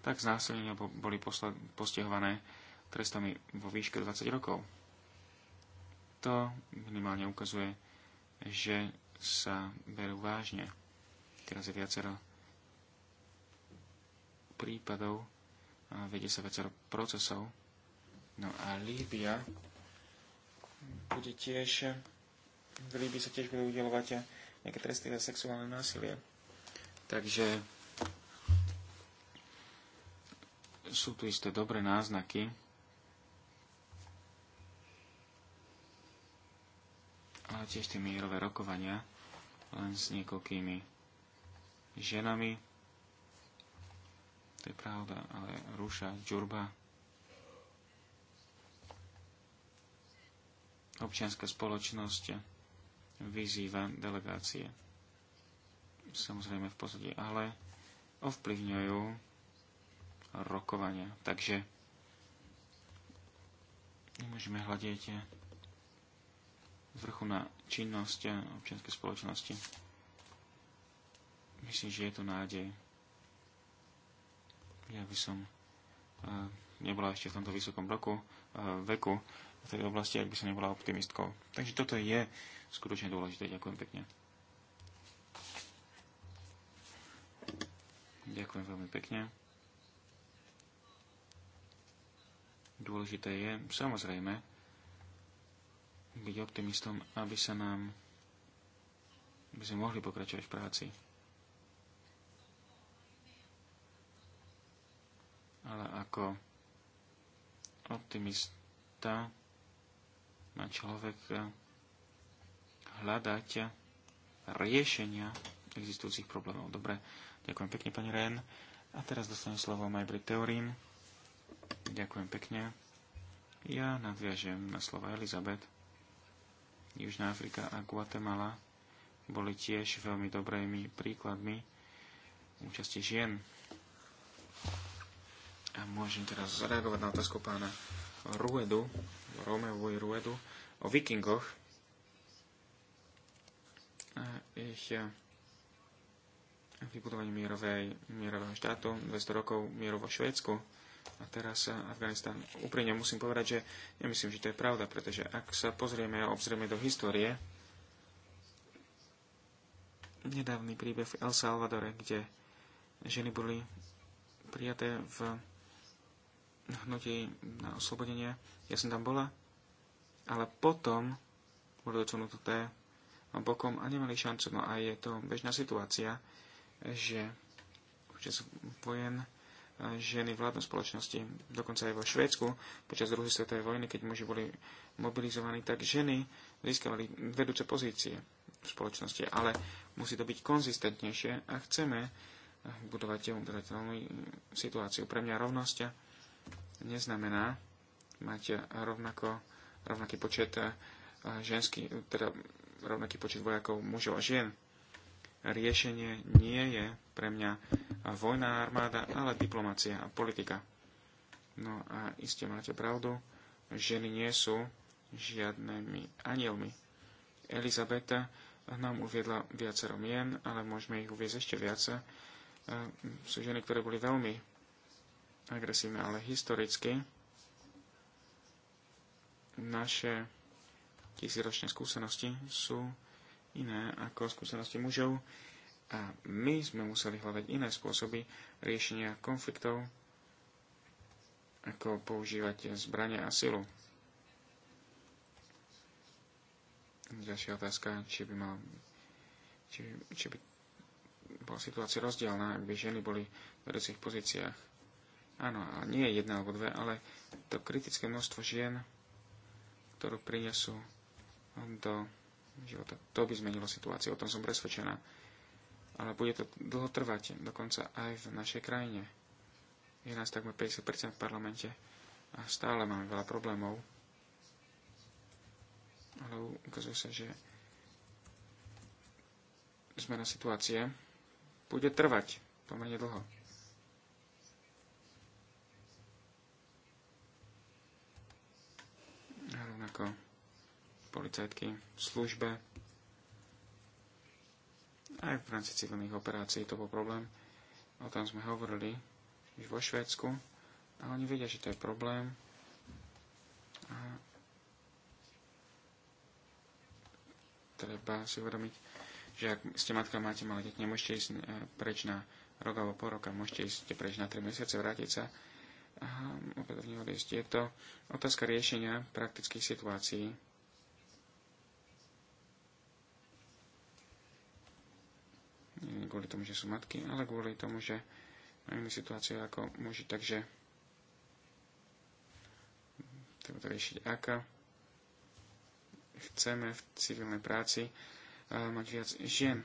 tak znásilnenia boli postihované trestami vo výške 20 rokov. To minimálne ukazuje, že sa berú vážne. Teraz je viacero prípadov, a vedie sa viacero procesov. No a Líbia bude tiež v Líbii sa tiež budú udelovať nejaké tresty za sexuálne násilie. Takže sú tu isté dobré náznaky, ale tiež tie mierové rokovania len s niekoľkými ženami. To je pravda, ale Rúša, Džurba, občianská spoločnosť, vyzýva delegácie. Samozrejme v pozadí, ale ovplyvňujú rokovania. Takže nemôžeme hľadiť z vrchu na činnosť občianskej spoločnosti. Myslím, že je tu nádej. Ja by som e, nebola ešte v tomto vysokom roku, e, veku v tej oblasti, ak by som nebola optimistkou. Takže toto je skutočne dôležité. Ďakujem pekne. Ďakujem veľmi pekne. Dôležité je, samozrejme, byť optimistom, aby sa nám by sme mohli pokračovať v práci. Ale ako optimista má človek hľadať riešenia existujúcich problémov. Dobre, ďakujem pekne, pani Ren. A teraz dostanem slovo Majbrit Teorín. Ďakujem pekne. Ja nadviažem na slova Elizabet. Južná Afrika a Guatemala boli tiež veľmi dobrými príkladmi účasti žien. A môžem teraz zareagovať na otázku pána Ruedu, Romeovi Ruedu, o vikingoch ich e, vybudovanie mierovej, mierového štátu, 200 rokov mieru vo Švédsku. A teraz e, Afganistan. Úprimne musím povedať, že nemyslím, že to je pravda, pretože ak sa pozrieme a obzrieme do histórie, nedávny príbeh v El Salvadore, kde ženy boli prijaté v hnutí na oslobodenie. Ja som tam bola, ale potom boli odsunuté bokom a nemali šancu. No a je to bežná situácia, že počas vojen ženy vládnu spoločnosti, dokonca aj vo Švédsku, počas druhej svetovej vojny, keď muži boli mobilizovaní, tak ženy získavali vedúce pozície v spoločnosti, ale musí to byť konzistentnejšie a chceme budovať udržateľnú situáciu. Pre mňa rovnosť neznamená mať rovnako, rovnaký počet ženských, teda rovnaký počet vojakov mužov a žien. Riešenie nie je pre mňa vojná armáda, ale diplomácia a politika. No a iste máte pravdu, ženy nie sú žiadnymi anielmi. Elizabeta nám uviedla viacero mien, ale môžeme ich uviezť ešte viac. E, sú ženy, ktoré boli veľmi agresívne, ale historicky naše tisíročné skúsenosti sú iné ako skúsenosti mužov a my sme museli hľadať iné spôsoby riešenia konfliktov, ako používať zbrania a silu. Ďalšia otázka, či by, mal, či, či by bola situácia rozdielna, ak by ženy boli v vedúcich pozíciách. Áno, ale nie jedna alebo dve, ale to kritické množstvo žien, ktorú prinesú do života. To by zmenilo situáciu, o tom som presvedčená. Ale bude to dlho trvať, dokonca aj v našej krajine. Je nás takmer 50% v parlamente a stále máme veľa problémov. Ale ukazuje sa, že zmena situácie bude trvať pomerne dlho. A rovnako policajtky v službe. Aj v rámci civilných operácií to bol problém. O tom sme hovorili už vo Švédsku. A oni vedia, že to je problém. A treba si uvedomiť, že ak ste matka, máte malé deti, nemôžete ísť e, preč na rok alebo po roka, môžete ísť preč na 3 mesiace, vrátiť sa a opätovne odísť. Je to otázka riešenia praktických situácií. Mm, kvôli tomu, že sú matky, ale kvôli tomu, že majú situáciu ako muži, takže treba to riešiť, aká chceme v civilnej práci eh, mať viac žien.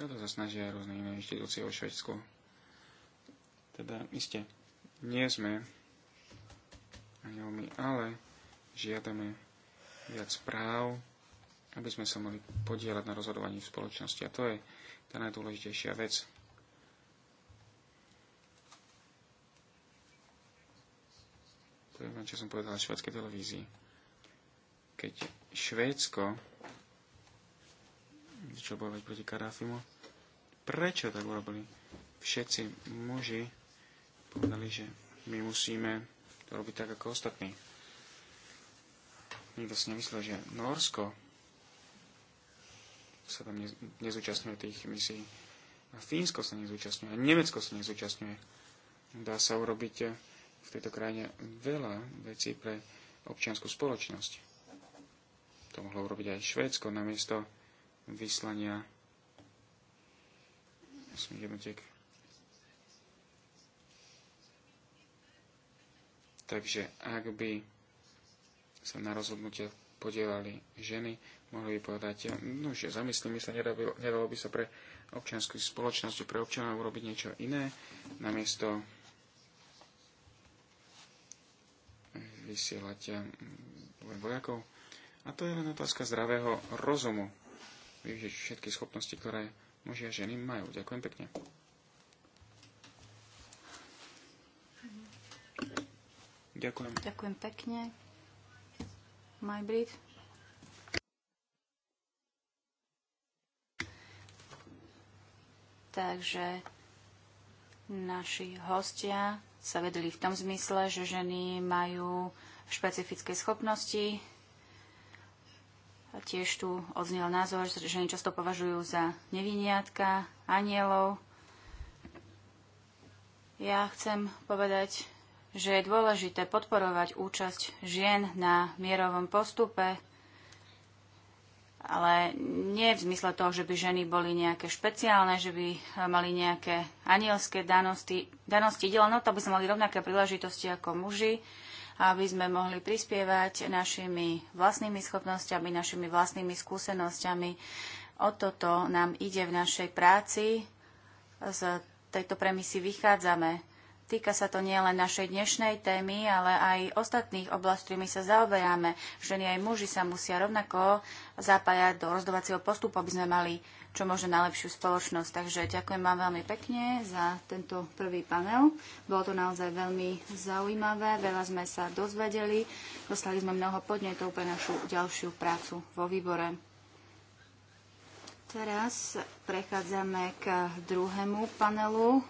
No to sa snažia rôzne iné inštitúcie vo Švedsku. Teda iste, nie sme my, ale žiadame viac práv, aby sme sa mohli podielať na rozhodovaní v spoločnosti. A to je tá najdôležitejšia vec. To je čo som povedal Švedskej televízii. Keď Švédsko čo bojovať proti Kadáfimu, prečo tak urobili? Všetci muži povedali, že my musíme to robiť tak ako ostatní Nikto si nemyslel, že Norsko sa tam nezúčastňuje tých misií. A Fínsko sa nezúčastňuje, a Nemecko sa nezúčastňuje. Dá sa urobiť eh, v tejto krajine veľa vecí pre občianskú spoločnosť. To mohlo urobiť aj Švédsko namiesto vyslania jednotiek. Takže ak by sa na rozhodnutia podielali ženy, mohli by povedať, no, že zamyslíme sa, nedalo, nedalo by sa pre občianskú spoločnosť, pre občanov urobiť niečo iné, namiesto vysielať eh, len vojakov. A to je len otázka zdravého rozumu. Využiť všetky schopnosti, ktoré muži a ženy majú. Ďakujem pekne. Ďakujem. Ďakujem pekne. Majbrit. Takže naši hostia sa vedeli v tom zmysle, že ženy majú špecifické schopnosti. A tiež tu odznel názor, že ženy často považujú za neviniatka, anielov. Ja chcem povedať, že je dôležité podporovať účasť žien na mierovom postupe, ale nie v zmysle toho, že by ženy boli nejaké špeciálne, že by eh, mali nejaké anielské danosti. danosti. Ide len o to, aby sme mali rovnaké príležitosti ako muži, aby sme mohli prispievať našimi vlastnými schopnosťami, našimi vlastnými skúsenosťami. O toto nám ide v našej práci. Z tejto premisy vychádzame. Týka sa to nielen našej dnešnej témy, ale aj ostatných oblastí, ktorými sa zaoberáme. Ženy aj muži sa musia rovnako zapájať do rozdovacieho postupu, aby sme mali čo možno najlepšiu spoločnosť. Takže ďakujem vám veľmi pekne za tento prvý panel. Bolo to naozaj veľmi zaujímavé, veľa sme sa dozvedeli, dostali sme mnoho podnetov pre našu ďalšiu prácu vo výbore. Teraz prechádzame k druhému panelu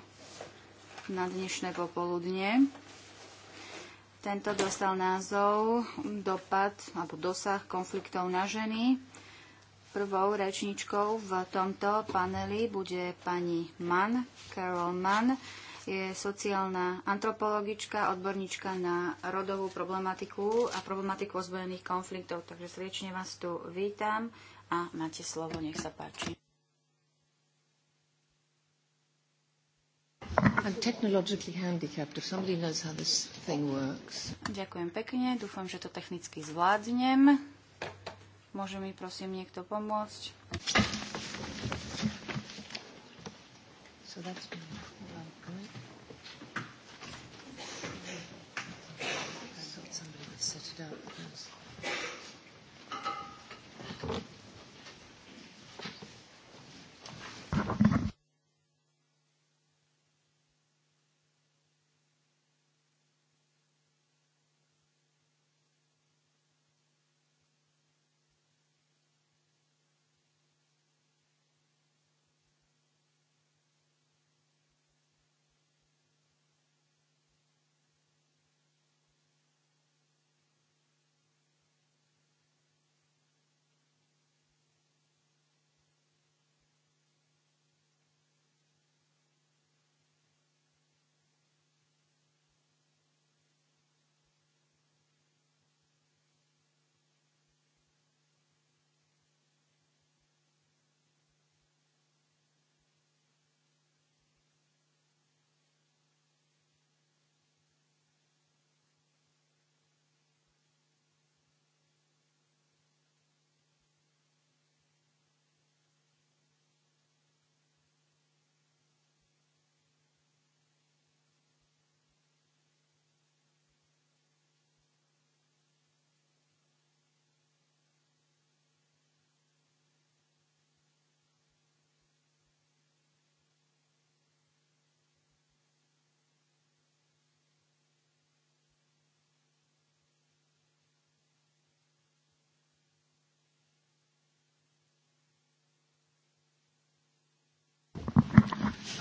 na dnešné popoludne. Tento dostal názov Dopad alebo dosah konfliktov na ženy. Prvou rečničkou v tomto paneli bude pani Mann, Carol Mann. Je sociálna antropologička, odborníčka na rodovú problematiku a problematiku ozbrojených konfliktov. Takže srdečne vás tu vítam a máte slovo, nech sa páči. Ďakujem pekne. Dúfam, že to technicky zvládnem. Môže mi prosím niekto pomôcť? So that's me. So somebody would set it up.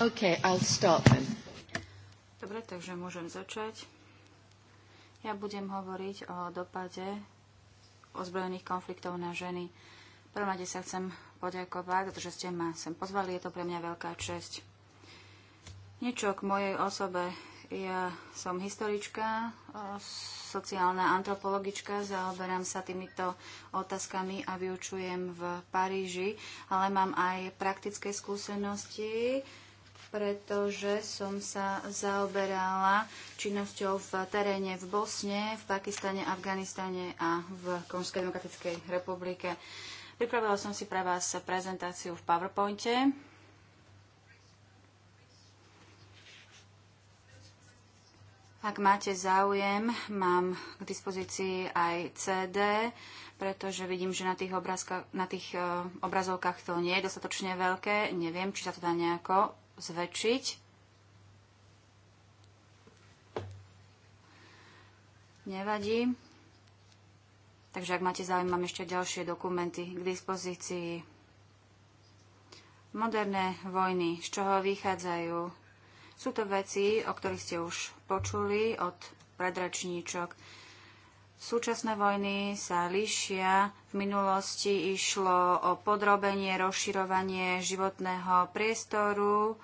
Okay, I'll start then. Dobre, takže môžem začať. Ja budem hovoriť o dopade ozbrojených konfliktov na ženy. Prvom rade sa chcem poďakovať, pretože ste ma sem pozvali, je to pre mňa veľká česť. Niečo k mojej osobe. Ja som historička, sociálna antropologička, zaoberám sa týmito otázkami a vyučujem v Paríži, ale mám aj praktické skúsenosti pretože som sa zaoberala činnosťou v teréne v Bosne, v Pakistane, Afganistane a v Konskej demokratickej republike. Pripravila som si pre vás prezentáciu v PowerPointe. Ak máte záujem, mám k dispozícii aj CD, pretože vidím, že na tých, obrázka, na tých uh, obrazovkách to nie je dostatočne veľké. Neviem, či sa to dá nejako zväčšiť. Nevadí. Takže ak máte záujem, mám ešte ďalšie dokumenty k dispozícii. Moderné vojny, z čoho vychádzajú? Sú to veci, o ktorých ste už počuli od predračníčok. Súčasné vojny sa líšia. V minulosti išlo o podrobenie, rozširovanie životného priestoru,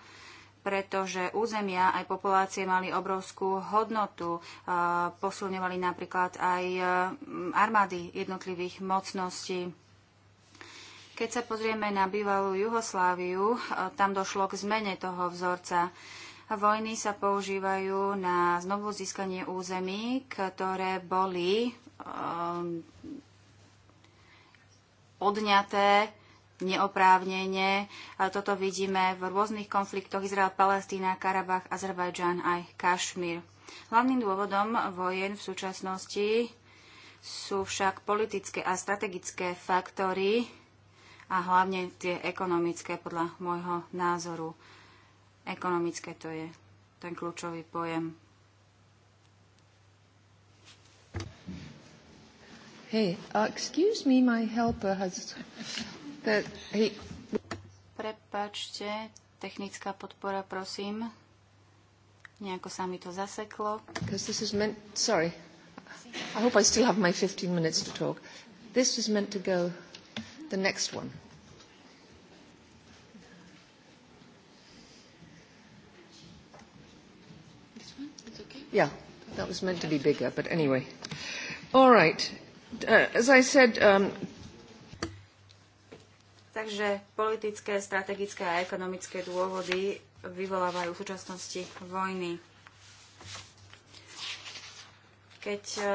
pretože územia aj populácie mali obrovskú hodnotu. Posilňovali napríklad aj armády jednotlivých mocností. Keď sa pozrieme na bývalú Juhosláviu, tam došlo k zmene toho vzorca. Vojny sa používajú na znovu získanie území, ktoré boli um, odňaté neoprávnene. Toto vidíme v rôznych konfliktoch Izrael, Palestína, Karabach, Azerbajdžan aj Kašmír. Hlavným dôvodom vojen v súčasnosti sú však politické a strategické faktory a hlavne tie ekonomické podľa môjho názoru. Ekonomické to je ten kľúčový pojem. Hey, uh, excuse me, my helper has... That he... Prepačte, technická podpora, prosím. Nejako sa mi to zaseklo. Because this is meant... Sorry. I hope I still have my 15 minutes to talk. This is meant to go the next one. Yeah, that was meant to be bigger, but anyway. All right. Uh, as I said, um, Takže politické, strategické a ekonomické dôvody vyvolávajú v súčasnosti vojny. Keď uh,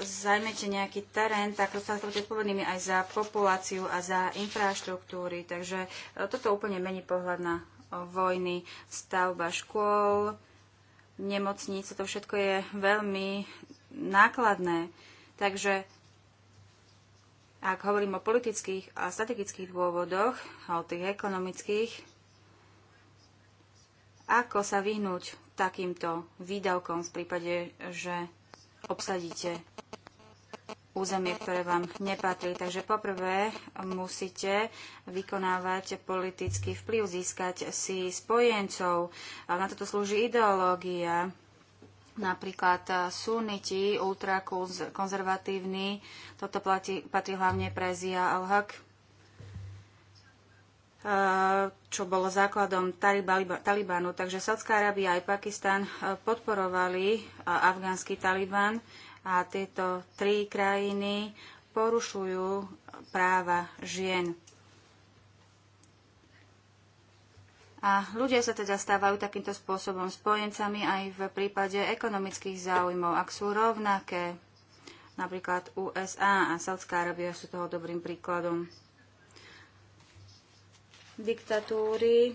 zajmete nejaký terén, tak zostávate odpovednými aj za populáciu a za infraštruktúry. Takže uh, toto úplne mení pohľad na uh, vojny. Stavba škôl, uh, nemocnice, to všetko je veľmi nákladné. Takže ak hovorím o politických a strategických dôvodoch, a o tých ekonomických, ako sa vyhnúť takýmto výdavkom v prípade, že obsadíte územie, ktoré vám nepatrí. Takže poprvé musíte vykonávať politický vplyv, získať si spojencov. Na toto slúži ideológia. Napríklad suniti, ultrakonzervatívni, toto platí, patrí hlavne pre Zia al eh, čo bolo základom Talibanu. Takže Sádzka Arábia aj Pakistan eh, podporovali eh, afgánsky Taliban a tieto tri krajiny porušujú práva žien. A ľudia sa teda stávajú takýmto spôsobom spojencami aj v prípade ekonomických záujmov, ak sú rovnaké. Napríklad USA a Saudská Arábia sú toho dobrým príkladom. Diktatúry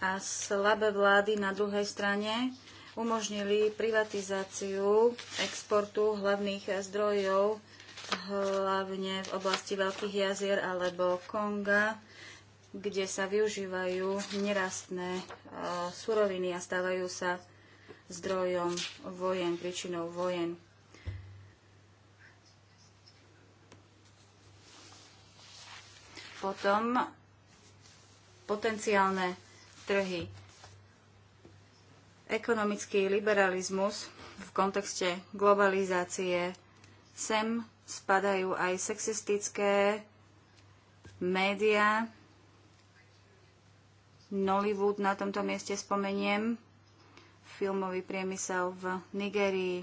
a slabé vlády na druhej strane umožnili privatizáciu exportu hlavných zdrojov, hlavne v oblasti Veľkých jazier alebo Konga, kde sa využívajú nerastné e, suroviny a stávajú sa zdrojom vojen, príčinou vojen. Potom potenciálne trhy Ekonomický liberalizmus v kontexte globalizácie sem spadajú aj sexistické médiá. Nollywood na tomto mieste spomeniem, filmový priemysel v Nigerii.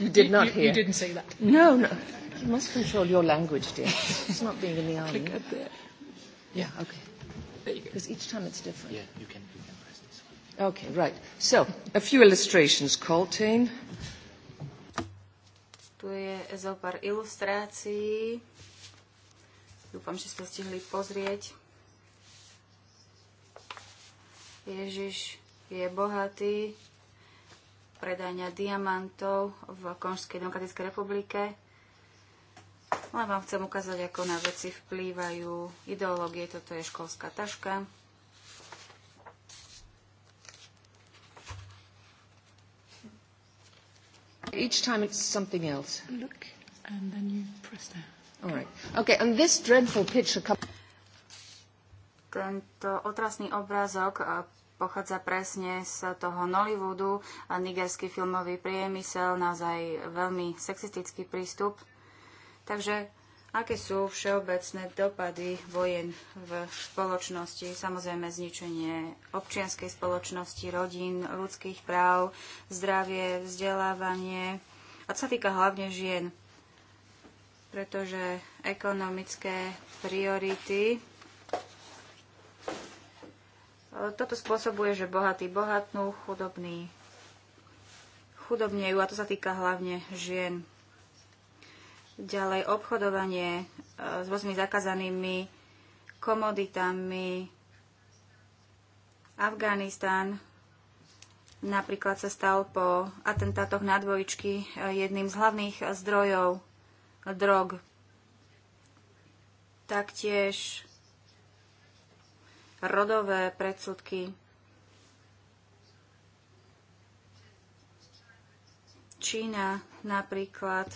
You did not hear. You, you didn't say that. No, no. You must control your language, dear. It's not being in the army. Yeah, okay because each time it's different. Yeah, you can, you can press this. Okay, right. So, a few illustrations. Coltane. Tu je zo pár ilustrácií. Dúfam, že ste stihli pozrieť. Ježiš je bohatý, predania diamantov v Konžskej demokratickej republike. Len vám chcem ukázať, ako na veci vplývajú ideológie. Toto je školská taška. Each time it's something else. Look, and then you press there. All right. Okay, and this dreadful picture... Tento otrasný obrázok pochádza presne z toho Nollywoodu a nigerský filmový priemysel, naozaj veľmi sexistický prístup. Takže aké sú všeobecné dopady vojen v spoločnosti? Samozrejme zničenie občianskej spoločnosti, rodín, ľudských práv, zdravie, vzdelávanie. A to sa týka hlavne žien, pretože ekonomické priority e, toto spôsobuje, že bohatí bohatnú, chudobní chudobnejú a to sa týka hlavne žien. Ďalej obchodovanie e, s rôznymi zakázanými komoditami. Afganistan napríklad sa stal po atentátoch na dvojičky e, jedným z hlavných zdrojov drog. Taktiež rodové predsudky. Čína napríklad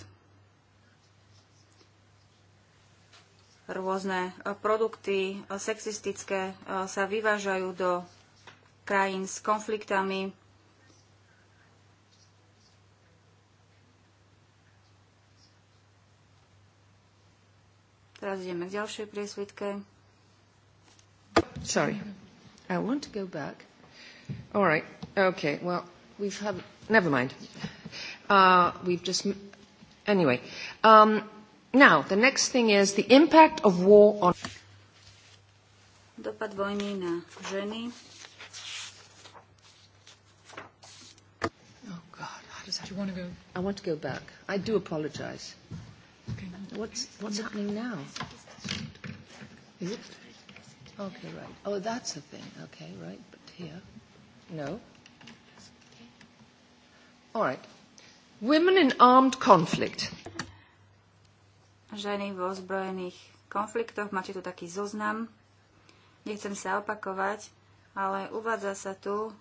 Rôzne e, produkty e, sexistické e, sa vyvážajú do krajín s konfliktami. Teraz ideme k ďalšej priesvitke. Sorry, I want to go back. All right, okay, well, we've had, never mind. Uh, we've just, anyway. Um, Now, the next thing is the impact of war on... Dopad vojny na ženy. Oh God, how does that... Do you want to go? I want to go back. I do apologize. Okay. What's, what's happening now? Is it? Okay, right. Oh, that's a thing. Okay, right. But here, no. All right. Women in armed conflict ženy vo zbrojených konfliktoch. Máte tu taký zoznam. Nechcem sa opakovať, ale uvádza sa tu,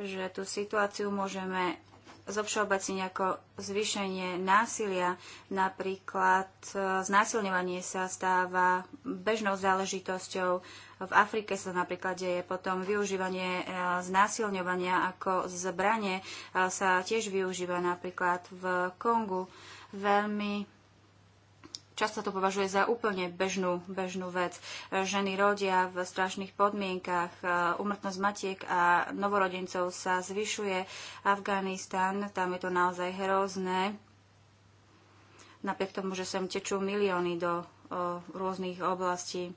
že tú situáciu môžeme zovšeobecniť ako zvýšenie násilia. Napríklad e, znásilňovanie sa stáva bežnou záležitosťou. V Afrike sa napríklad deje potom využívanie e, znásilňovania ako zbranie e, sa tiež využíva napríklad v Kongu. Veľmi často to považuje za úplne bežnú, bežnú vec. E, ženy rodia v strašných podmienkach, umrtnosť e, matiek a novorodencov sa zvyšuje. Afganistan, tam je to naozaj hrozné. Napriek tomu, že sem tečú milióny do o, e, rôznych oblastí.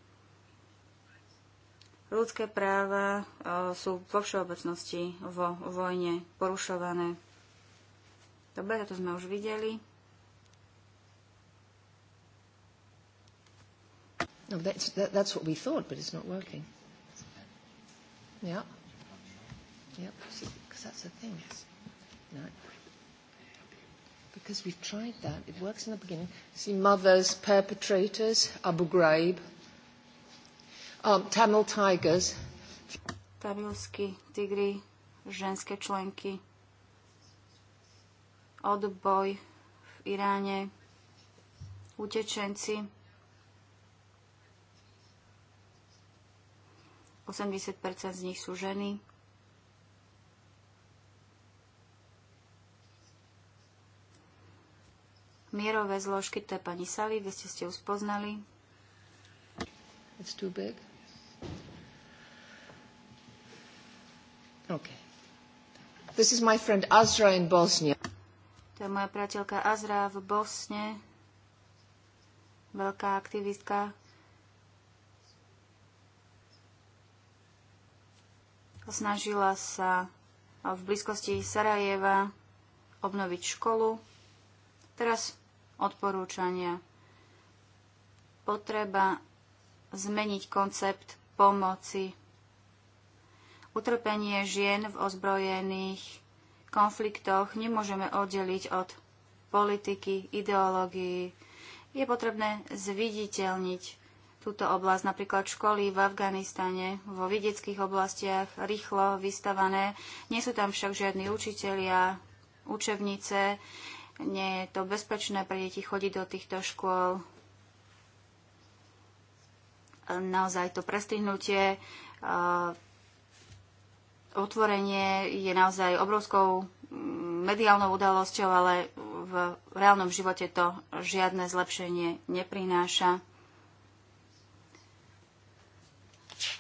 Ľudské práva o, sú vo všeobecnosti vo vojne porušované. Dobre, toto sme už videli. No, that's, that, that's what we thought, but it's not working. Yeah. Yeah, because that's the thing. No. Because we've tried that. It works in the beginning. See, mothers, perpetrators, Abu Ghraib, um, Tamil tigers. Tamilski tigri, ženské členky, odboj v Iráne, utečenci, 80 z nich sú ženy. Mierové zložky, to je pani Sali, vy ste ste ju spoznali. It's too big. Okay. This is my friend Azra in Bosnia. To je moja priateľka Azra v Bosne, veľká aktivistka snažila sa v blízkosti Sarajeva obnoviť školu. Teraz odporúčania. Potreba zmeniť koncept pomoci. Utrpenie žien v ozbrojených konfliktoch nemôžeme oddeliť od politiky, ideológií. Je potrebné zviditeľniť túto oblasť, napríklad školy v Afganistane, vo vidieckých oblastiach, rýchlo vystavané. Nie sú tam však žiadni učitelia, učebnice, nie je to bezpečné pre deti chodiť do týchto škôl. Naozaj to prestihnutie, otvorenie je naozaj obrovskou mm, mediálnou udalosťou, ale v reálnom živote to žiadne zlepšenie neprináša.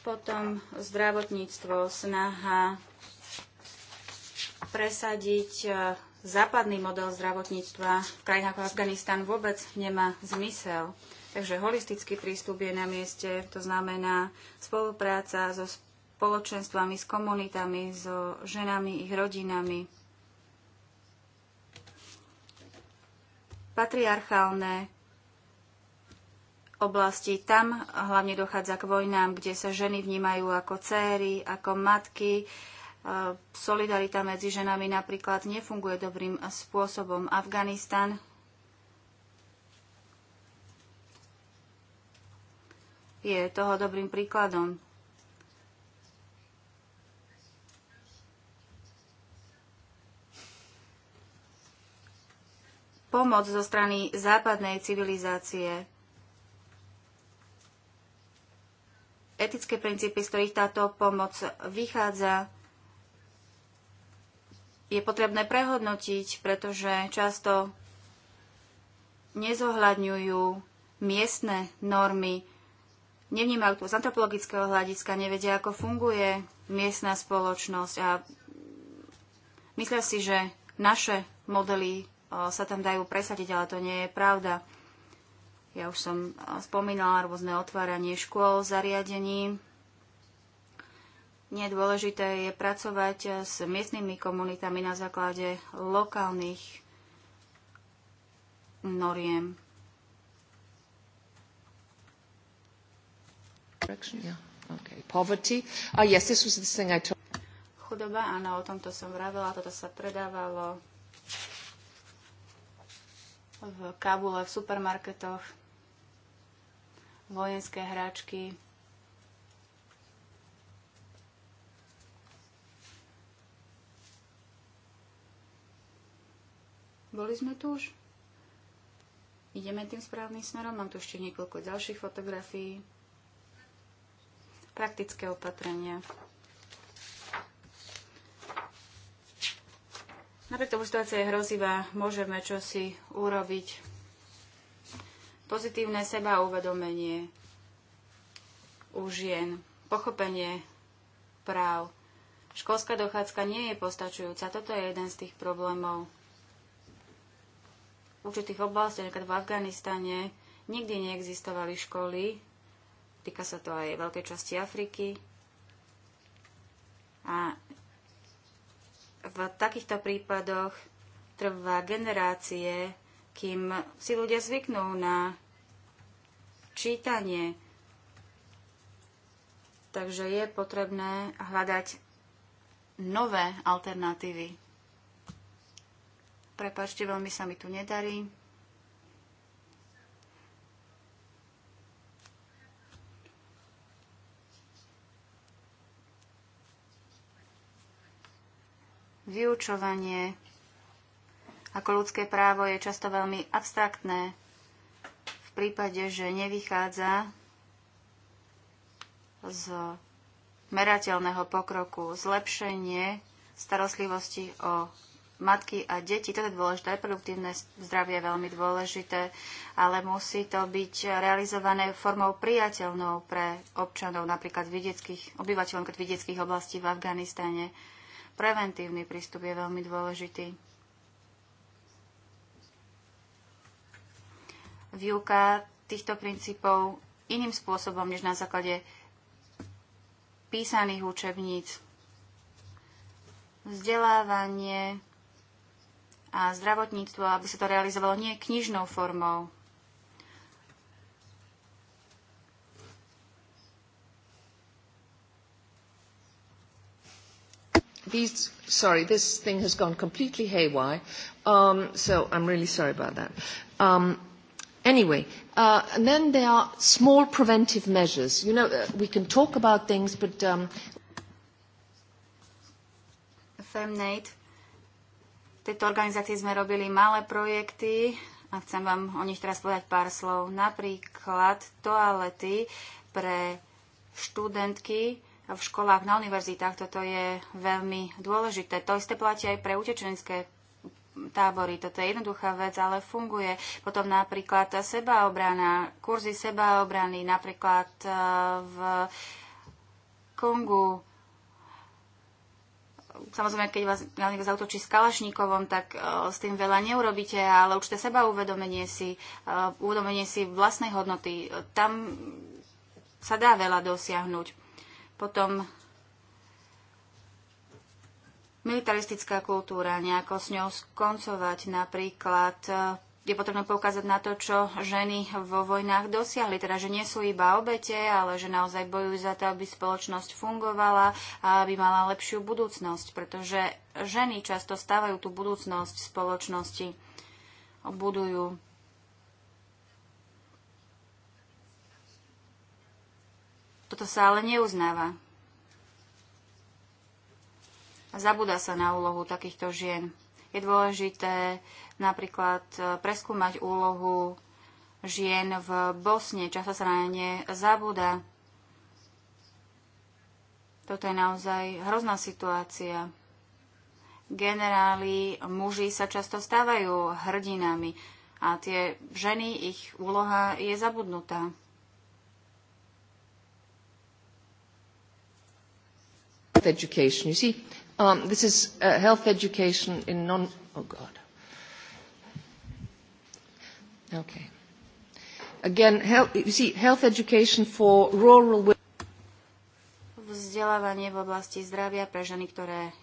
Potom zdravotníctvo, snaha presadiť e, západný model zdravotníctva v krajinách ako Afganistan vôbec nemá zmysel. Takže holistický prístup je na mieste, to znamená spolupráca so spoločenstvami, s komunitami, so ženami, ich rodinami. Patriarchálne oblasti. Tam hlavne dochádza k vojnám, kde sa ženy vnímajú ako céry, ako matky. E, solidarita medzi ženami napríklad nefunguje dobrým spôsobom. Afganistan je toho dobrým príkladom. Pomoc zo strany západnej civilizácie etické princípy, z ktorých táto pomoc vychádza, je potrebné prehodnotiť, pretože často nezohľadňujú miestne normy, nevnímajú to z antropologického hľadiska, nevedia, ako funguje miestna spoločnosť a myslia si, že naše modely sa tam dajú presadiť, ale to nie je pravda. Ja už som spomínala rôzne otváranie škôl, zariadení. Nedôležité je pracovať e, s miestnymi komunitami na základe lokálnych noriem. Ah, Chudoba, áno, o tomto som vravela, toto sa predávalo v Kabule, v supermarketoch vojenské hráčky. Boli sme tu už? Ideme tým správnym smerom. Mám tu ešte niekoľko ďalších fotografií. Praktické opatrenia. Napriek tomu situácia je hrozivá, môžeme čosi urobiť pozitívne seba uvedomenie u žien, pochopenie práv. Školská dochádzka nie je postačujúca. Toto je jeden z tých problémov. V určitých oblastiach, napríklad v Afganistane, nikdy neexistovali školy. Týka sa to aj veľkej časti Afriky. A v takýchto prípadoch trvá generácie, kým si ľudia zvyknú na čítanie. Takže je potrebné hľadať nové alternatívy. Prepačte, veľmi sa mi tu nedarí. Vyučovanie ako ľudské právo je často veľmi abstraktné v prípade, že nevychádza z merateľného pokroku, zlepšenie starostlivosti o matky a deti. Toto je dôležité, reproduktívne zdravie je veľmi dôležité, ale musí to byť realizované formou priateľnou pre občanov, napríklad vidieckých, obyvateľov vidieckých oblastí v Afganistane. Preventívny prístup je veľmi dôležitý. výuka týchto princípov iným spôsobom, než na základe písaných učebníc. Vzdelávanie a zdravotníctvo, aby sa to realizovalo nie knižnou formou. These, sorry, this thing has gone completely haywire, um, so I'm really sorry about that. Um, Anyway, uh, and then there are small preventive measures. You know, uh, we can talk about things, but. Um, Femnate. V tejto organizácii sme robili malé projekty a chcem vám o nich teraz povedať pár slov. Napríklad toalety pre študentky v školách na univerzitách. Toto je veľmi dôležité. To isté platí aj pre utečenské tábory. Toto je jednoduchá vec, ale funguje. Potom napríklad tá sebaobrana, kurzy sebaobrany, napríklad e, v Kongu. Samozrejme, keď vás na niekto zautočí s kalašníkovom, tak e, s tým veľa neurobíte, ale určite seba uvedomenie si, e, uvedomenie si vlastnej hodnoty, tam sa dá veľa dosiahnuť. Potom militaristická kultúra, nejako s ňou skoncovať napríklad e, je potrebné poukázať na to, čo ženy vo vojnách dosiahli. Teda, že nie sú iba obete, ale že naozaj bojujú za to, aby spoločnosť fungovala a aby mala lepšiu budúcnosť. Pretože ženy často stávajú tú budúcnosť spoločnosti, budujú. Toto sa ale neuznáva. Zabúda sa na úlohu takýchto žien. Je dôležité napríklad e, preskúmať úlohu žien v Bosne. Často sa na ne zabúda. Toto je naozaj hrozná situácia. Generáli, muži sa často stávajú hrdinami a tie ženy, ich úloha je zabudnutá. education. You see, Um, this is uh, health education in non. Oh God. Okay. Again, health, you see, health education for rural women. Vzdelávanie v oblasti zdravia pre ženy, ktoré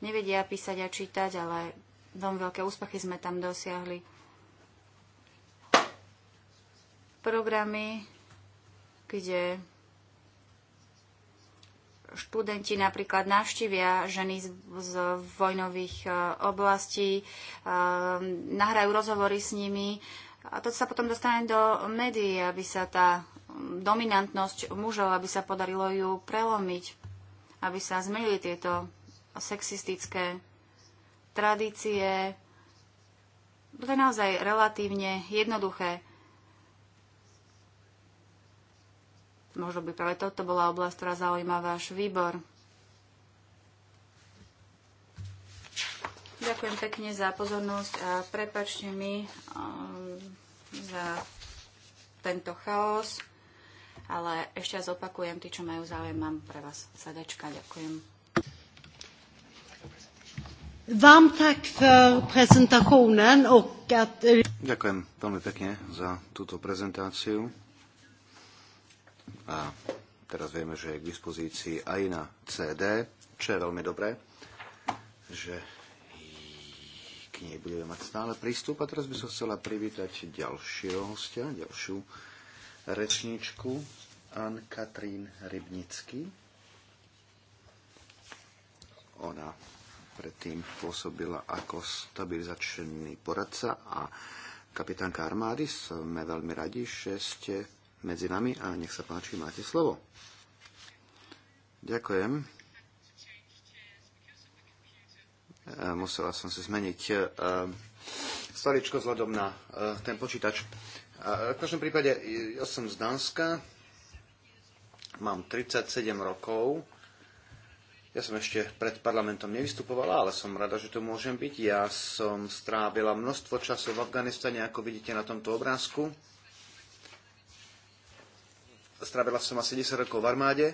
nevedia písať a čítať, ale veľmi veľké úspechy sme tam dosiahli. Programy, kde študenti napríklad navštívia ženy z, z vojnových e, oblastí, e, nahrajú rozhovory s nimi a to sa potom dostane do médií, aby sa tá dominantnosť mužov, aby sa podarilo ju prelomiť, aby sa zmenili tieto sexistické tradície. To je naozaj relatívne jednoduché. Možno by práve toto bola oblasť, ktorá zaujíma váš výbor. Ďakujem pekne za pozornosť a prepačte mi um, za tento chaos, ale ešte raz opakujem, tí, čo majú záujem, mám pre vás sadečka. Ďakujem. Vám tak no, Ďakujem veľmi pekne za túto prezentáciu a teraz vieme, že je k dispozícii aj na CD, čo je veľmi dobré, že k nej budeme mať stále prístup. A teraz by som chcela privítať ďalšieho hostia, ďalšiu rečníčku, Ann Katrín Rybnický. Ona predtým pôsobila ako stabilizačný poradca a kapitánka armády. Sme veľmi radi, že ste medzi nami a nech sa páči, máte slovo. Ďakujem. E, musela som si zmeniť e, stoličko vzhľadom na e, ten počítač. V každom prípade, ja som z Dánska, mám 37 rokov. Ja som ešte pred parlamentom nevystupovala, ale som rada, že tu môžem byť. Ja som strávila množstvo času v Afganistane, ako vidíte na tomto obrázku strávila som asi 10 rokov v armáde.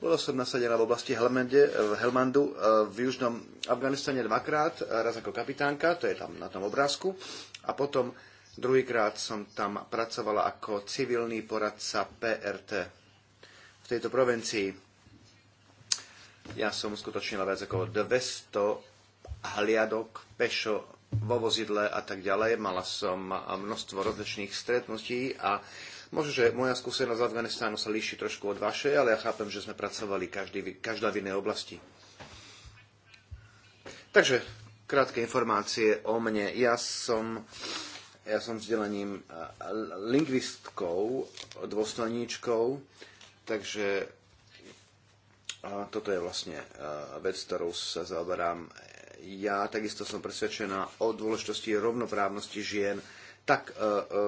Bola som nasadená v oblasti Helmende, v Helmandu e, v južnom Afganistane dvakrát, e, raz ako kapitánka, to je tam na tom obrázku, a potom druhýkrát som tam pracovala ako civilný poradca PRT v tejto provincii. Ja som skutočnila viac ako 200 hliadok pešo vo vozidle a tak ďalej. Mala som množstvo rozličných stretnutí a možno, že moja skúsenosť z Afganistánu sa líši trošku od vašej, ale ja chápem, že sme pracovali každý, každá v inej oblasti. Takže krátke informácie o mne. Ja som, ja som vzdelaním lingvistkou, dôstojníčkou, takže toto je vlastne vec, ktorou sa zaoberám ja takisto som presvedčená o dôležitosti rovnoprávnosti žien tak e, e,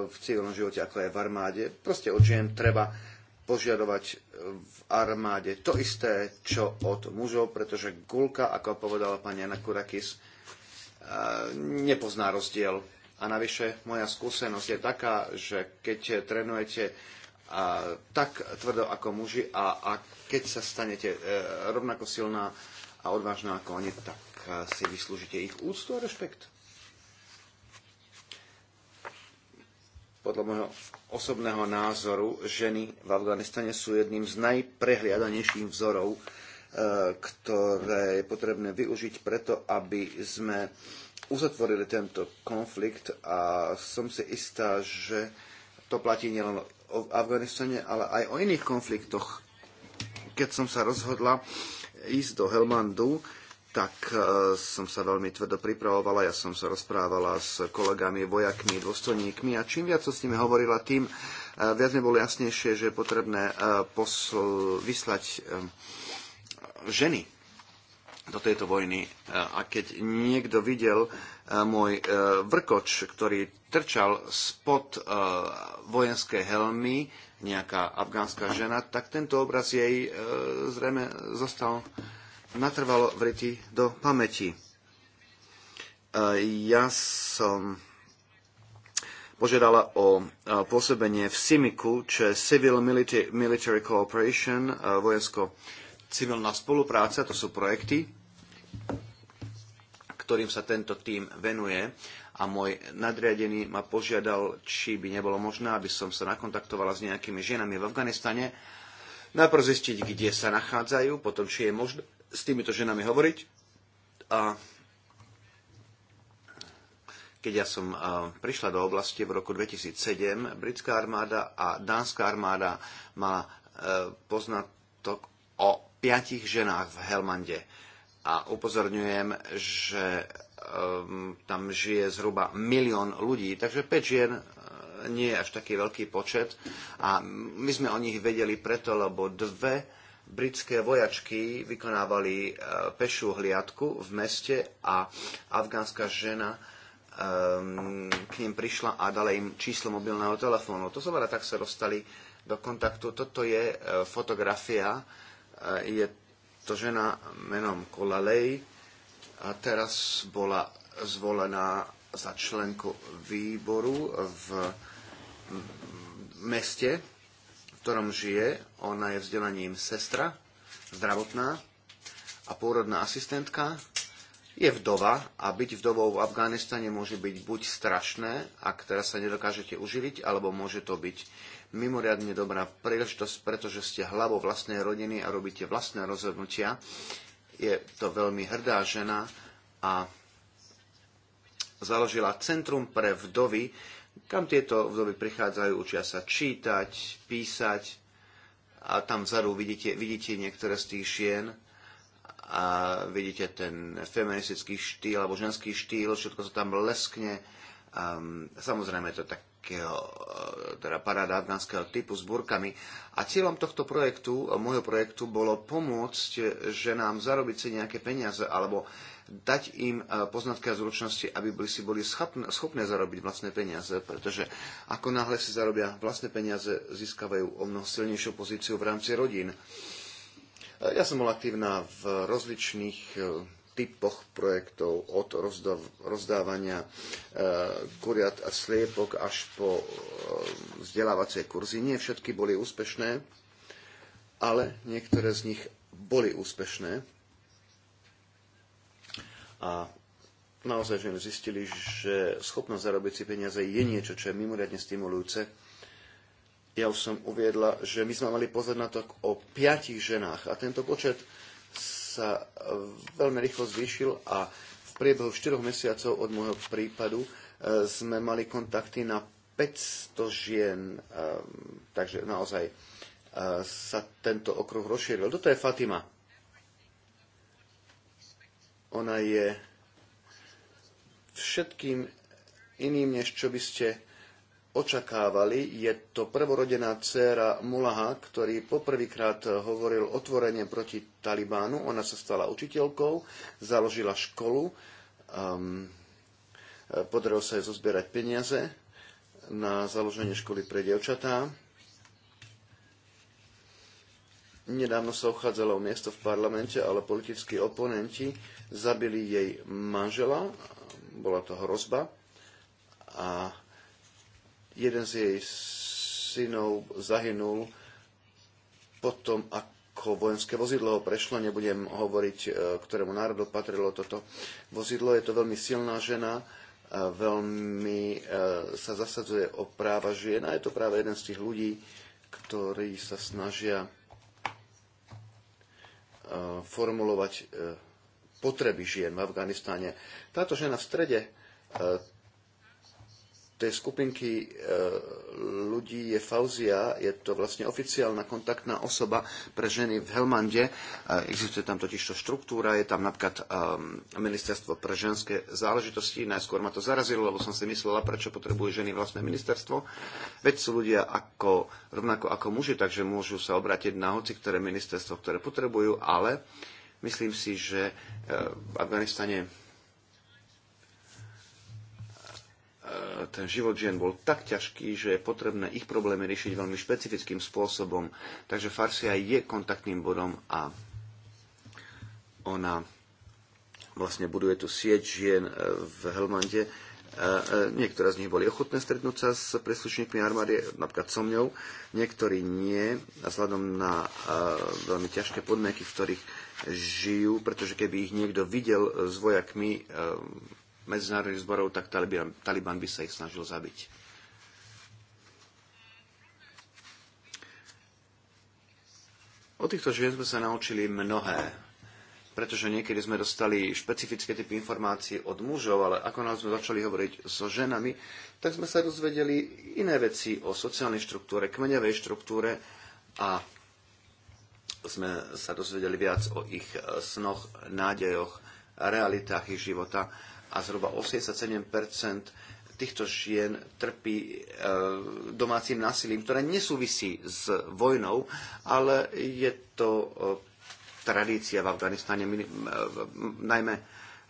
v civilnom živote, ako aj v armáde. Proste od žien treba požiadovať e, v armáde to isté, čo od mužov, pretože gulka, ako povedala pani Anna Kurakis, nepozná rozdiel. A navyše moja skúsenosť je taká, že keď trénujete tak tvrdo ako muži a, a keď sa stanete rovnako silná a odvážna ako oni, tak Eh, si vyslúžite ich úctu a rešpekt. Podľa môjho osobného názoru, ženy v Afganistane sú jedným z najprehliadanejších vzorov, eh, ktoré je potrebné využiť preto, aby sme uzatvorili tento konflikt a som si istá, že to platí nielen o Afganistane, ale aj o iných konfliktoch. Keď som sa rozhodla ísť do Helmandu, tak e, som sa veľmi tvrdo pripravovala, ja som sa rozprávala s kolegami, vojakmi, dôstojníkmi a čím viac som s nimi hovorila, tým e, viac mi bolo jasnejšie, že je potrebné e, posl- vyslať ženy do tejto vojny. A keď niekto videl môj vrkoč, ktorý trčal spod vojenské helmy, nejaká afgánska žena, tak tento obraz jej zrejme zostal natrvalo vriti do pamäti. E, ja som požiadala o e, pôsobenie v Simiku, čo je Civil Military Cooperation, e, vojensko-civilná spolupráca, to sú projekty, ktorým sa tento tím venuje a môj nadriadený ma požiadal, či by nebolo možné, aby som sa nakontaktovala s nejakými ženami v Afganistane, najprv zistiť, kde sa nachádzajú, potom či je možné s týmito ženami hovoriť a keď ja som prišla do oblasti v roku 2007, britská armáda a dánska armáda má e, poznatok o piatich ženách v Helmande. A upozorňujem, že e, tam žije zhruba milión ľudí, takže 5 žien e, nie je až taký veľký počet. A my sme o nich vedeli preto, lebo dve britské vojačky vykonávali e, pešiu hliadku v meste a afgánska žena e, k ním prišla a dala im číslo mobilného telefónu. To znamená, tak sa dostali do kontaktu. Toto je e, fotografia, je to žena menom Kolalej a teraz bola zvolená za členku výboru v meste ktorom žije. Ona je vzdelaním sestra, zdravotná a pôrodná asistentka. Je vdova a byť vdovou v Afganistane môže byť buď strašné, ak teraz sa nedokážete uživiť, alebo môže to byť mimoriadne dobrá príležitosť, pretože ste hlavou vlastnej rodiny a robíte vlastné rozhodnutia. Je to veľmi hrdá žena a založila Centrum pre vdovy kam tieto vdoby prichádzajú, učia sa čítať, písať a tam vzadu vidíte, vidíte niektoré z tých šien a vidíte ten feministický štýl alebo ženský štýl, všetko sa tam leskne. Um, samozrejme je to takého eh, teda paradádanského typu s burkami. A cieľom tohto projektu, eh, môjho projektu, bolo pomôcť eh, ženám zarobiť si nejaké peniaze alebo uh, dať im e, poznatky a zručnosti, aby boli, si boli schopné, schopné zarobiť vlastné peniaze, pretože ako náhle si zarobia vlastné peniaze, získavajú o mnoho silnejšiu pozíciu v rámci rodín. E, ja som bol aktívna v rozličných e, typoch projektov od rozdávania kuriat a sliepok až po vzdelávacie kurzy. Nie všetky boli úspešné, ale niektoré z nich boli úspešné a naozaj ženy zistili, že schopnosť zarobiť si peniaze je niečo, čo je mimoriadne stimulujúce. Ja už som uviedla, že my sme mali pozor na to o piatich ženách a tento počet sa e, veľmi rýchlo zvýšil a v priebehu 4 mesiacov od môjho prípadu e, sme mali kontakty na 500 žien, e, takže naozaj sa tento okruh rozšíril. Toto je Fatima. Ona je všetkým iným, než čo by ste očakávali. Je to prvorodená dcéra Mulaha, ktorý poprvýkrát hovoril otvorene proti Talibánu. Ona sa stala učiteľkou, založila školu, um, podarilo sa jej zozbierať peniaze na založenie školy pre dievčatá Nedávno sa uchádzala o miesto v parlamente, ale politickí oponenti zabili jej manžela, bola to hrozba, a jeden z jej synov zahynul potom, ako vojenské vozidlo ho prešlo, nebudem hovoriť, e, ktorému národu patrilo toto vozidlo. Je to veľmi silná žena, veľmi e, sa zasadzuje o práva žien a je to práve jeden z tých ľudí, ktorí sa snažia E, formulovať e, potreby žien v Afganistane. Táto žena v strede e, tej skupinky e, ľudí je Fauzia, je to vlastne oficiálna kontaktná osoba pre ženy v Helmande. Existuje tam totiž to štruktúra, je tam napríklad e, ministerstvo pre ženské záležitosti. Najskôr ma to zarazilo, lebo som si myslela, prečo potrebujú ženy vlastné ministerstvo. Veď sú ľudia ako, rovnako ako muži, takže môžu sa obrátiť na hoci ktoré ministerstvo, ktoré potrebujú, ale myslím si, že e, v Afganistane E, ten život žien bol tak ťažký, že je potrebné ich problémy riešiť veľmi špecifickým spôsobom. Takže Farsia je kontaktným bodom a ona vlastne buduje tu sieť žien e, v Helmande. E, niektoré z nich boli ochotné stretnúť sa s príslušníkmi armády, napríklad so mňou, niektorí nie, vzhľadom na veľmi ťažké podmienky, v ktorých žijú, pretože keby ich niekto videl s vojakmi, medzinárodných zborov, tak Taliban, Taliban by sa ich snažil zabiť. O týchto žien sme sa naučili mnohé, pretože niekedy sme dostali špecifické typy informácií od mužov, ale ako nás sme začali hovoriť so ženami, tak sme sa dozvedeli iné veci o sociálnej štruktúre, kmeňovej štruktúre a sme sa dozvedeli viac o ich snoch, nádejoch, realitách ich života a zhruba 87 týchto žien trpí e, domácim násilím, ktoré nesúvisí s vojnou, ale je to e, tradícia v Afganistane, najmä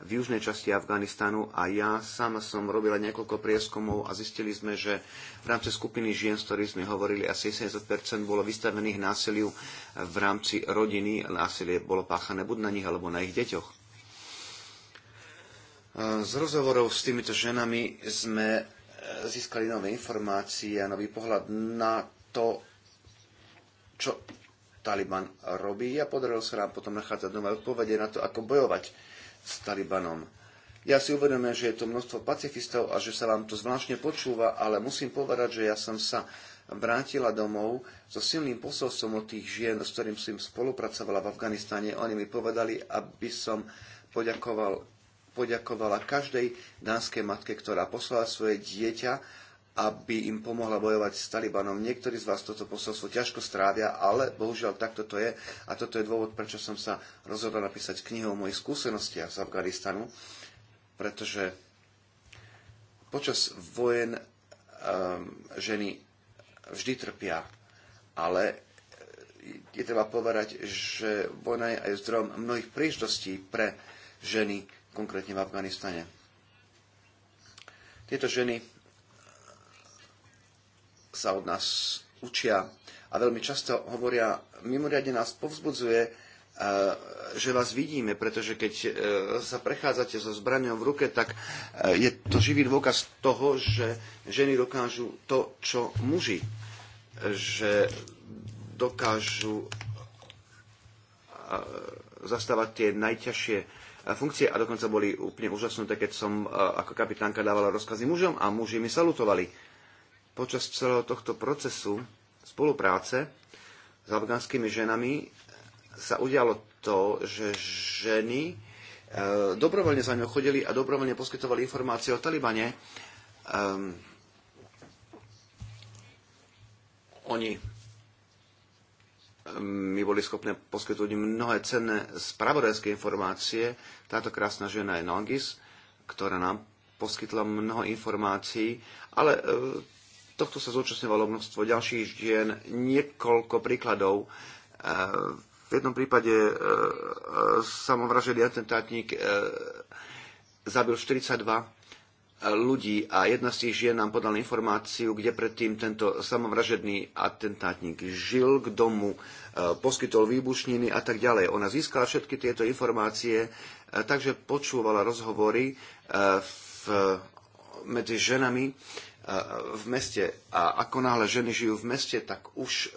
v južnej časti Afganistanu a ja sám som robila niekoľko prieskumov a zistili sme, že v rámci skupiny žien, s ktorými sme hovorili, asi 70% bolo vystavených násiliu v rámci rodiny. Násilie bolo páchané buď na nich, alebo na ich deťoch z rozhovorov s týmito ženami sme e, získali nové informácie a nový pohľad na to, čo Taliban robí a podarilo sa nám potom nachádzať nové odpovede na to, ako bojovať s Talibanom. Ja si uvedomujem, že je to množstvo pacifistov a že sa vám to zvláštne počúva, ale musím povedať, že ja som sa vrátila domov so silným posolstvom od tých žien, s ktorým som spolupracovala v Afganistane. Oni mi povedali, aby som poďakoval poďakovala každej dánskej matke, ktorá poslala svoje dieťa aby im pomohla bojovať s Talibanom. Niektorí z vás toto posolstvo ťažko strávia, ale bohužiaľ takto to je. A toto je dôvod, prečo som sa rozhodol napísať knihu o mojich skúsenostiach z Afganistanu, pretože počas vojen um, ženy vždy trpia, ale je treba povedať, že vojna je aj zdrojom mnohých príždostí pre ženy, konkrétne v Afganistane. Tieto ženy sa od nás učia a veľmi často hovoria, mimoriadne nás povzbudzuje, eh, že vás vidíme, pretože keď eh, sa prechádzate so zbraňou v ruke, tak eh, je to živý dôkaz toho, že ženy dokážu to, čo muži. Že dokážu zastávať tie najťažšie E, funkcie a dokonca boli úplne úžasnuté, keď som e, ako kapitánka dávala rozkazy mužom a muži mi salutovali. Počas celého tohto procesu spolupráce s afgánskymi ženami sa udialo to, že ženy e, dobrovoľne za ňou chodili a dobrovoľne poskytovali informácie o Talibane. Um, oni mi boli schopné poskytnúť mnohé cenné spravodajské informácie. Táto krásna žena je Nongis, ktorá nám poskytla mnoho informácií, ale e, tohto sa zúčastňovalo množstvo ďalších žien, niekoľko príkladov. E, v jednom prípade e, samovražedný atentátnik zabil 42 ľudí a jedna z tých žien nám podala informáciu, kde predtým tento samovražedný atentátnik žil, k domu e, poskytol výbušniny a tak ďalej. Ona získala všetky tieto informácie, e, takže počúvala rozhovory e, v, medzi ženami v meste. A ako náhle ženy žijú v meste, tak už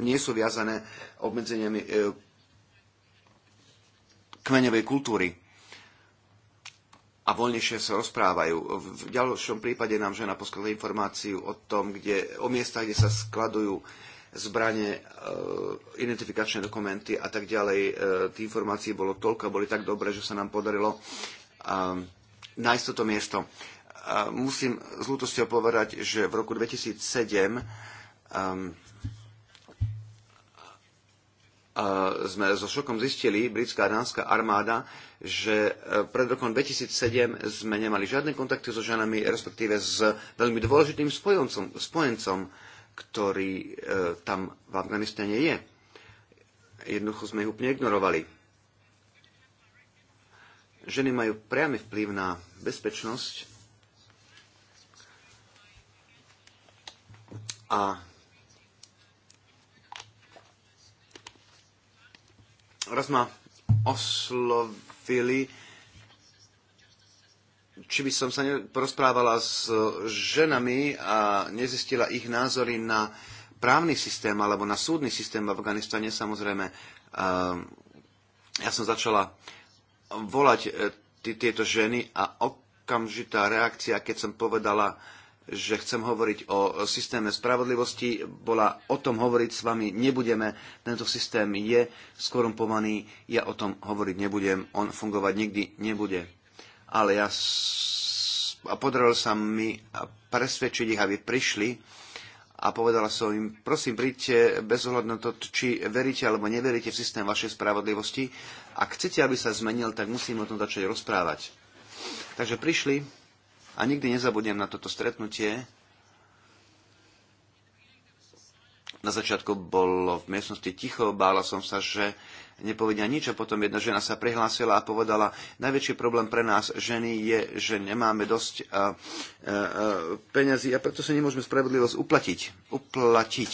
nie sú viazané obmedzeniami kmeňovej kultúry a voľnejšie sa rozprávajú. V ďalšom prípade nám žena poskytla informáciu o tom, kde, o miestach, kde sa skladujú zbranie, e, identifikačné dokumenty a tak ďalej. E, tých informácií bolo toľko, boli tak dobré, že sa nám podarilo nájsť toto miesto. Musím s ľútosťou povedať, že v roku 2007 sme so šokom zistili, britská a dánska armáda, že e, pred rokom 2007 sme nemali žiadne kontakty so ženami, respektíve s veľmi dôležitým spojencom, spojencom ktorý e, tam v Afganistane je. Jednoducho sme ich úplne ignorovali. Ženy majú priamy vplyv na bezpečnosť a raz ma oslovili, či by som sa porozprávala s ženami a nezistila ich názory na právny systém alebo na súdny systém v Afganistane. Samozrejme, ehm, ja som začala volať e, tieto ženy a okamžitá reakcia, keď som povedala, že chcem hovoriť o systéme spravodlivosti. Bola o tom hovoriť s vami nebudeme. Tento systém je skorumpovaný. Ja o tom hovoriť nebudem. On fungovať nikdy nebude. Ale ja a sa mi presvedčiť ich, aby prišli a povedala som im, prosím, príďte bez ohľadu na to, či veríte alebo neveríte v systém vašej spravodlivosti. Ak chcete, aby sa zmenil, tak musím o tom začať rozprávať. Takže prišli a nikdy nezabudnem na toto stretnutie. Na začiatku bolo v miestnosti ticho, bála som sa, že nepovedia nič a potom jedna žena sa prihlásila a povedala, najväčší problém pre nás ženy je, že nemáme dosť a, a, a, peňazí a preto sa nemôžeme spravodlivosť uplatiť. Uplatiť.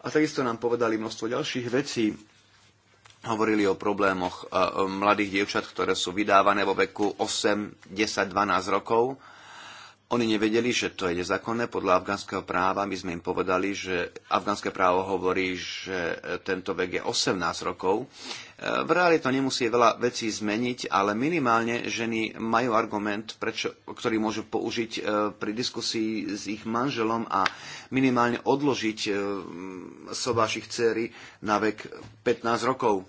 A takisto nám povedali množstvo ďalších vecí, hovorili o problémoch e, e, mladých dievčat, ktoré sú vydávané vo veku 8, 10, 12 rokov oni nevedeli, že to je nezákonné podľa afgánskeho práva. My sme im povedali, že afgánske právo hovorí, že e, tento vek je 18 rokov. E, v reálii to nemusí veľa vecí zmeniť, ale minimálne ženy majú argument, prečo, ktorý môžu použiť e, pri diskusii s ich manželom a minimálne odložiť sobašich dcery na vek 15 rokov.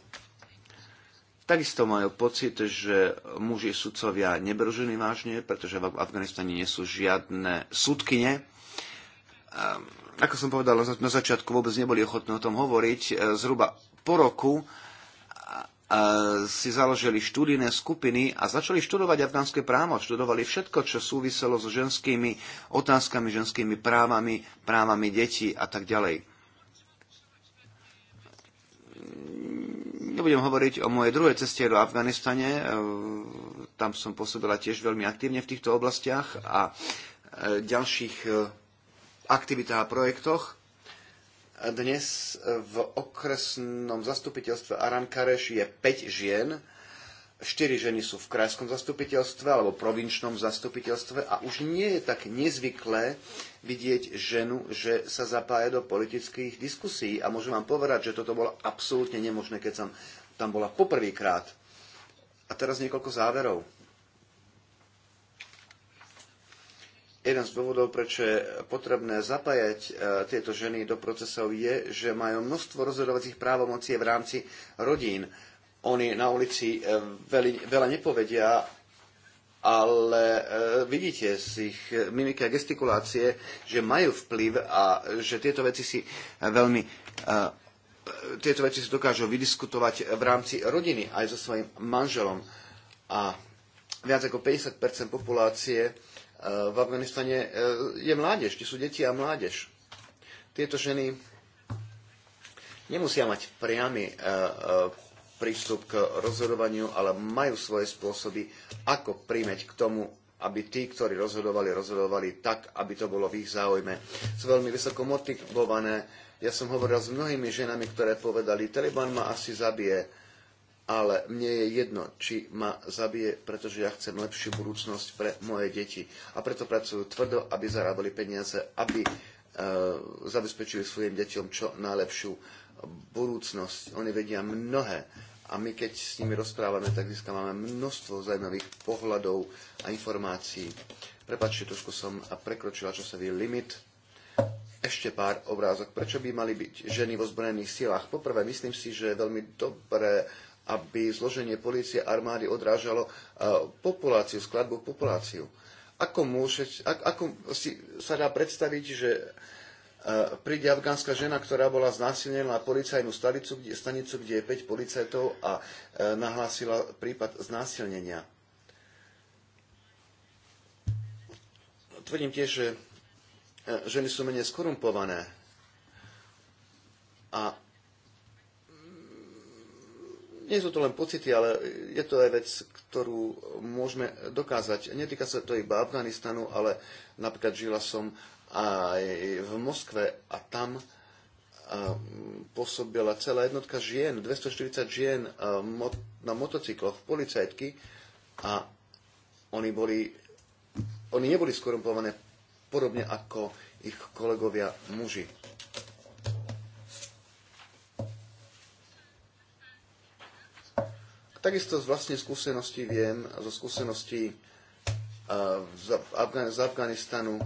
Takisto majú pocit, že muži sudcovia neberú vážne, pretože v Afganistane nie sú žiadne súdkyne. Ehm, ako som povedal, na začiatku vôbec neboli ochotní o tom hovoriť. E, zhruba po roku e, e, si založili študijné skupiny a začali študovať afgánske právo. Študovali všetko, čo súviselo so ženskými otázkami, ženskými právami, právami detí a tak ďalej Nebudem hovoriť o mojej druhej ceste do Afganistane. E, tam som pôsobila tiež veľmi aktívne v týchto oblastiach a e, ďalších e, aktivitách a projektoch. Dnes v okresnom zastupiteľstve Arankareš je 5 žien, Štyri ženy sú v krajskom zastupiteľstve alebo provinčnom zastupiteľstve a už nie je tak nezvyklé vidieť ženu, že sa zapája do politických diskusí. A môžem vám povedať, že toto bolo absolútne nemožné, keď som tam bola poprvýkrát. A teraz niekoľko záverov. Jeden z dôvodov, prečo je potrebné zapájať e, tieto ženy do procesov, je, že majú množstvo rozhodovacích právomocí v rámci rodín oni na ulici e, veľa nepovedia, ale e, vidíte z ich mimiky a gestikulácie, že majú vplyv a že tieto veci si veľmi e, tieto veci si dokážu vydiskutovať v rámci rodiny aj so svojím manželom. A viac ako 50 populácie v Afganistane je mládež, tie sú deti a mládež. Tieto ženy nemusia mať priamy prístup k rozhodovaniu, ale majú svoje spôsoby, ako prímeť k tomu, aby tí, ktorí rozhodovali, rozhodovali tak, aby to bolo v ich záujme. Sú veľmi vysoko motivované. Ja som hovoril s mnohými ženami, ktoré povedali, Taliban ma asi zabije, ale mne je jedno, či ma zabije, pretože ja chcem lepšiu budúcnosť pre moje deti. A preto pracujú tvrdo, aby zarábali peniaze, aby e, zabezpečili svojim deťom čo najlepšiu budúcnosť. Oni vedia mnohé a my keď s nimi rozprávame, tak získavame množstvo zaujímavých pohľadov a informácií. Prepačte, trošku som prekročila časový limit. Ešte pár obrázok. Prečo by mali byť ženy v ozbrojených silách? Poprvé, myslím si, že je veľmi dobré, aby zloženie policie armády odrážalo e, populáciu, skladbu populáciu. Ako, môžete, ako si sa dá predstaviť, že E, príde afgánska žena, ktorá bola znásilnená na policajnú stanicu, kde, stanicu, kde je 5 policajtov a e, nahlásila prípad znásilnenia. Tvrdím tiež, že e, ženy sú menej skorumpované a mm, nie sú to len pocity, ale je to aj vec, ktorú môžeme dokázať. Netýka sa to iba Afganistanu, ale napríklad žila som a v Moskve a tam pôsobila celá jednotka žien, 240 žien na motocykloch, policajtky a oni boli, oni neboli skorumpované podobne ako ich kolegovia muži. Takisto z vlastnej skúsenosti viem, zo skúseností z Afganistanu,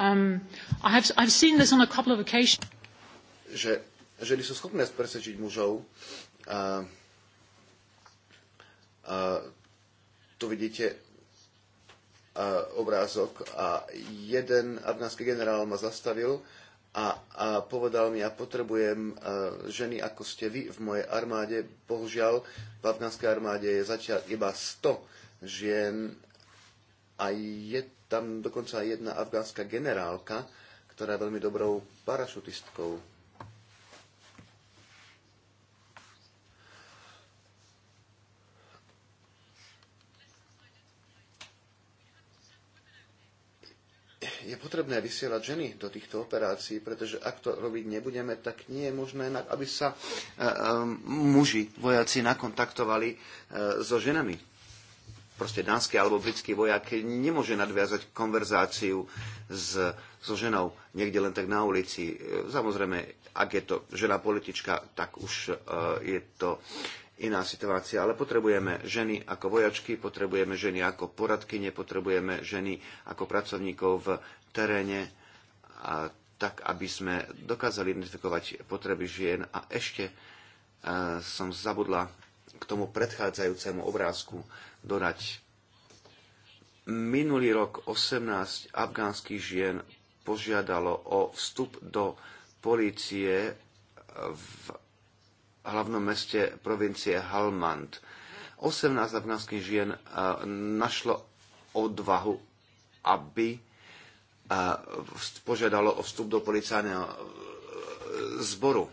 Um, I have, I've seen this on a couple of occasions. Že ženy sú schopné presvedčiť mužov. A, tu vidíte obrázok a jeden afgánsky generál ma zastavil a, a povedal mi, ja potrebujem ženy ako ste vy v mojej armáde. Bohužiaľ, v afgánskej armáde je zatiaľ iba 100 žien a je tam dokonca jedna afgánska generálka, ktorá je veľmi dobrou parašutistkou. Je potrebné vysielať ženy do týchto operácií, pretože ak to robiť nebudeme, tak nie je možné, aby sa eh, eh, muži, vojaci nakontaktovali eh, so ženami proste dánsky alebo britský vojak nemôže nadviazať konverzáciu s, so ženou niekde len tak na ulici. Samozrejme, ak je to žena politička, tak už e, je to iná situácia, ale potrebujeme ženy ako vojačky, potrebujeme ženy ako poradkyne, potrebujeme ženy ako pracovníkov v teréne, a tak aby sme dokázali identifikovať potreby žien. A ešte e, som zabudla k tomu predchádzajúcemu obrázku dodať. Minulý rok 18 afgánskych žien požiadalo o vstup do policie v hlavnom meste provincie Halmand. 18 afgánskych žien eh, našlo odvahu, aby eh, požiadalo o vstup do policajného eh, zboru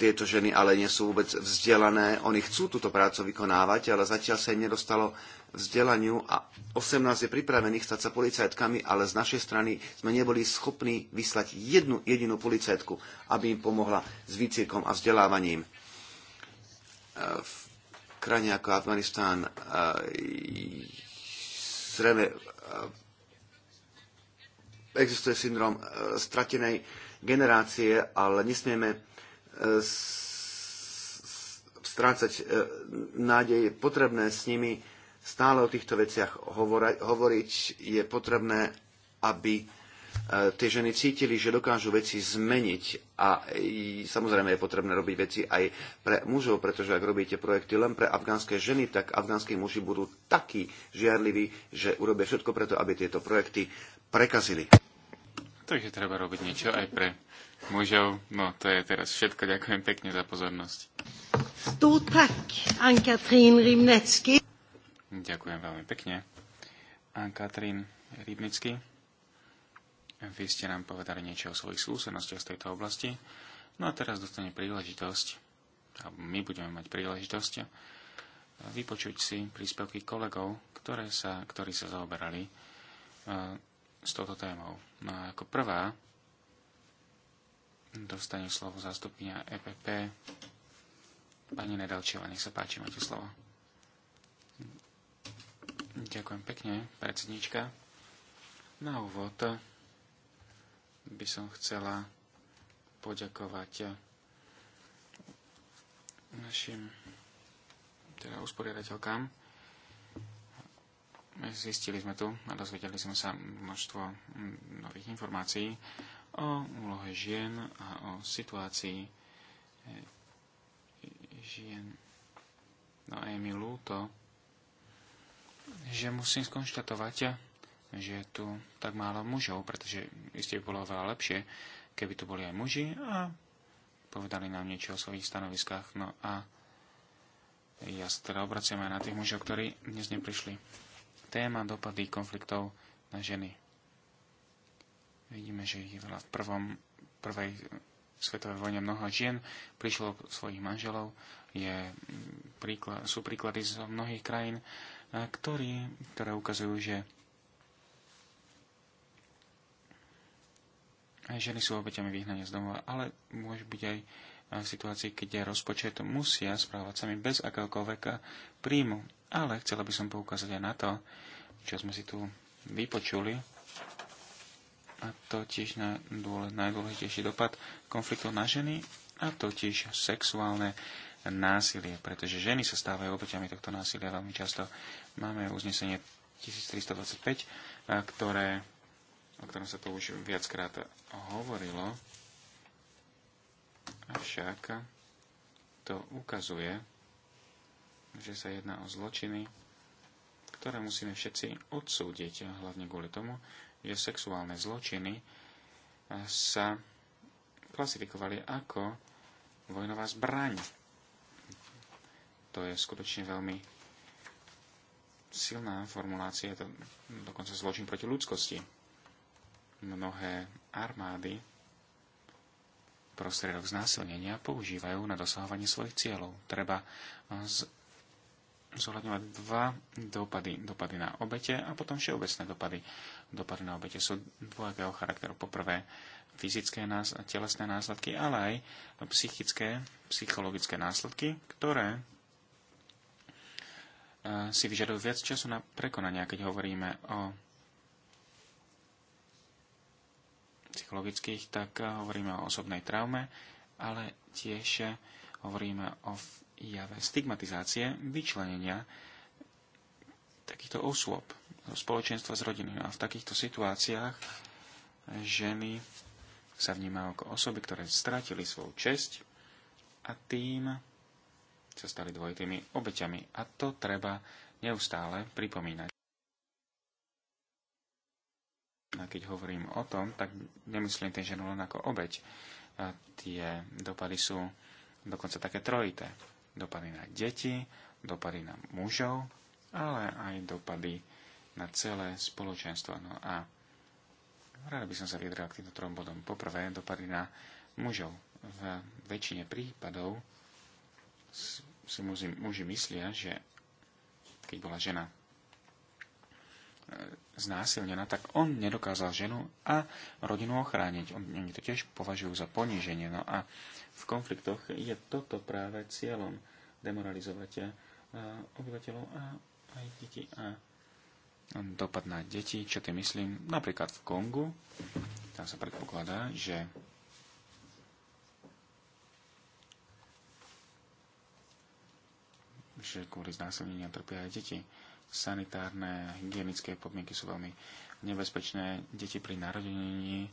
tieto ženy ale nie sú vôbec vzdelané. Oni chcú túto prácu vykonávať, ale zatiaľ sa im nedostalo vzdelaniu a 18 je pripravených stať sa policajtkami, ale z našej strany sme neboli schopní vyslať jednu jedinú policajtku, aby im pomohla s výciekom a vzdelávaním. V krajine ako Afganistán e, zrejme e, existuje syndrom e, stratenej generácie, ale nesmieme strácať e, nádej, potrebné s nimi stále o týchto veciach hovoriť, je potrebné, aby e, tie ženy cítili, že dokážu veci zmeniť a e, samozrejme je potrebné robiť veci aj pre mužov, pretože ak robíte projekty len pre afgánske ženy, tak afgánske muži budú takí žiarliví, že urobia všetko preto, aby tieto projekty prekazili. Takže treba robiť niečo aj pre mužov. No to je teraz všetko. Ďakujem pekne za pozornosť. Ďakujem veľmi pekne. ann Katrin Rybnecky. Vy ste nám povedali niečo o svojich skúsenostiach z tejto oblasti. No a teraz dostane príležitosť, alebo my budeme mať príležitosť, vypočuť si príspevky kolegov, ktoré sa, ktorí sa zaoberali eh, s touto témou. No a ako prvá dostane slovo zástupňa EPP. Pani Nedalčieva, nech sa páči, máte slovo. Ďakujem pekne, predsednička. Na úvod by som chcela poďakovať našim teda usporiadateľkám Zistili sme tu a dozvedeli sme sa množstvo nových informácií o úlohe žien a o situácii e, žien. No a je mi ľúto, že musím skonštatovať, že je tu tak málo mužov, pretože isté by bolo veľa lepšie, keby tu boli aj muži a povedali nám niečo o svojich stanoviskách. No a ja sa teda obraciam aj na tých mužov, ktorí dnes neprišli. Téma dopady konfliktov na ženy. Vidíme, že je veľa v prvom, prvej svetovej vojne mnoho žien prišlo svojich manželov. Je, príklad, sú príklady z mnohých krajín, ktorý, ktoré ukazujú, že aj ženy sú obeťami vyhnania z domova, ale môže byť aj v situácii, keď rozpočet musia správať sami bez akéhokoľvek príjmu. Ale chcela by som poukázať aj na to, čo sme si tu vypočuli, a totiž na dôle, najdôležitejší dopad konfliktu na ženy, a totiž sexuálne násilie, pretože ženy sa stávajú obeťami tohto násilia veľmi často. Máme uznesenie 1325, ktoré, o ktorom sa to už viackrát hovorilo, Avšak to ukazuje, že sa jedná o zločiny, ktoré musíme všetci odsúdiť, hlavne kvôli tomu, že sexuálne zločiny sa klasifikovali ako vojnová zbraň. To je skutočne veľmi silná formulácia, je to dokonca zločin proti ľudskosti. Mnohé armády prostriedok znásilnenia používajú na dosahovanie svojich cieľov. Treba e, z zohľadňovať dva dopady. Dopady na obete a potom všeobecné dopady. Dopady na obete sú dvojakého charakteru. Poprvé fyzické nás, telesné následky, ale aj psychické, psychologické následky, ktoré e, si vyžadujú viac času na prekonania, keď hovoríme o psychologických, tak eh, hovoríme o osobnej traume, ale tiež eh, hovoríme o jave stigmatizácie, vyčlenenia takýchto osôb zo spoločenstva s rodiny. No a v takýchto situáciách eh, ženy sa vnímajú ako osoby, ktoré stratili svoju česť a tým sa stali dvojitými obeťami. A to treba neustále pripomínať. A keď hovorím o tom, tak nemyslím ten ženu len ako obeď. A tie dopady sú dokonca také trojité. Dopady na deti, dopady na mužov, ale aj dopady na celé spoločenstvo. No a rád by som sa vyjadril k týmto trom bodom. Poprvé, dopady na mužov. V väčšine prípadov si muži, muži myslia, že keď bola žena znásilnená, tak on nedokázal ženu a rodinu ochrániť. Oni to tiež považujú za poníženie. No a v konfliktoch je toto práve cieľom demoralizovať eh, obyvateľov a aj deti. A dopad na deti, čo ty myslím, napríklad v Kongu, tam sa predpokladá, že že kvôli znásilnenia trpia aj deti sanitárne, hygienické podmienky sú veľmi nebezpečné. Deti pri narodení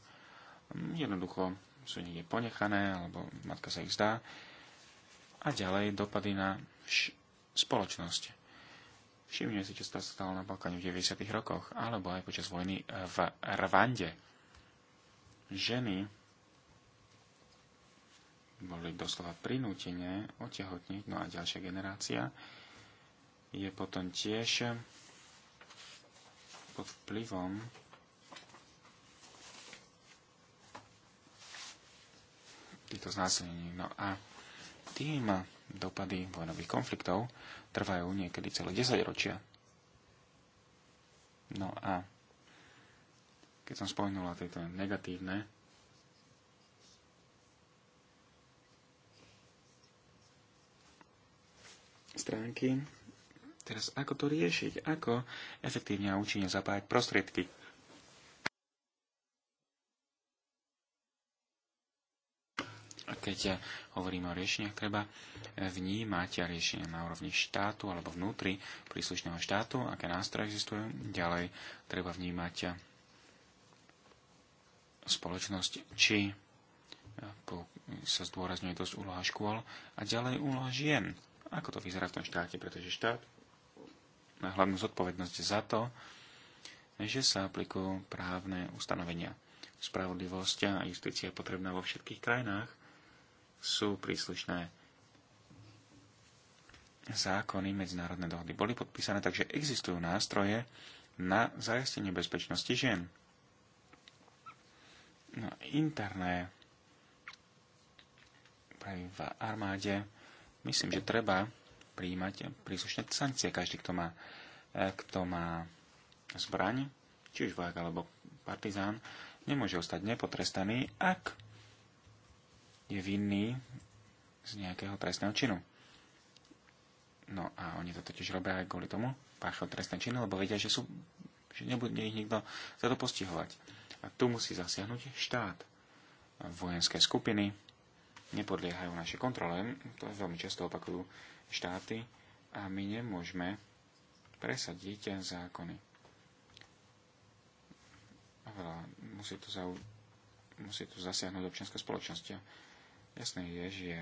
mm, jednoducho sú niekde ponechané, alebo matka sa ich zdá. A ďalej dopady na spoločnosť. Všimne si, čo sa stalo na Balkáne v 90. rokoch, alebo aj počas vojny v Rwande. Ženy boli doslova prinútené otehotniť, no a ďalšia generácia je potom tiež pod vplyvom týchto znásilnení. No a tým dopady vojnových konfliktov trvajú niekedy celé 10 ročia. No a keď som spomenula tieto negatívne stránky, Teraz ako to riešiť? Ako efektívne a účinne zapájať prostriedky? A keď hovoríme o riešeniach, treba vnímať riešenia na úrovni štátu alebo vnútri príslušného štátu, aké nástroje existujú. Ďalej treba vnímať spoločnosť, či sa zdôrazňuje dosť úloha škôl a ďalej úloha žien. Ako to vyzerá v tom štáte, pretože štát na hlavnú zodpovednosť za to, že sa aplikujú právne ustanovenia. Spravodlivosť a justícia potrebná vo všetkých krajinách sú príslušné zákony, medzinárodné dohody boli podpísané, takže existujú nástroje na zajistenie bezpečnosti žien. No, interné v armáde myslím, že treba príjmať príslušné sankcie. Každý, kto má, e, kto má zbraň, či už vojak alebo partizán, nemôže ostať nepotrestaný, ak je vinný z nejakého trestného činu. No a oni to totiž robia aj kvôli tomu, páchajú trestné činy, lebo vedia, že, sú, že nebude ich nikto za to postihovať. A tu musí zasiahnuť štát. Vojenské skupiny nepodliehajú našej kontrole, to veľmi často opakujú štáty a my nemôžeme presadiť zákony. Veľa, musí to, zau, musí to zasiahnuť občianská spoločnosť. Jasné je, že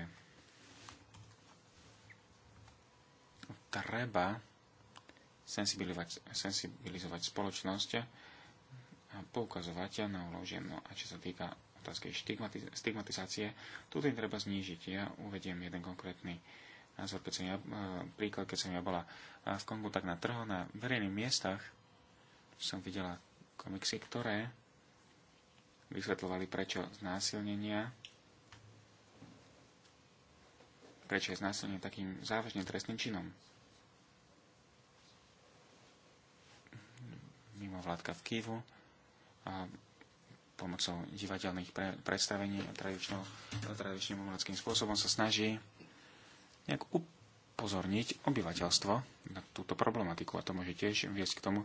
treba sensibilizovať, sensibilizovať spoločnosť a poukazovať na uloženú. No a čo sa týka otázky stigmatizácie, tu treba znížiť. Ja uvediem jeden konkrétny názor, keď som ja, príklad, keď som ja bola e, v Kongu, tak na trhu, na verejných miestach som videla komiksy, ktoré vysvetľovali, prečo znásilnenia prečo je znásilnenie takým závažným trestným činom. Mimo vládka v Kývu a pomocou divadelných pre, predstavení a tradičným umeleckým spôsobom sa snaží nejak upozorniť obyvateľstvo na túto problematiku. A to môže tiež viesť k tomu,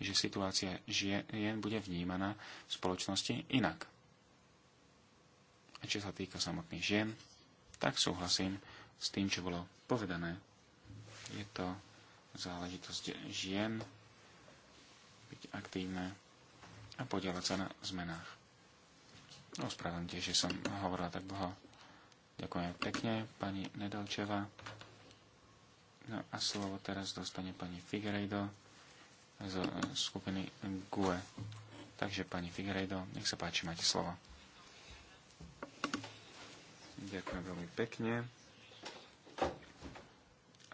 že situácia žien bude vnímaná v spoločnosti inak. A čo sa týka samotných žien, tak súhlasím s tým, čo bolo povedané. Je to záležitosť žien byť aktívne a podielať sa na zmenách. Ospravedlňte, že som hovorila tak dlho. Ďakujem pekne, pani Nedalčeva. No a slovo teraz dostane pani Figueiredo z e, skupiny GUE. Takže pani Figueiredo, nech sa páči, máte slovo. Ďakujem veľmi pekne.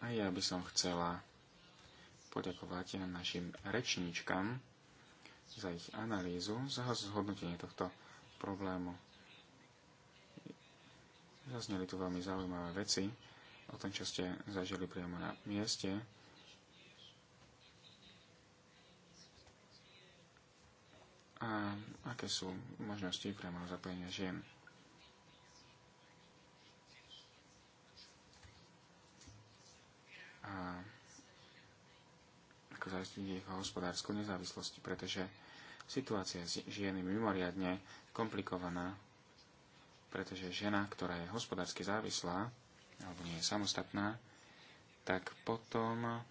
A ja by som chcela poďakovať našim rečníčkam za ich analýzu, za zhodnotenie tohto problému. Zazneli tu veľmi zaujímavé veci o tom, čo ste zažili priamo na mieste. A aké sú možnosti priamo zapojenia žien? A ako zaistiť ich hospodárskú nezávislosť, pretože situácia žien je mimoriadne komplikovaná pretože žena, ktorá je hospodársky závislá alebo nie je samostatná, tak potom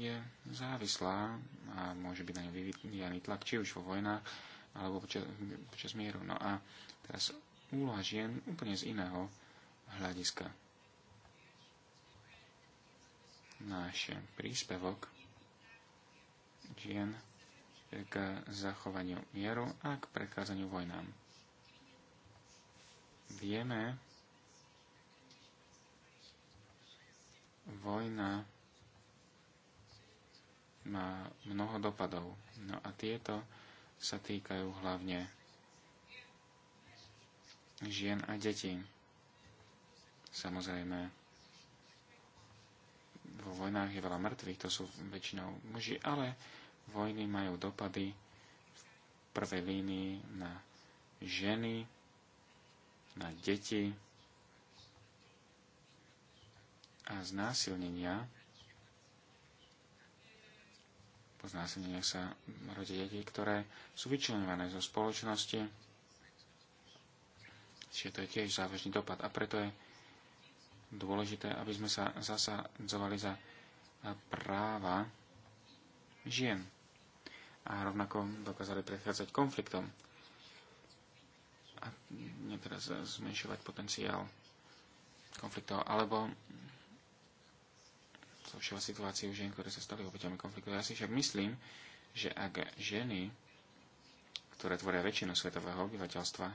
je závislá a môže byť na ňu vyvíjaný tlak, či už vo vojnách, alebo počas, počas mieru. No a teraz úloha žien úplne z iného hľadiska. Náš príspevok žien k zachovaniu mieru a k prekázaniu vojnám. Vieme, vojna má mnoho dopadov. No a tieto sa týkajú hlavne žien a detí. Samozrejme, vo vojnách je veľa mŕtvych, to sú väčšinou muži, ale Vojny majú dopady v prvej línii na ženy, na deti a znásilnenia. Po znásilneniach sa rodia deti, ktoré sú vyčlenované zo spoločnosti. Čiže to je tiež závažný dopad. A preto je dôležité, aby sme sa zasadzovali za práva žien a rovnako dokázali prechádzať konfliktom a teraz zmenšovať potenciál konfliktov, alebo zlepšovať situáciu žien, ktoré sa stali obeťami konfliktov. Ja si však myslím, že ak ženy, ktoré tvoria väčšinu svetového obyvateľstva,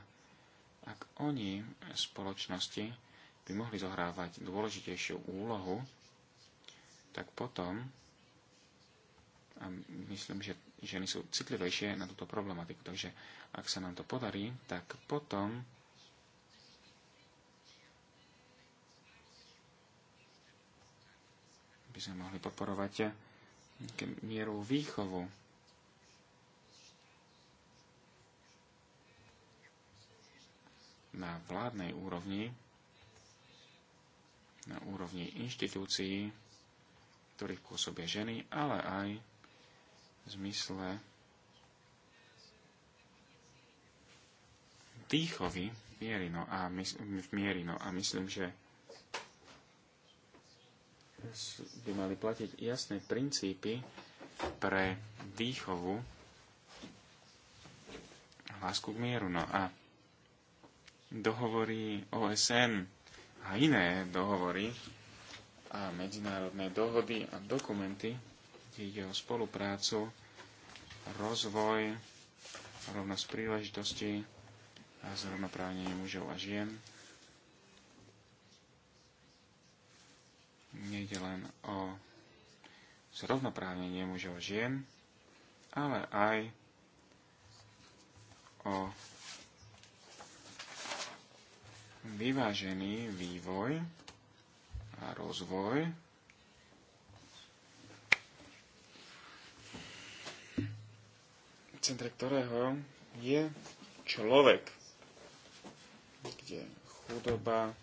ak oni v spoločnosti by mohli zohrávať dôležitejšiu úlohu, tak potom, a myslím, že ženy sú citlivejšie na túto problematiku. Takže ak sa nám to podarí, tak potom by sme mohli podporovať mieru výchovu. Na vládnej úrovni, na úrovni inštitúcií, ktorých pôsobia ženy, ale aj zmysle výchovy Mierino a, mys- Mierino a myslím, že by mali platiť jasné princípy pre výchovu lásku k mieru. No a dohovory OSN a iné dohovory a medzinárodné dohody a dokumenty ide o spoluprácu, rozvoj, rovnosť príležitosti a zrovnoprávnenie mužov a žien. Nejde len o zrovnoprávnenie mužov a žien, ale aj o vyvážený vývoj a rozvoj centre ktorého je človek, kde chudoba,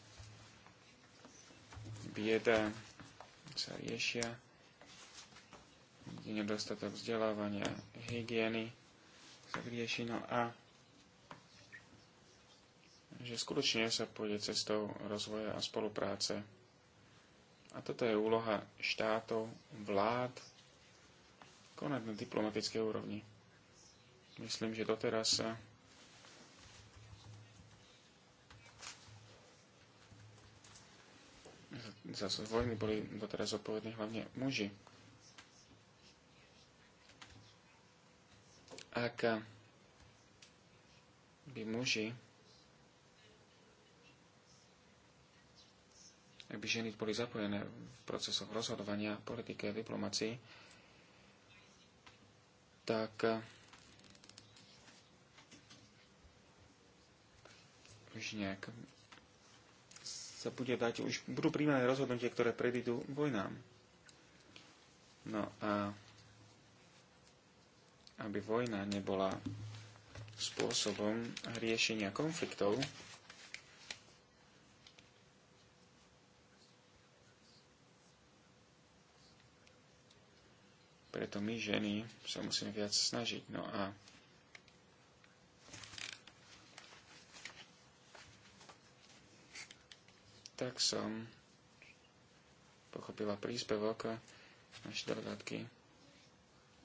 bieda sa riešia, kde nedostatok vzdelávania, hygieny sa rieši, no a že skutočne sa pôjde cestou rozvoja a spolupráce. A toto je úloha štátov, vlád, konať na diplomatickej úrovni. Myslím, že doteraz sa za vojny boli doteraz odpovední hlavne muži. Ak by muži, ak by ženy boli zapojené v procesoch rozhodovania, politike a diplomácii, tak už nejak sa bude dať, už budú príjmané rozhodnutie, ktoré predídu vojnám. No a aby vojna nebola spôsobom riešenia konfliktov, preto my ženy sa musíme viac snažiť. No a tak som pochopila príspevok našej delegátky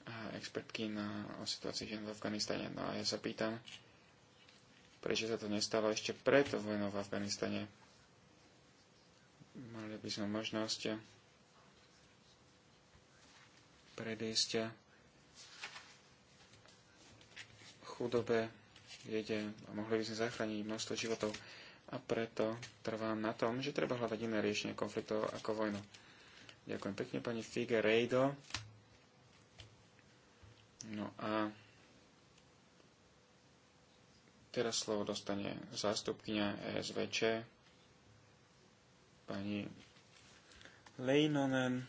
a expertky na, o situácii žien v Afganistane. No a ja sa pýtam, prečo sa to nestalo ešte pred vojnou v Afganistane. Mali by sme možnosť predísť chudobe, jede a mohli by sme zachrániť množstvo životov a preto trvám na tom, že treba hľadať iné riešenie konfliktov ako vojnu. Ďakujem pekne pani Figueiredo. No a teraz slovo dostane zástupkynia ESVČ pani Leinonen.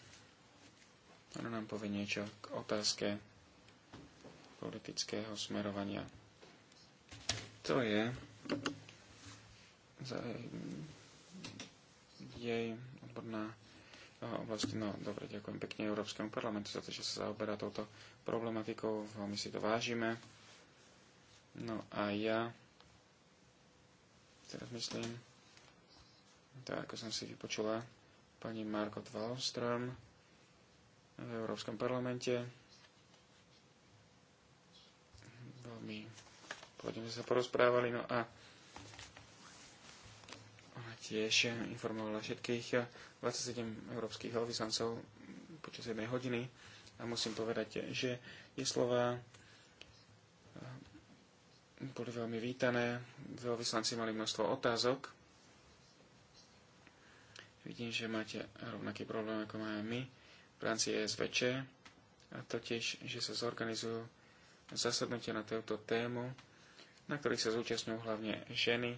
Ona nám povie niečo k otázke politického smerovania. To je za jej odborná e, oblasti. No dobre, ďakujem pekne Európskemu parlamentu za to, že sa zaoberá touto problematikou. Veľmi si to vážime. No a ja teraz myslím, tak ako som si vypočula pani Margot Wallström v Európskom parlamente. Veľmi že sa porozprávali. No a tiež informovala všetkých 27 eh, európskych veľvyslancov počas jednej hodiny a musím povedať, že je slova eh, boli veľmi vítané, veľvyslanci mali množstvo otázok. Vidím, že máte rovnaký problém, ako máme my v rámci ESVČ, a totiž, že sa zorganizujú zasadnutia na túto tému, na ktorých sa zúčastňujú hlavne ženy,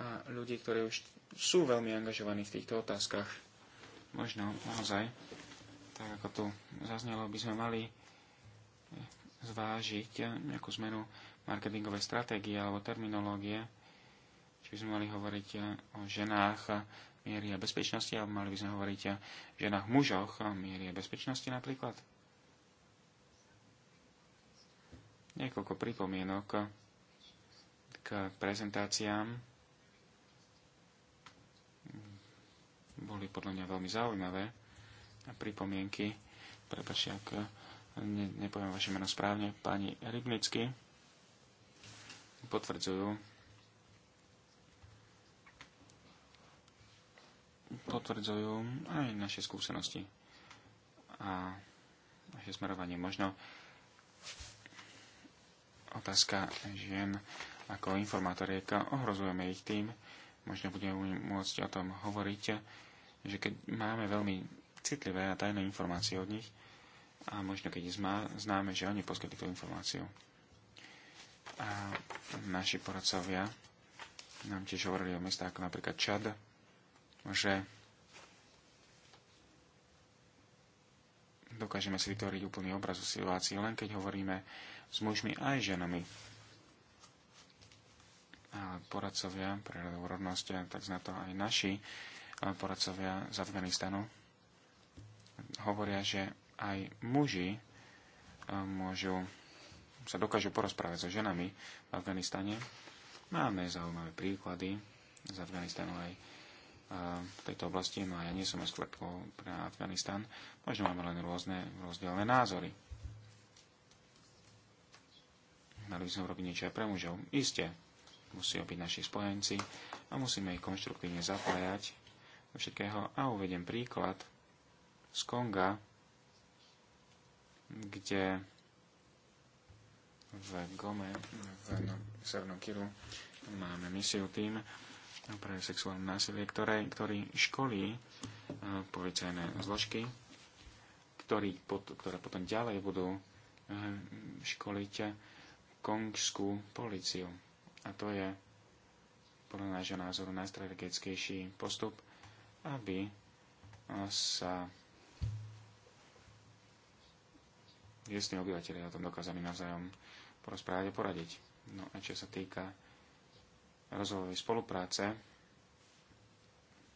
a ľudí, ktorí už sú veľmi angažovaní v týchto otázkach. Možno naozaj, tak ako tu zaznelo, by sme mali zvážiť nejakú zmenu marketingovej stratégie alebo terminológie, či by sme mali hovoriť o ženách miery a bezpečnosti, alebo mali by sme hovoriť o ženách mužoch miery a bezpečnosti napríklad. Niekoľko pripomienok k prezentáciám boli podľa mňa veľmi zaujímavé pripomienky. Prepačte, ak ne, nepoviem vaše meno správne, pani Rybnicky potvrdzujú potvrdzujú aj naše skúsenosti a naše smerovanie. Možno otázka žien ako informátoriek ohrozujeme ich tým, možno budeme môcť o tom hovoriť, že keď máme veľmi citlivé a tajné informácie od nich, a možno keď zma, známe, že oni poskytli tú informáciu. A naši poradcovia nám tiež hovorili o mestách ako napríklad Čad, že dokážeme si vytvoriť úplný obraz o situácii, len keď hovoríme s mužmi aj ženami a poradcovia pre radovú rovnosť, tak zna to aj naši poradcovia z Afganistanu, hovoria, že aj muži môžu, sa dokážu porozprávať so ženami v Afganistane. Máme zaujímavé príklady z Afganistanu aj v tejto oblasti, no a ja nie som expertkou pre Afganistan, možno máme len rôzne rozdielne názory. Mali by sme robiť niečo aj pre mužov. Isté, musia byť naši spojenci a musíme ich konštruktívne zapájať do všetkého. A uvedem príklad z Konga, kde v Gome, v no, Severnom máme misiu tým pre sexuálne násilie, ktoré, ktorý školí e, policajné zložky, ktorý, ktoré potom ďalej budú e, školiť kongskú policiu. A to je podľa nášho názoru najstrategickejší postup, aby eh, sa miestni obyvateľi o tom dokázali navzájom porozprávať a poradiť. No a čo sa týka rozvojovej spolupráce,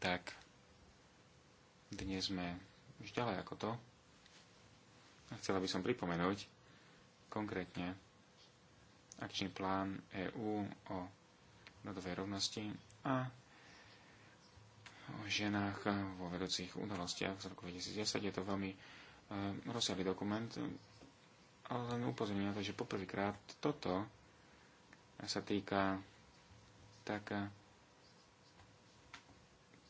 tak dnes sme už ďalej ako to. A chcela by som pripomenúť konkrétne akčný plán EÚ o rodovej rovnosti a o ženách vo vedúcich udalostiach z roku 2010. Je to veľmi eh, rozsiahly dokument, ale len upozorňujem na to, že poprvýkrát toto sa týka tak eh,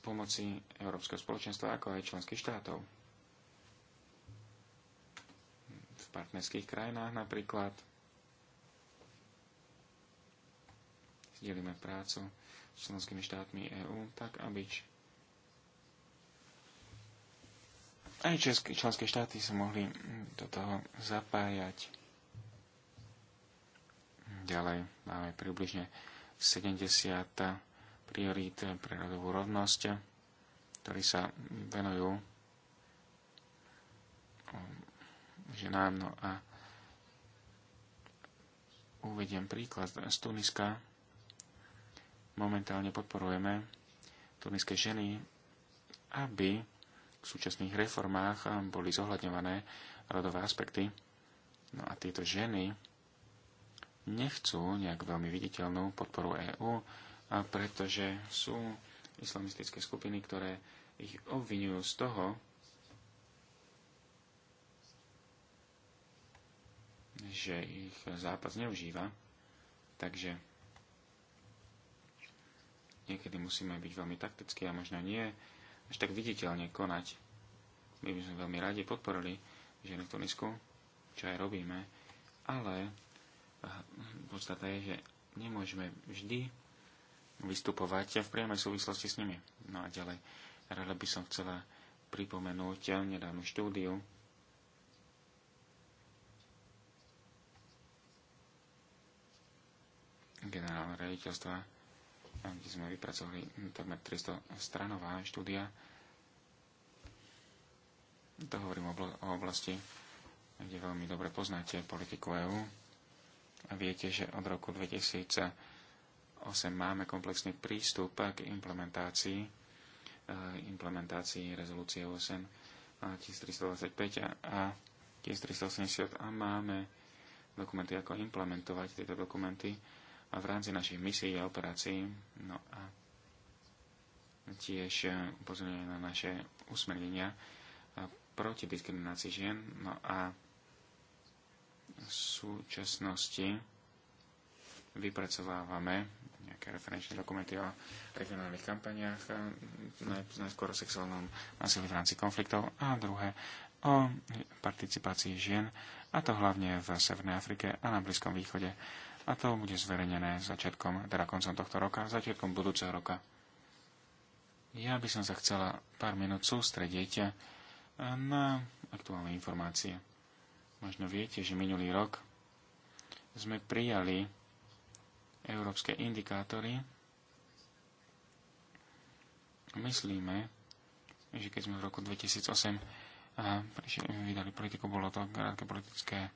pomoci Európskeho spoločenstva, ako aj členských štátov. V partnerských krajinách napríklad delíme prácu s členskými štátmi EÚ tak, aby aj české, členské štáty sa mohli do toho zapájať. Ďalej máme približne 70 priorít pre rodovú rovnosť, ktorí sa venujú ženám. No a uvediem príklad z Tuniska momentálne podporujeme tuniské ženy, aby v súčasných reformách um, boli zohľadňované rodové aspekty. No a tieto ženy nechcú nejak veľmi viditeľnú podporu EÚ, pretože sú islamistické skupiny, ktoré ich obvinujú z toho, že ich zápas neužíva. Takže Niekedy musíme byť veľmi taktickí a možno nie až tak viditeľne konať. My by sme veľmi radi podporili ženy v Tunisku, čo aj robíme, ale eh, podstata je, že nemôžeme vždy vystupovať v priamej súvislosti s nimi. No a ďalej, rada by som chcela pripomenúť nedávnu štúdiu, generálne rejiteľstva kde sme vypracovali takmer 300 stranová štúdia. To hovorím o oblasti, kde veľmi dobre poznáte politiku EÚ. A viete, že od roku 2008 máme komplexný prístup k implementácii, eh, implementácii rezolúcie OSN 1325 a 1380 a máme dokumenty, ako implementovať tieto dokumenty v rámci našich misií a operácií. No a tiež eh, upozorňuje na naše usmernenia eh, proti diskriminácii žien. No a v súčasnosti vypracovávame nejaké referenčné dokumenty o regionálnych kampaniách, eh, najskôr o sexuálnom násilí v rámci konfliktov a druhé o participácii žien, a to hlavne v Severnej Afrike a na Blízkom východe a to bude zverejnené začiatkom, teda koncom tohto roka, začiatkom budúceho roka. Ja by som sa chcela pár minút sústrediť eh, na aktuálne informácie. Možno viete, že minulý rok sme prijali európske indikátory. Myslíme, že keď sme v roku 2008 a, vydali politiku, bolo to krátke politické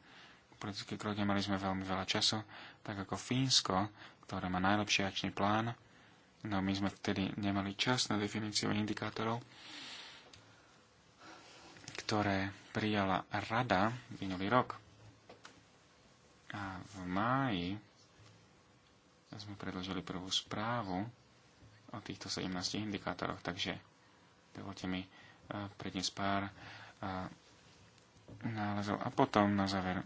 politické kroky, mali sme veľmi veľa času, tak ako Fínsko, ktoré má najlepší akčný plán, no my sme vtedy nemali čas na definíciu indikátorov, ktoré prijala rada minulý rok. A v máji sme predložili prvú správu o týchto 17 indikátoroch, takže dovolte mi eh, predniesť pár eh, nálezov a potom na záver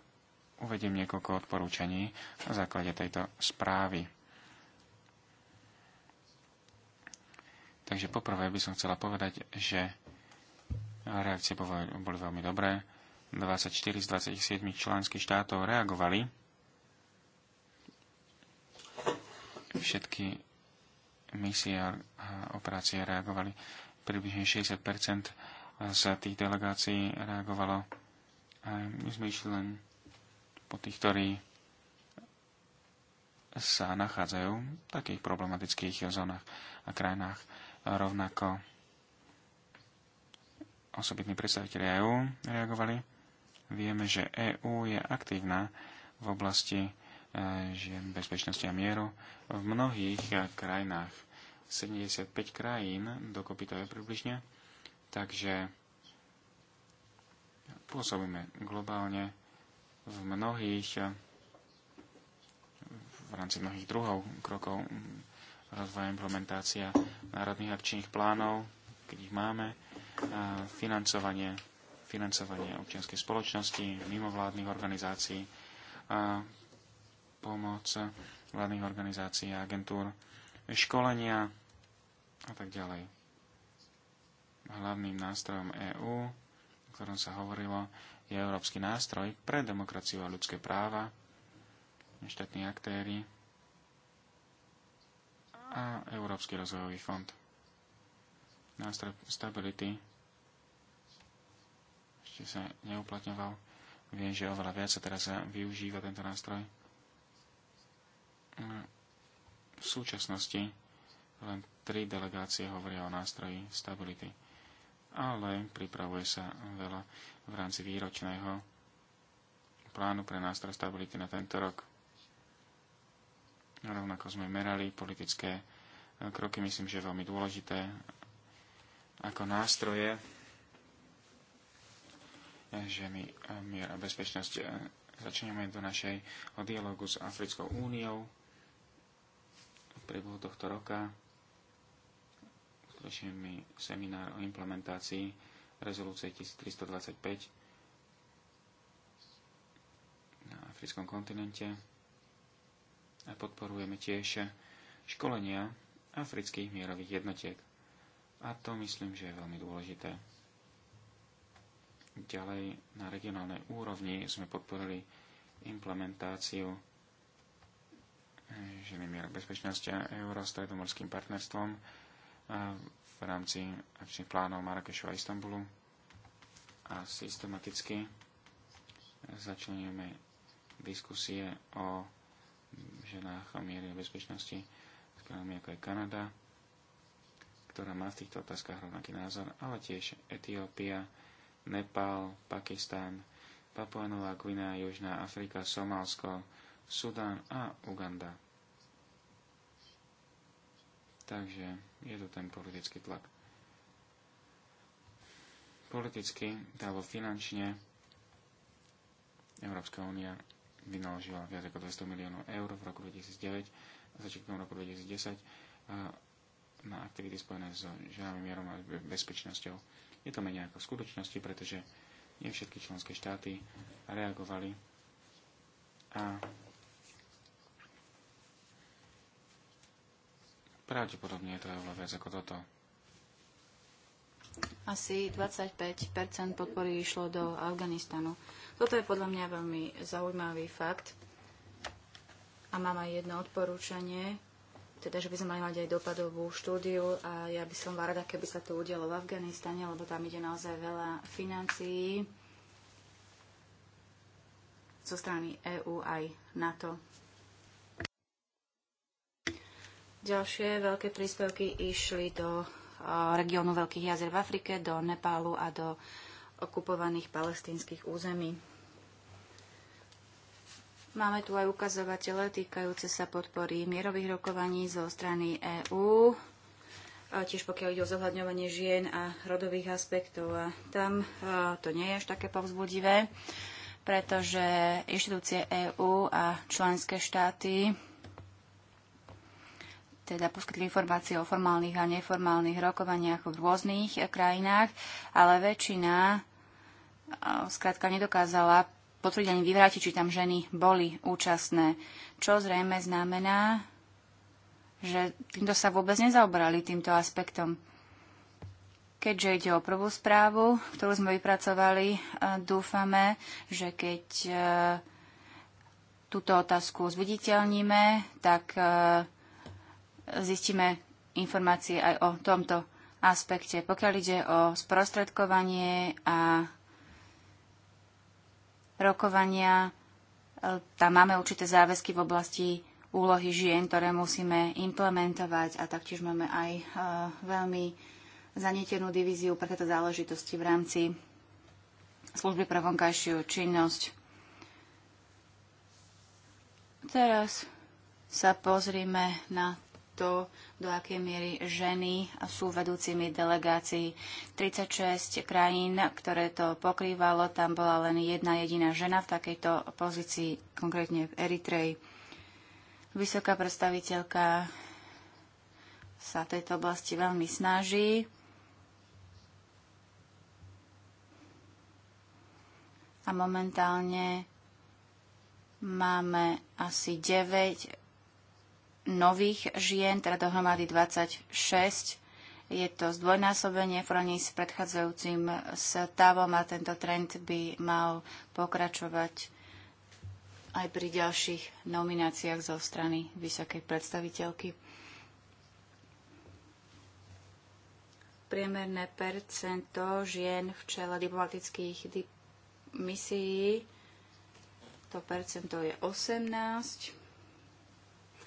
uvediem niekoľko odporúčaní na základe tejto správy. Takže poprvé by som chcela povedať, že reakcie boli veľmi dobré. 24 z 27 členských štátov reagovali. Všetky misie a operácie reagovali. Približne 60 z tých delegácií reagovalo. A my sme išli len po tých, ktorí sa nachádzajú v takých problematických zónach a krajinách. Rovnako osobitní predstaviteľi EÚ reagovali. Vieme, že EÚ je aktívna v oblasti e, žien bezpečnosti a mieru v mnohých krajinách. 75 krajín, dokopy to je približne. Takže pôsobíme globálne v mnohých eh, v rámci mnohých druhov krokov hm, rozvoja implementácia národných akčných plánov, keď ich máme, a financovanie, financovanie občianskej spoločnosti, mimovládnych organizácií, a pomoc vládnych organizácií a agentúr, školenia a tak ďalej. Hlavným nástrojom EÚ, o ktorom sa hovorilo, je európsky nástroj pre demokraciu a ľudské práva, neštátni aktéry a Európsky rozvojový fond. Nástroj stability ešte sa neuplatňoval. Viem, že oveľa viac sa teraz využíva tento nástroj. V súčasnosti len tri delegácie hovoria o nástroji stability ale pripravuje sa veľa v rámci výročného plánu pre nástroj stability na tento rok. Rovnako sme merali politické eh, kroky, myslím, že veľmi dôležité ako nástroje, eh, že my eh, mier a bezpečnosť začneme do našej dialogu s Africkou úniou v priebehu tohto roka uskutočnil mi seminár o implementácii rezolúcie 1325 na africkom kontinente a podporujeme tiež školenia afrických mierových jednotiek. A to myslím, že je veľmi dôležité. Ďalej na regionálnej úrovni sme podporili implementáciu ženy mier bezpečnosti a Euro s stredomorským partnerstvom v rámci akčných plánov Marrakešu a Istanbulu a systematicky začneme diskusie o ženách a miery bezpečnosti s krajinami ako je Kanada, ktorá má v týchto otázkach rovnaký názor, ale tiež Etiópia, Nepál, Pakistán, Papua Nová Južná Afrika, Somálsko, Sudán a Uganda. Takže je to ten politický tlak. Politicky alebo finančne Európska únia vynaložila viac ako 200 miliónov eur v roku 2009 a začiatkom roku 2010 a na aktivity spojené s žiavým mierom a bezpečnosťou. Je to menej ako v skutočnosti, pretože nie všetky členské štáty reagovali a Pravdepodobne je to oveľa viac ako toto. Asi 25 podpory išlo do Afganistanu. Toto je podľa mňa veľmi zaujímavý fakt. A mám aj jedno odporúčanie, teda, že by sme mali mať aj dopadovú štúdiu a ja by som bola rada, keby sa to udialo v Afganistane, lebo tam ide naozaj veľa financií zo strany EÚ aj NATO. Ďalšie veľké príspevky išli do regiónu Veľkých jazer v Afrike, do Nepálu a do okupovaných palestínskych území. Máme tu aj ukazovatele týkajúce sa podpory mierových rokovaní zo strany EÚ, tiež pokiaľ ide o zohľadňovanie žien a rodových aspektov. A tam to nie je až také povzbudivé, pretože inštitúcie EÚ a členské štáty teda poskytli informácie o formálnych a neformálnych rokovaniach v rôznych eh, krajinách, ale väčšina eh, skrátka nedokázala potvrdiť ani vyvrátiť, či tam ženy boli účastné. Čo zrejme znamená, že týmto sa vôbec nezaoberali týmto aspektom. Keďže ide o prvú správu, ktorú sme vypracovali, eh, dúfame, že keď túto otázku zviditeľníme, tak zistíme informácie aj o tomto aspekte. Pokiaľ ide o sprostredkovanie a rokovania, tam máme určité záväzky v oblasti úlohy žien, ktoré musíme implementovať a taktiež máme aj e, veľmi zanietenú divíziu pre tieto záležitosti v rámci služby pre vonkajšiu činnosť. Teraz sa pozrime na to, do akej miery ženy sú vedúcimi delegácií. 36 krajín, ktoré to pokrývalo, tam bola len jedna jediná žena v takejto pozícii, konkrétne v Eritreji. Vysoká predstaviteľka sa v tejto oblasti veľmi snaží. A momentálne máme asi 9 nových žien, teda dohromady 26. Je to zdvojnásobenie porovnaní s predchádzajúcim stavom a tento trend by mal pokračovať aj pri ďalších nomináciách zo strany vysokej predstaviteľky. Priemerné percento žien v čele diplomatických dip- misií, to percento je 18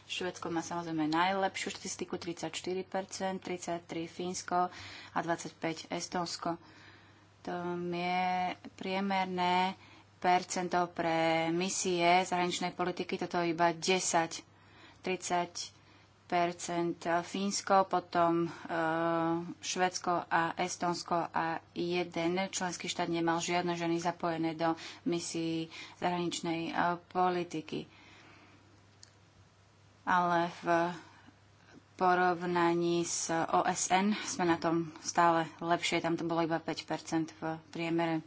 Švedsko má samozrejme najlepšiu štatistiku 34%, 33% Fínsko a 25% Estonsko. To je priemerné percento pre misie zahraničnej politiky, toto je iba 10, 30 Fínsko, potom e, Švedsko a Estonsko a jeden členský štát nemal žiadne ženy zapojené do misií zahraničnej e, politiky ale v porovnaní s OSN sme na tom stále lepšie. Tam to bolo iba 5 v priemere.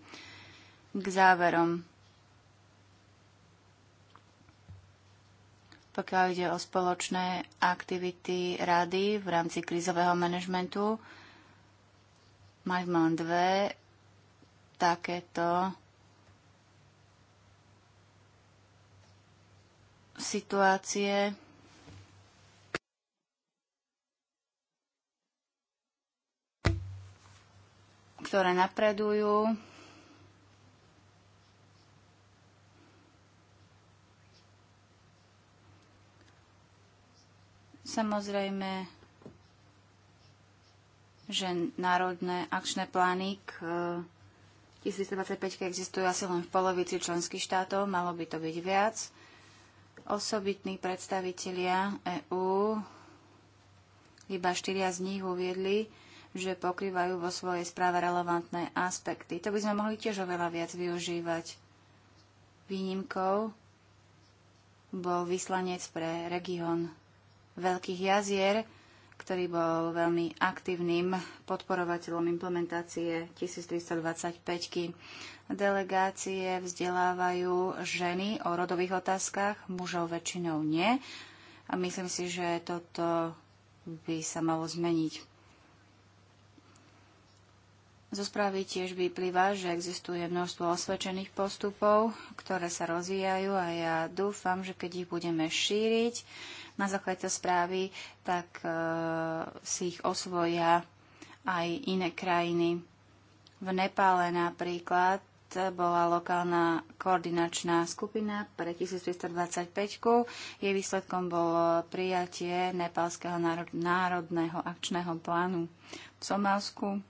K záverom. Pokiaľ ide o spoločné aktivity rady v rámci krízového manažmentu, mali sme len dve takéto situácie. ktoré napredujú. Samozrejme, že národné akčné plány k 1025 e, existujú asi len v polovici členských štátov, malo by to byť viac. Osobitní predstavitelia EÚ, iba štyria z nich uviedli, že pokrývajú vo svojej správe relevantné aspekty. To by sme mohli tiež oveľa viac využívať. Výnimkou bol vyslanec pre región Veľkých jazier, ktorý bol veľmi aktívnym podporovateľom implementácie 1325-ky. Delegácie vzdelávajú ženy o rodových otázkach, mužov väčšinou nie. A myslím si, že toto by sa malo zmeniť. Zo správy tiež vyplýva, že existuje množstvo osvedčených postupov, ktoré sa rozvíjajú a ja dúfam, že keď ich budeme šíriť na základe správy, tak e, si ich osvoja aj iné krajiny. V Nepále napríklad bola lokálna koordinačná skupina pre 1325. Jej výsledkom bolo prijatie Nepalského národ- národného akčného plánu v Somálsku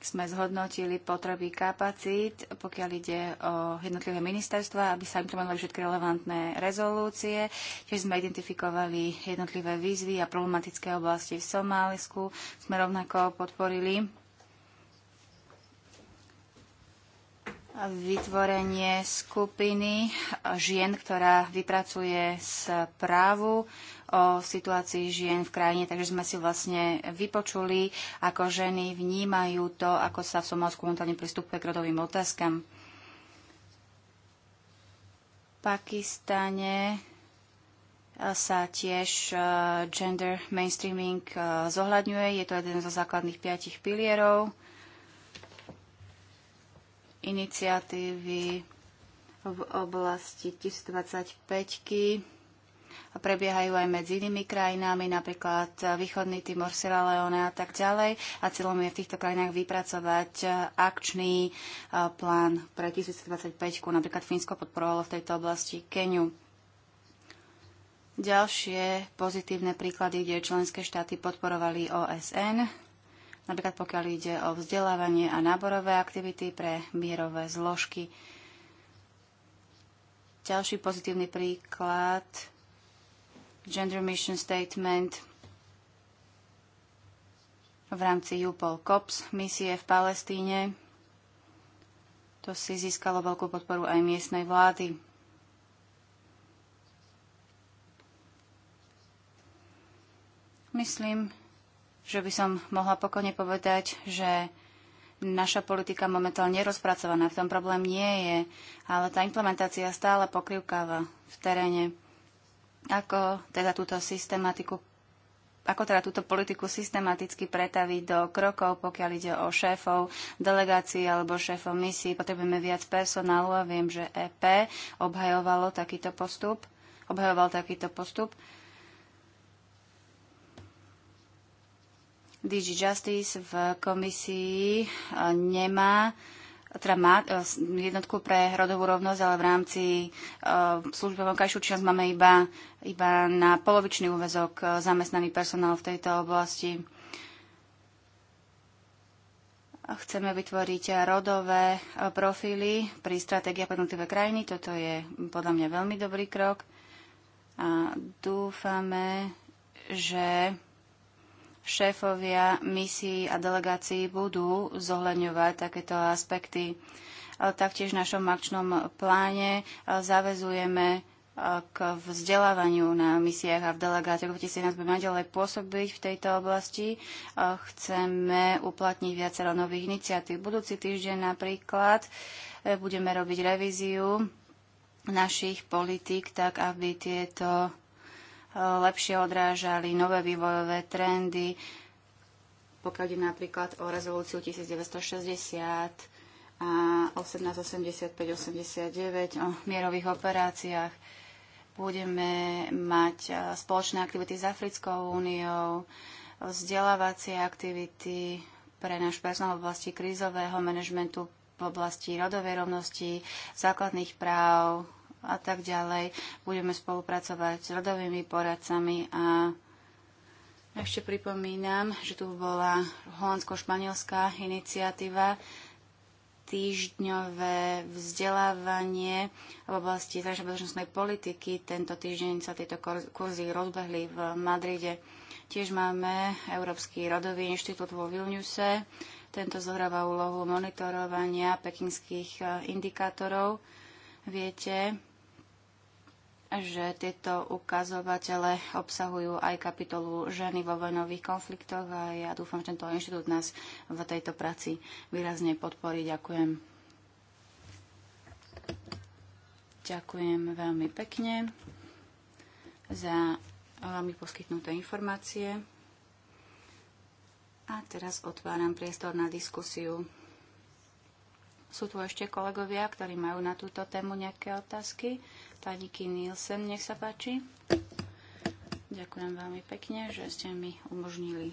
sme zhodnotili potreby kapacít, pokiaľ ide o jednotlivé ministerstva, aby sa implementovali všetky relevantné rezolúcie. Tiež sme identifikovali jednotlivé výzvy a problematické oblasti v Somálsku. Sme rovnako podporili vytvorenie skupiny žien, ktorá vypracuje správu o situácii žien v krajine. Takže sme si vlastne vypočuli, ako ženy vnímajú to, ako sa v Somálsku momentálne pristupuje k rodovým otázkam. V Pakistane e, sa tiež e, gender mainstreaming e, zohľadňuje. Je to jeden zo základných piatich pilierov iniciatívy v oblasti 1025 a prebiehajú aj medzi inými krajinami, napríklad Východný Timor, Sierra Leone a tak ďalej. A cieľom je v týchto krajinách vypracovať e, akčný e, plán pre 2025, Napríklad Fínsko podporovalo v tejto oblasti Keniu. Ďalšie pozitívne príklady, kde členské štáty podporovali OSN napríklad pokiaľ ide o vzdelávanie a náborové aktivity pre mierové zložky. Ďalší pozitívny príklad, Gender Mission Statement v rámci UPOL COPS misie v Palestíne. To si získalo veľkú podporu aj miestnej vlády. Myslím, že by som mohla pokojne povedať, že naša politika momentálne je rozpracovaná. V tom problém nie je, ale tá implementácia stále pokrivkáva v teréne. Ako teda túto systematiku ako teda túto politiku systematicky pretaviť do krokov, pokiaľ ide o šéfov delegácií alebo šéfov misií. Potrebujeme viac personálu a viem, že EP obhajovalo takýto postup. Obhajoval takýto postup. DG Justice v komisii e, nemá teda má e, jednotku pre rodovú rovnosť, ale v rámci e, služby vonkajšiu činnosť máme iba, iba na polovičný úvezok zamestnaný personál v tejto oblasti. Chceme vytvoriť rodové profily pri stratégia pre jednotlivé krajiny. Toto je podľa mňa veľmi dobrý krok. A dúfame, že šéfovia misií a delegácií budú zohľadňovať takéto aspekty. Taktiež v našom akčnom pláne e, zavezujeme e, k vzdelávaniu na misiách a v delegáciách nás budeme ďalej pôsobiť v tejto oblasti. E, chceme uplatniť viacero nových iniciatív. Budúci týždeň napríklad budeme robiť revíziu našich politík tak, aby tieto lepšie odrážali nové vývojové trendy, pokiaľ ide napríklad o rezolúciu 1960 a 1885-89 o mierových operáciách. Budeme mať e, spoločné aktivity s Africkou úniou, vzdelávacie aktivity pre náš personál v oblasti krízového manažmentu, v oblasti rodovej rovnosti, základných práv, a tak ďalej. Budeme spolupracovať s rodovými poradcami a ešte pripomínam, že tu bola holandsko-španielská iniciatíva týždňové vzdelávanie v oblasti zahraničnej bezpečnostnej politiky. Tento týždeň sa tieto kurzy rozbehli v Madride. Tiež máme Európsky rodový inštitút vo Vilniuse. Tento zohráva úlohu monitorovania pekinských eh, indikátorov. Viete, že tieto ukazovatele obsahujú aj kapitolu ženy vo vojnových konfliktoch a ja dúfam, že tento inštitút nás v tejto práci výrazne podporí. Ďakujem. Ďakujem veľmi pekne za veľmi poskytnuté informácie. A teraz otváram priestor na diskusiu. Sú tu ešte kolegovia, ktorí majú na túto tému nejaké otázky? Pani Nielsen, nech sa páči. Ďakujem veľmi pekne, že ste mi umožnili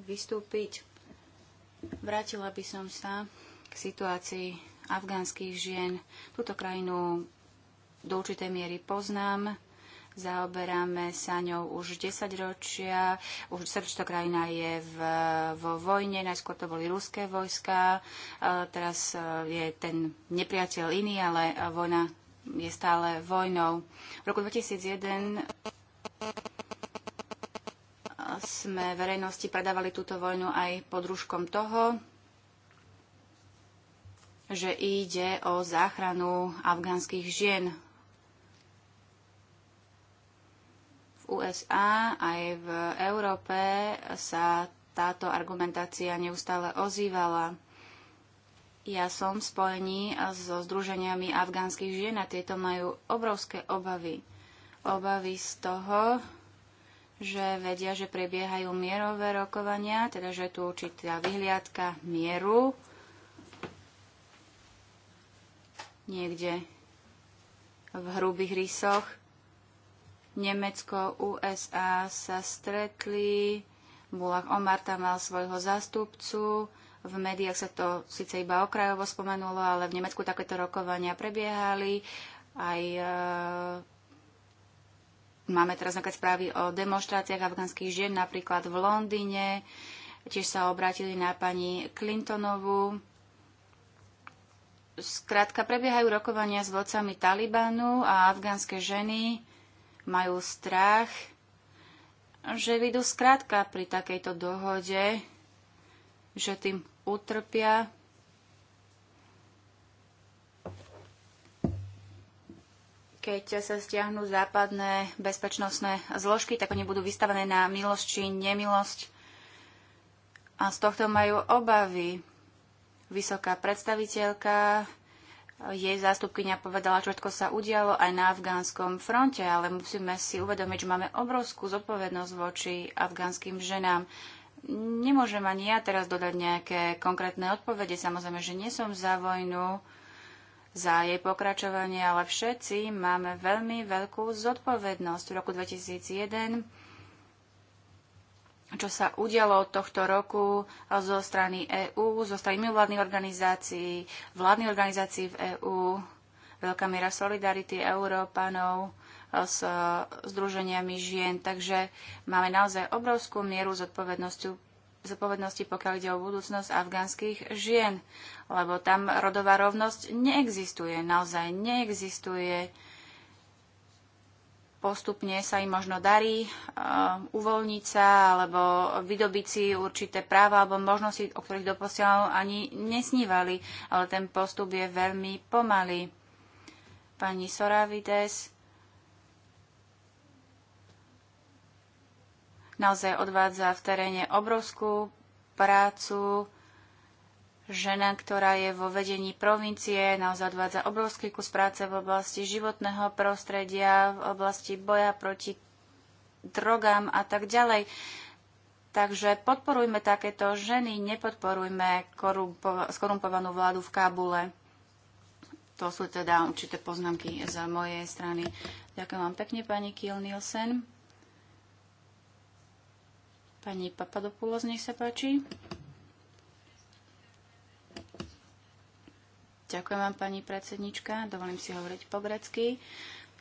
vystúpiť. Vrátila by som sa k situácii afgánskych žien. Túto krajinu do určitej miery poznám. Zaoberáme sa ňou už 10 ročia. Už 10 krajina je v, vo vojne. Najskôr to boli ruské vojska. E, teraz e, je ten nepriateľ iný, ale e, vojna je stále vojnou. V roku 2001 sme verejnosti predávali túto vojnu aj pod rúškom toho, že ide o záchranu afgánskych žien V USA aj v Európe sa táto argumentácia neustále ozývala. Ja som v spojení eh, so združeniami afgánskych žien a tieto majú obrovské obavy. Obavy z toho, že vedia, že prebiehajú mierové rokovania, teda že je tu určitá vyhliadka mieru niekde v hrubých rysoch. Nemecko, USA sa stretli, Bulach Omar tam mal svojho zástupcu, v médiách sa to síce iba okrajovo spomenulo, ale v Nemecku takéto rokovania prebiehali. Aj e, máme teraz nejaké správy o demonstráciách afgánskych žien, napríklad v Londýne. Tiež sa obrátili na pani Clintonovu. Skrátka, prebiehajú rokovania s vodcami Talibanu a afgánske ženy majú strach, že vidú skrátka pri takejto dohode, že tým utrpia. Keď sa stiahnu západné bezpečnostné zložky, tak oni budú vystavené na milosť či nemilosť. A z tohto majú obavy. Vysoká predstaviteľka jej zástupkynia povedala, čo všetko sa udialo aj na afgánskom fronte, ale musíme si uvedomiť, že máme obrovskú zodpovednosť voči afgánskym ženám. Nemôžem ani ja teraz dodať nejaké konkrétne odpovede. Samozrejme, že nie som za vojnu, za jej pokračovanie, ale všetci máme veľmi veľkú zodpovednosť. V roku 2001 čo sa udialo od tohto roku zo strany EÚ, zo strany mimovládnych organizácií, vládnych organizácií v EÚ, veľká miera solidarity Európanov, s e, združeniami žien. Takže máme naozaj obrovskú mieru zodpovednosti, pokiaľ ide o budúcnosť afgánskych žien, lebo tam rodová rovnosť neexistuje, naozaj neexistuje. Postupne sa im možno darí uh, uvoľniť sa alebo vydobiť si určité práva alebo možnosti, o ktorých doposiaľ ani nesnívali, ale ten postup je veľmi pomalý. Pani Soravides, naozaj odvádza v teréne obrovskú prácu. Žena, ktorá je vo vedení provincie, naozaj odvádza obrovský kus práce v oblasti životného prostredia, v oblasti boja proti drogám a tak ďalej. Takže podporujme takéto ženy, nepodporujme korumpo- skorumpovanú vládu v Kábule. To sú teda určité poznámky z mojej strany. Ďakujem vám pekne, pani Kiel Nielsen. Pani Papadopoulos, nech sa páči. Ďakujem vám, pani predsednička. Dovolím si hovoriť po grecky.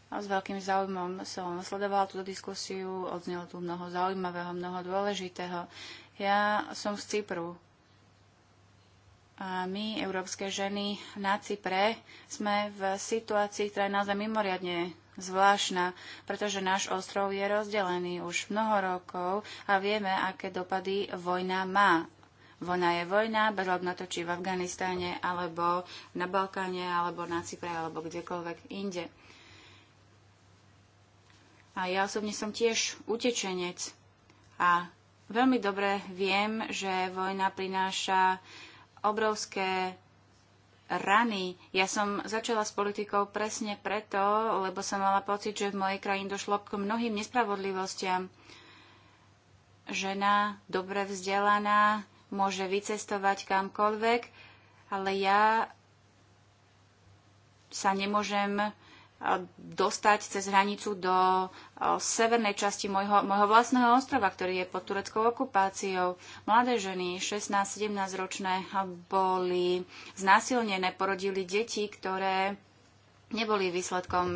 A s veľkým záujmom som sledovala túto diskusiu, odznelo tu mnoho zaujímavého, mnoho dôležitého. Ja som z Cypru, a my, európske ženy na Cypre, sme v situácii, ktorá je naozaj mimoriadne zvláštna, pretože náš ostrov je rozdelený už mnoho rokov a vieme, aké dopady vojna má. Vojna je vojna, bez na to, či v Afganistáne, alebo na Balkáne, alebo na Cypre, alebo kdekoľvek inde. A ja osobne som tiež utečenec a veľmi dobre viem, že vojna prináša obrovské rany. Ja som začala s politikou presne preto, lebo som mala pocit, že v mojej krajine došlo k mnohým nespravodlivostiam. Žena, dobre vzdelaná, môže vycestovať kamkoľvek, ale ja sa nemôžem dostať cez hranicu do severnej časti môjho, môjho vlastného ostrova, ktorý je pod tureckou okupáciou. Mladé ženy, 16-17 ročné, boli znásilnené, porodili deti, ktoré neboli výsledkom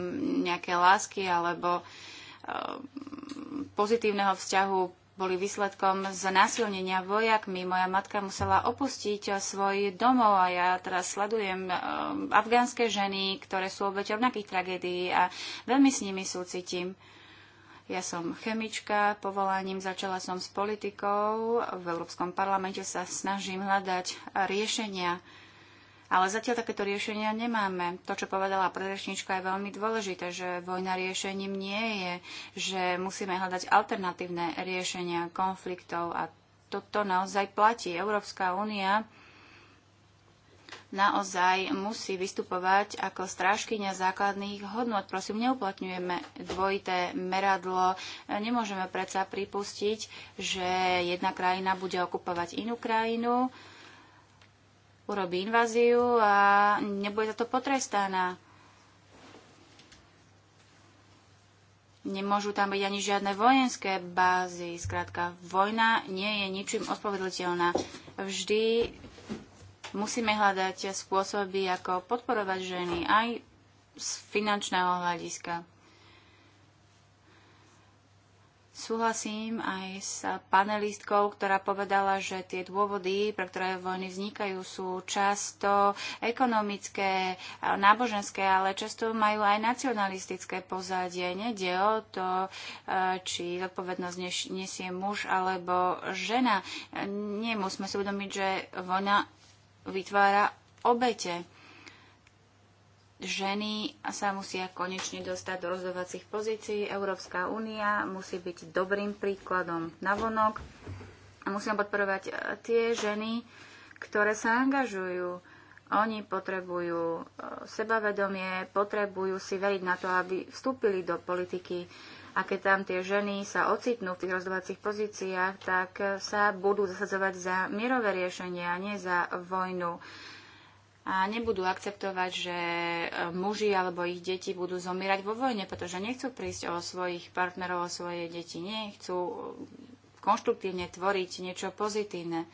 nejaké lásky alebo pozitívneho vzťahu boli výsledkom znásilnenia vojakmi. Moja matka musela opustiť svoj domov a ja teraz sledujem um, afgánske ženy, ktoré sú obeťou rovnakých tragédií a veľmi s nimi súcitím. Ja som chemička, povolaním začala som s politikou. V Európskom parlamente sa snažím hľadať riešenia ale zatiaľ takéto riešenia nemáme. To, čo povedala predrečníčka, je veľmi dôležité, že vojna riešením nie je, že musíme hľadať alternatívne riešenia konfliktov a toto naozaj platí. Európska únia naozaj musí vystupovať ako strážkynia základných hodnot. Prosím, neuplatňujeme dvojité meradlo. Nemôžeme predsa pripustiť, že jedna krajina bude okupovať inú krajinu urobí inváziu a nebude za to potrestaná. Nemôžu tam byť ani žiadne vojenské bázy. zkrátka. vojna nie je ničím odpovedliteľná. Vždy musíme hľadať spôsoby, ako podporovať ženy aj z finančného hľadiska. Súhlasím aj s panelistkou, ktorá povedala, že tie dôvody, pre ktoré vojny vznikajú, sú často ekonomické, náboženské, ale často majú aj nacionalistické pozadie. Nede o to, e, či zodpovednosť nesie muž alebo žena. Nemusíme si uvedomiť, že vojna vytvára obete ženy sa musia konečne dostať do rozhodovacích pozícií. Európska únia musí byť dobrým príkladom vonok a musíme podporovať e, tie ženy, ktoré sa angažujú. Oni potrebujú e, sebavedomie, potrebujú si veriť na to, aby vstúpili do politiky. A keď tam tie ženy sa ocitnú v tých rozhodovacích pozíciách, tak e, sa budú zasadzovať za mierové riešenia, nie za vojnu a nebudú akceptovať, že e, muži alebo ich deti budú zomierať vo vojne, pretože nechcú prísť o svojich partnerov, o svoje deti, nechcú e, konštruktívne tvoriť niečo pozitívne.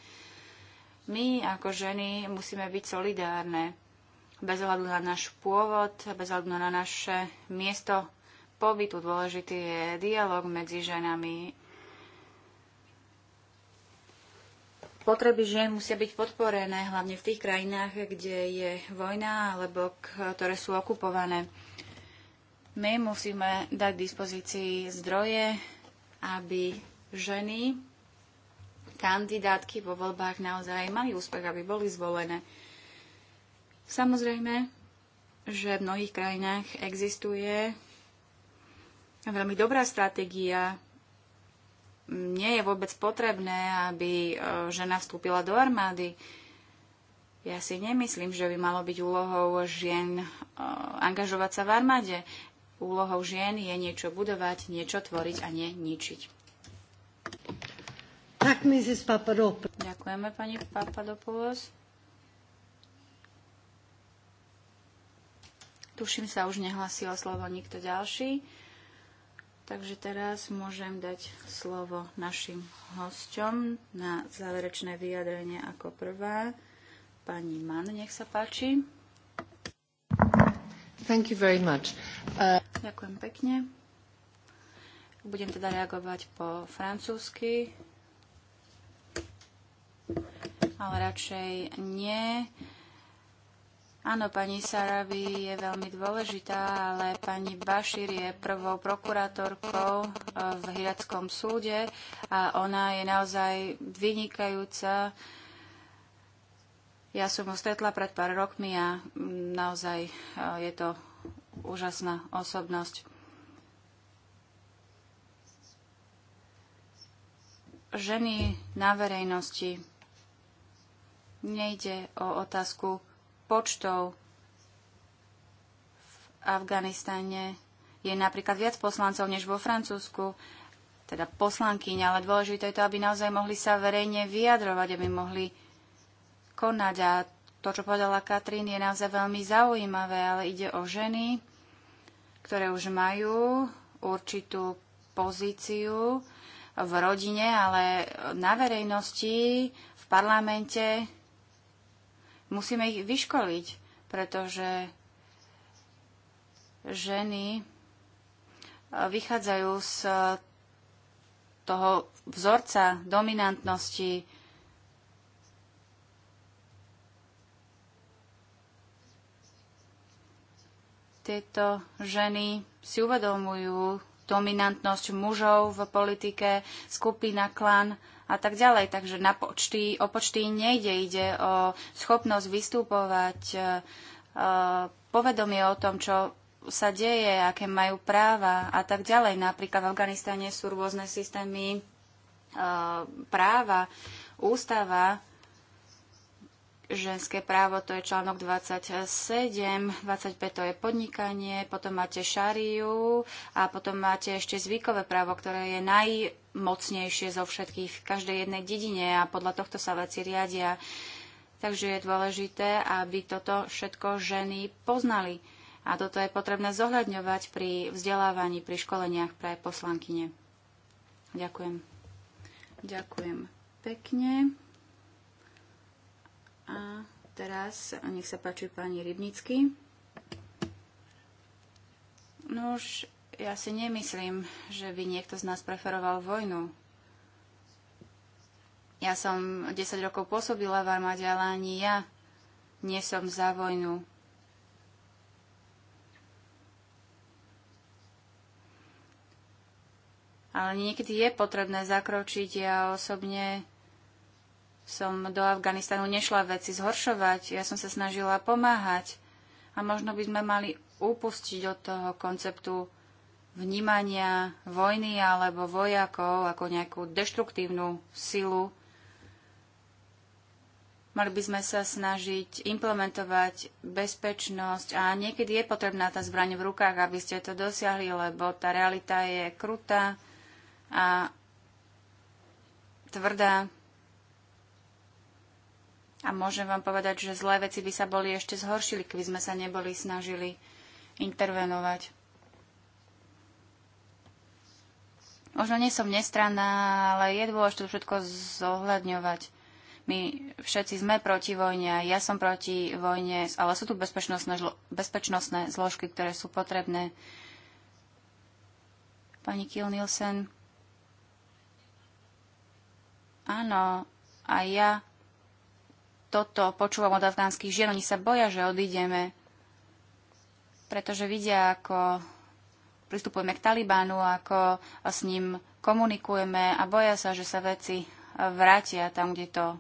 My ako ženy musíme byť solidárne, bez hľadu na náš pôvod, bez hľadu na naše miesto pobytu. Dôležitý je dialog medzi ženami Potreby žien musia byť podporené, hlavne v tých krajinách, kde je vojna alebo ktoré sú okupované. My musíme dať k dispozícii zdroje, aby ženy, kandidátky vo voľbách naozaj mali úspech, aby boli zvolené. Samozrejme, že v mnohých krajinách existuje veľmi dobrá stratégia nie je vôbec potrebné, aby e, žena vstúpila do armády. Ja si nemyslím, že by malo byť úlohou žien e, angažovať sa v armáde. Úlohou žien je niečo budovať, niečo tvoriť a nie ničiť. Tak, Mrs. Papadopoulos. Ďakujeme, pani Papadopoulos. Tuším sa, už nehlasí o slovo nikto ďalší. Takže teraz môžem dať slovo našim hosťom na záverečné vyjadrenie ako prvá. Pani Mann, nech sa páči. Thank you very much. Uh... Ďakujem pekne. Budem teda reagovať po francúzsky, ale radšej nie. Uh, Áno, pani Saravi je veľmi dôležitá, ale pani Bašir je prvou prokurátorkou eh, v Hiradskom súde a ona je naozaj vynikajúca. Ja som ho stretla pred pár rokmi a mm, naozaj eh, je to úžasná osobnosť. Ženy na verejnosti. Nejde o otázku počtov v Afganistane je napríklad viac poslancov než vo Francúzsku, teda poslankyň, ale dôležité je to, aby naozaj mohli sa verejne vyjadrovať, aby mohli konať. A to, čo povedala Katrín, je naozaj veľmi zaujímavé, ale ide o ženy, ktoré už majú určitú pozíciu v rodine, ale na verejnosti, v parlamente Musíme ich vyškoliť, pretože ženy eh, vychádzajú z eh, toho vzorca dominantnosti, tieto ženy si uvedomujú dominantnosť mužov v politike, skupina, klan a tak ďalej. Takže na počty, o počty nejde, ide o schopnosť vystupovať, e, e, povedomie o tom, čo sa deje, aké majú práva a tak ďalej. Napríklad v Afganistane sú rôzne systémy e, práva, ústava, ženské právo, to je článok 27, 25 to je podnikanie, potom máte šariu a potom máte ešte zvykové právo, ktoré je naj mocnejšie zo všetkých v každej jednej dedine a podľa tohto sa veci riadia. Takže je dôležité, aby toto všetko ženy poznali. A toto je potrebné zohľadňovať pri vzdelávaní, pri školeniach pre poslankyne. Ďakujem. Ďakujem pekne. A teraz nech sa páči pani Rybnícky. No už ja si nemyslím, že by niekto z nás preferoval vojnu. Ja som 10 rokov pôsobila v armáde, ale ani ja nie som za vojnu. Ale niekedy je potrebné zakročiť. Ja osobne som do Afganistanu nešla veci zhoršovať. Ja som sa snažila pomáhať. A možno by sme mali upustiť od toho konceptu vnímania vojny alebo vojakov ako nejakú deštruktívnu silu. Mali by sme sa snažiť implementovať bezpečnosť a niekedy je potrebná tá zbraň v rukách, aby ste to dosiahli, lebo tá realita je krutá a tvrdá. A môžem vám povedať, že zlé veci by sa boli ešte zhoršili, keby sme sa neboli snažili intervenovať. Možno nie som nestranná, ale je dôležité všetko zohľadňovať. My všetci sme proti vojne, ja som proti vojne, ale sú tu bezpečnostné, bezpečnostné zložky, ktoré sú potrebné. Pani Kiel Nielsen. Áno, a ja toto počúvam od afgánskych žien. Oni sa boja, že odídeme, pretože vidia, ako pristupujeme k Talibánu, ako s ním komunikujeme a boja sa, že sa veci vrátia tam, kde to k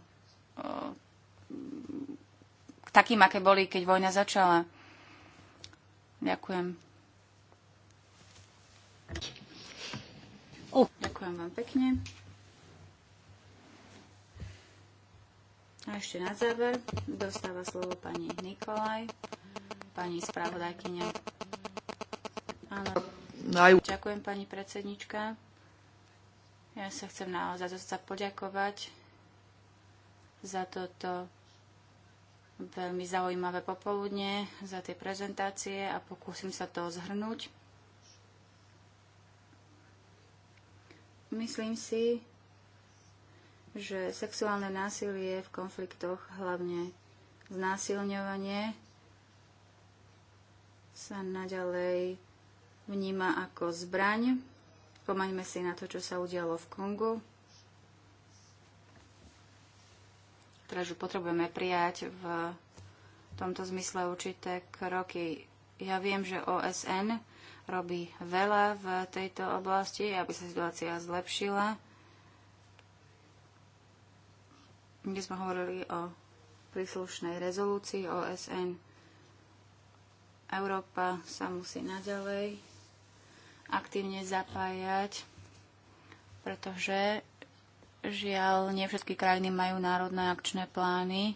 e, takým, aké boli, keď vojna začala. Ďakujem. Oh. Ďakujem vám pekne. A ešte na záver dostáva slovo pani Nikolaj, pani spravodajkyňa. Áno. Ďakujem, pani predsednička. Ja sa chcem naozaj sa poďakovať za toto veľmi zaujímavé popoludne, za tie prezentácie a pokúsim sa to zhrnúť. Myslím si, že sexuálne násilie v konfliktoch, hlavne znásilňovanie, sa naďalej vníma ako zbraň. Pomaňme si na to, čo sa udialo v Kongu. Teraz potrebujeme prijať v tomto zmysle určité kroky. Ja viem, že OSN robí veľa v tejto oblasti, aby sa situácia zlepšila. Kde sme hovorili o príslušnej rezolúcii OSN. Európa sa musí naďalej aktívne zapájať, pretože žiaľ nie všetky krajiny majú národné akčné plány.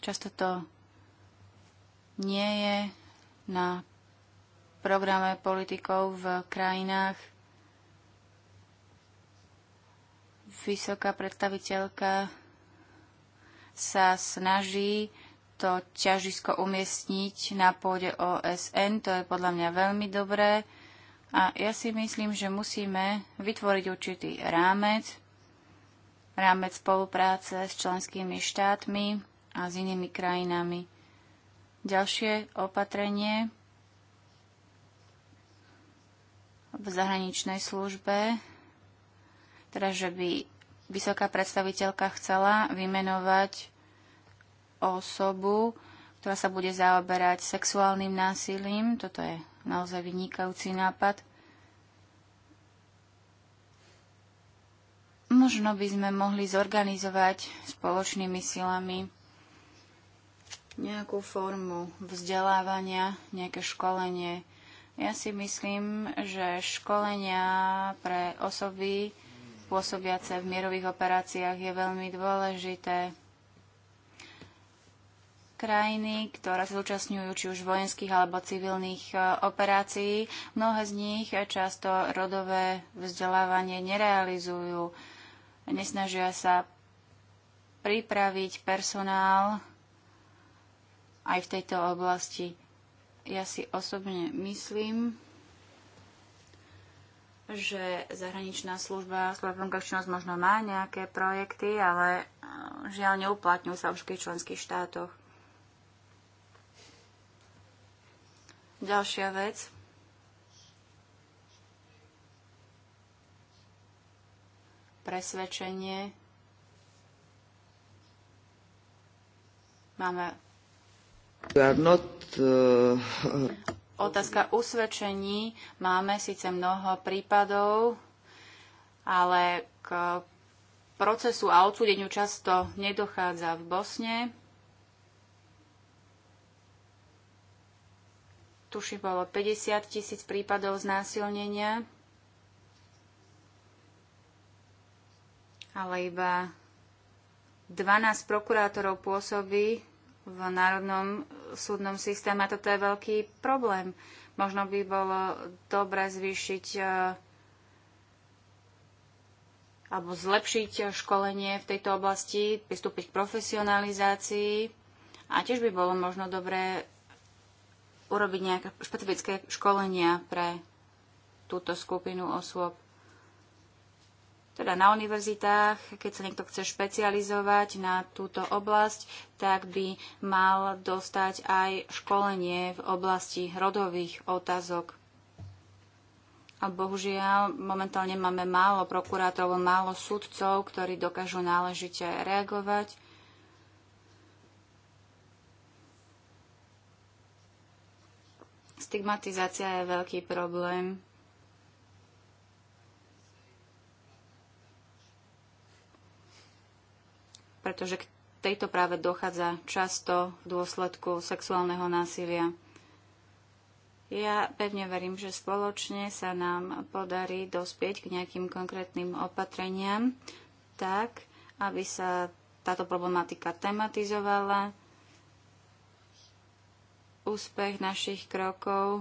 Často to nie je na programe politikov v krajinách. Vysoká predstaviteľka sa snaží to ťažisko umiestniť na pôde OSN. To je podľa mňa veľmi dobré. A ja si myslím, že musíme vytvoriť určitý rámec, rámec spolupráce s členskými štátmi a s inými krajinami. Ďalšie opatrenie v zahraničnej službe, teda že by vysoká predstaviteľka chcela vymenovať osobu, ktorá sa bude zaoberať sexuálnym násilím. Toto je naozaj vynikajúci nápad. Možno by sme mohli zorganizovať spoločnými silami nejakú formu vzdelávania, nejaké školenie. Ja si myslím, že školenia pre osoby pôsobiace v mierových operáciách je veľmi dôležité krajiny, ktoré sa zúčastňujú či už vojenských alebo civilných e, operácií. Mnohé z nich e, často rodové vzdelávanie nerealizujú, nesnažia sa pripraviť personál aj v tejto oblasti. Ja si osobne myslím, že zahraničná služba, Slovenka činnosť možno má nejaké projekty, ale e, žiaľ neuplatňujú sa v členských štátoch. Ďalšia vec. Presvedčenie. Máme. Not, uh... Otázka usvedčení. Máme síce mnoho prípadov, ale k procesu a odsúdeniu často nedochádza v Bosne. tuším, bolo 50 tisíc prípadov znásilnenia, ale iba 12 prokurátorov pôsobí v Národnom súdnom systéme a toto je veľký problém. Možno by bolo dobre zvýšiť e, alebo zlepšiť školenie v tejto oblasti, pristúpiť k profesionalizácii a tiež by bolo možno dobré urobiť nejaké špecifické školenia pre túto skupinu osôb. Teda na univerzitách, keď sa niekto chce špecializovať na túto oblasť, tak by mal dostať aj školenie v oblasti rodových otázok. A bohužiaľ, momentálne máme málo prokurátorov, málo sudcov, ktorí dokážu náležite reagovať stigmatizácia je veľký problém. Pretože k tejto práve dochádza často v dôsledku sexuálneho násilia. Ja pevne verím, že spoločne sa nám podarí dospieť k nejakým konkrétnym opatreniam, tak, aby sa táto problematika tematizovala, Úspech našich krokov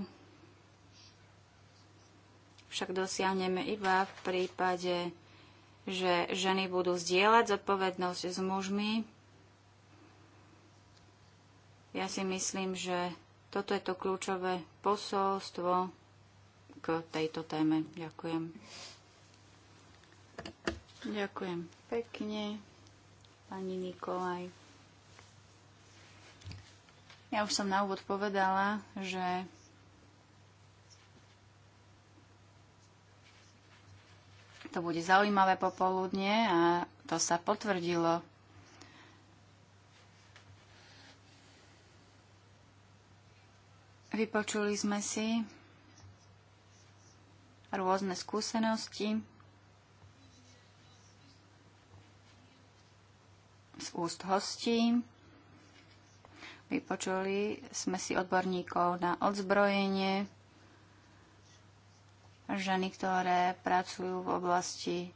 však dosiahneme iba v prípade, že ženy budú zdieľať zodpovednosť s mužmi. Ja si myslím, že toto je to kľúčové posolstvo k tejto téme. Ďakujem. Ďakujem pekne, pani Nikolaj. Ja už som na úvod povedala, že to bude zaujímavé popoludne a to sa potvrdilo. Vypočuli sme si rôzne skúsenosti z úst hostí. Vypočuli sme si odborníkov na odzbrojenie, ženy, ktoré pracujú v oblasti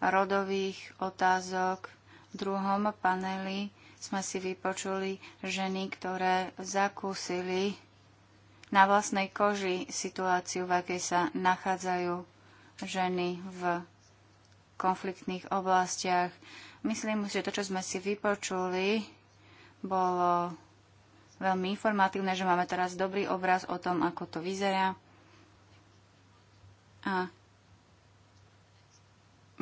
rodových otázok. V druhom paneli sme si vypočuli ženy, ktoré zakúsili na vlastnej koži situáciu, v akej sa nachádzajú ženy v konfliktných oblastiach. Myslím, že to, čo sme si vypočuli, bolo veľmi informatívne, že máme teraz dobrý obraz o tom, ako to vyzerá. A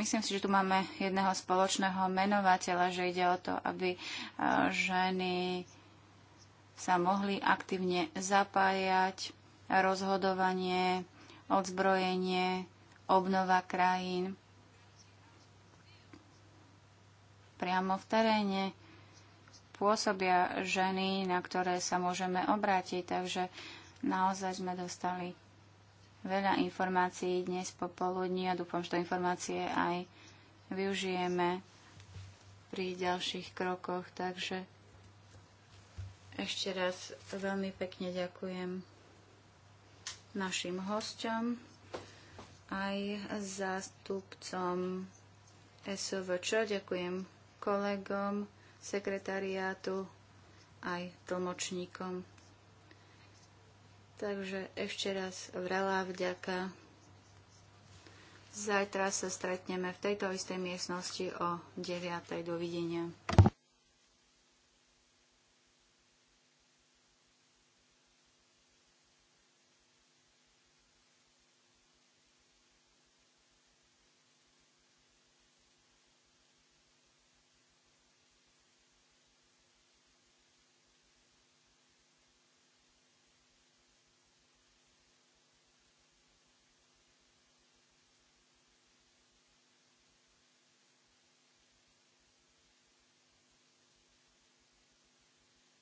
myslím si, že tu máme jedného spoločného menovateľa, že ide o to, aby e, ženy sa mohli aktívne zapájať, rozhodovanie, odzbrojenie, obnova krajín priamo v teréne pôsobia ženy, na ktoré sa môžeme obrátiť. Takže naozaj sme dostali veľa informácií dnes popoludní a dúfam, že to informácie aj využijeme pri ďalších krokoch. Takže ešte raz veľmi pekne ďakujem našim hosťom aj zástupcom SOVČ. Ďakujem kolegom sekretariátu aj tlmočníkom. Takže ešte raz vrelá vďaka. Zajtra sa stretneme v tejto istej miestnosti o 9. Dovidenia.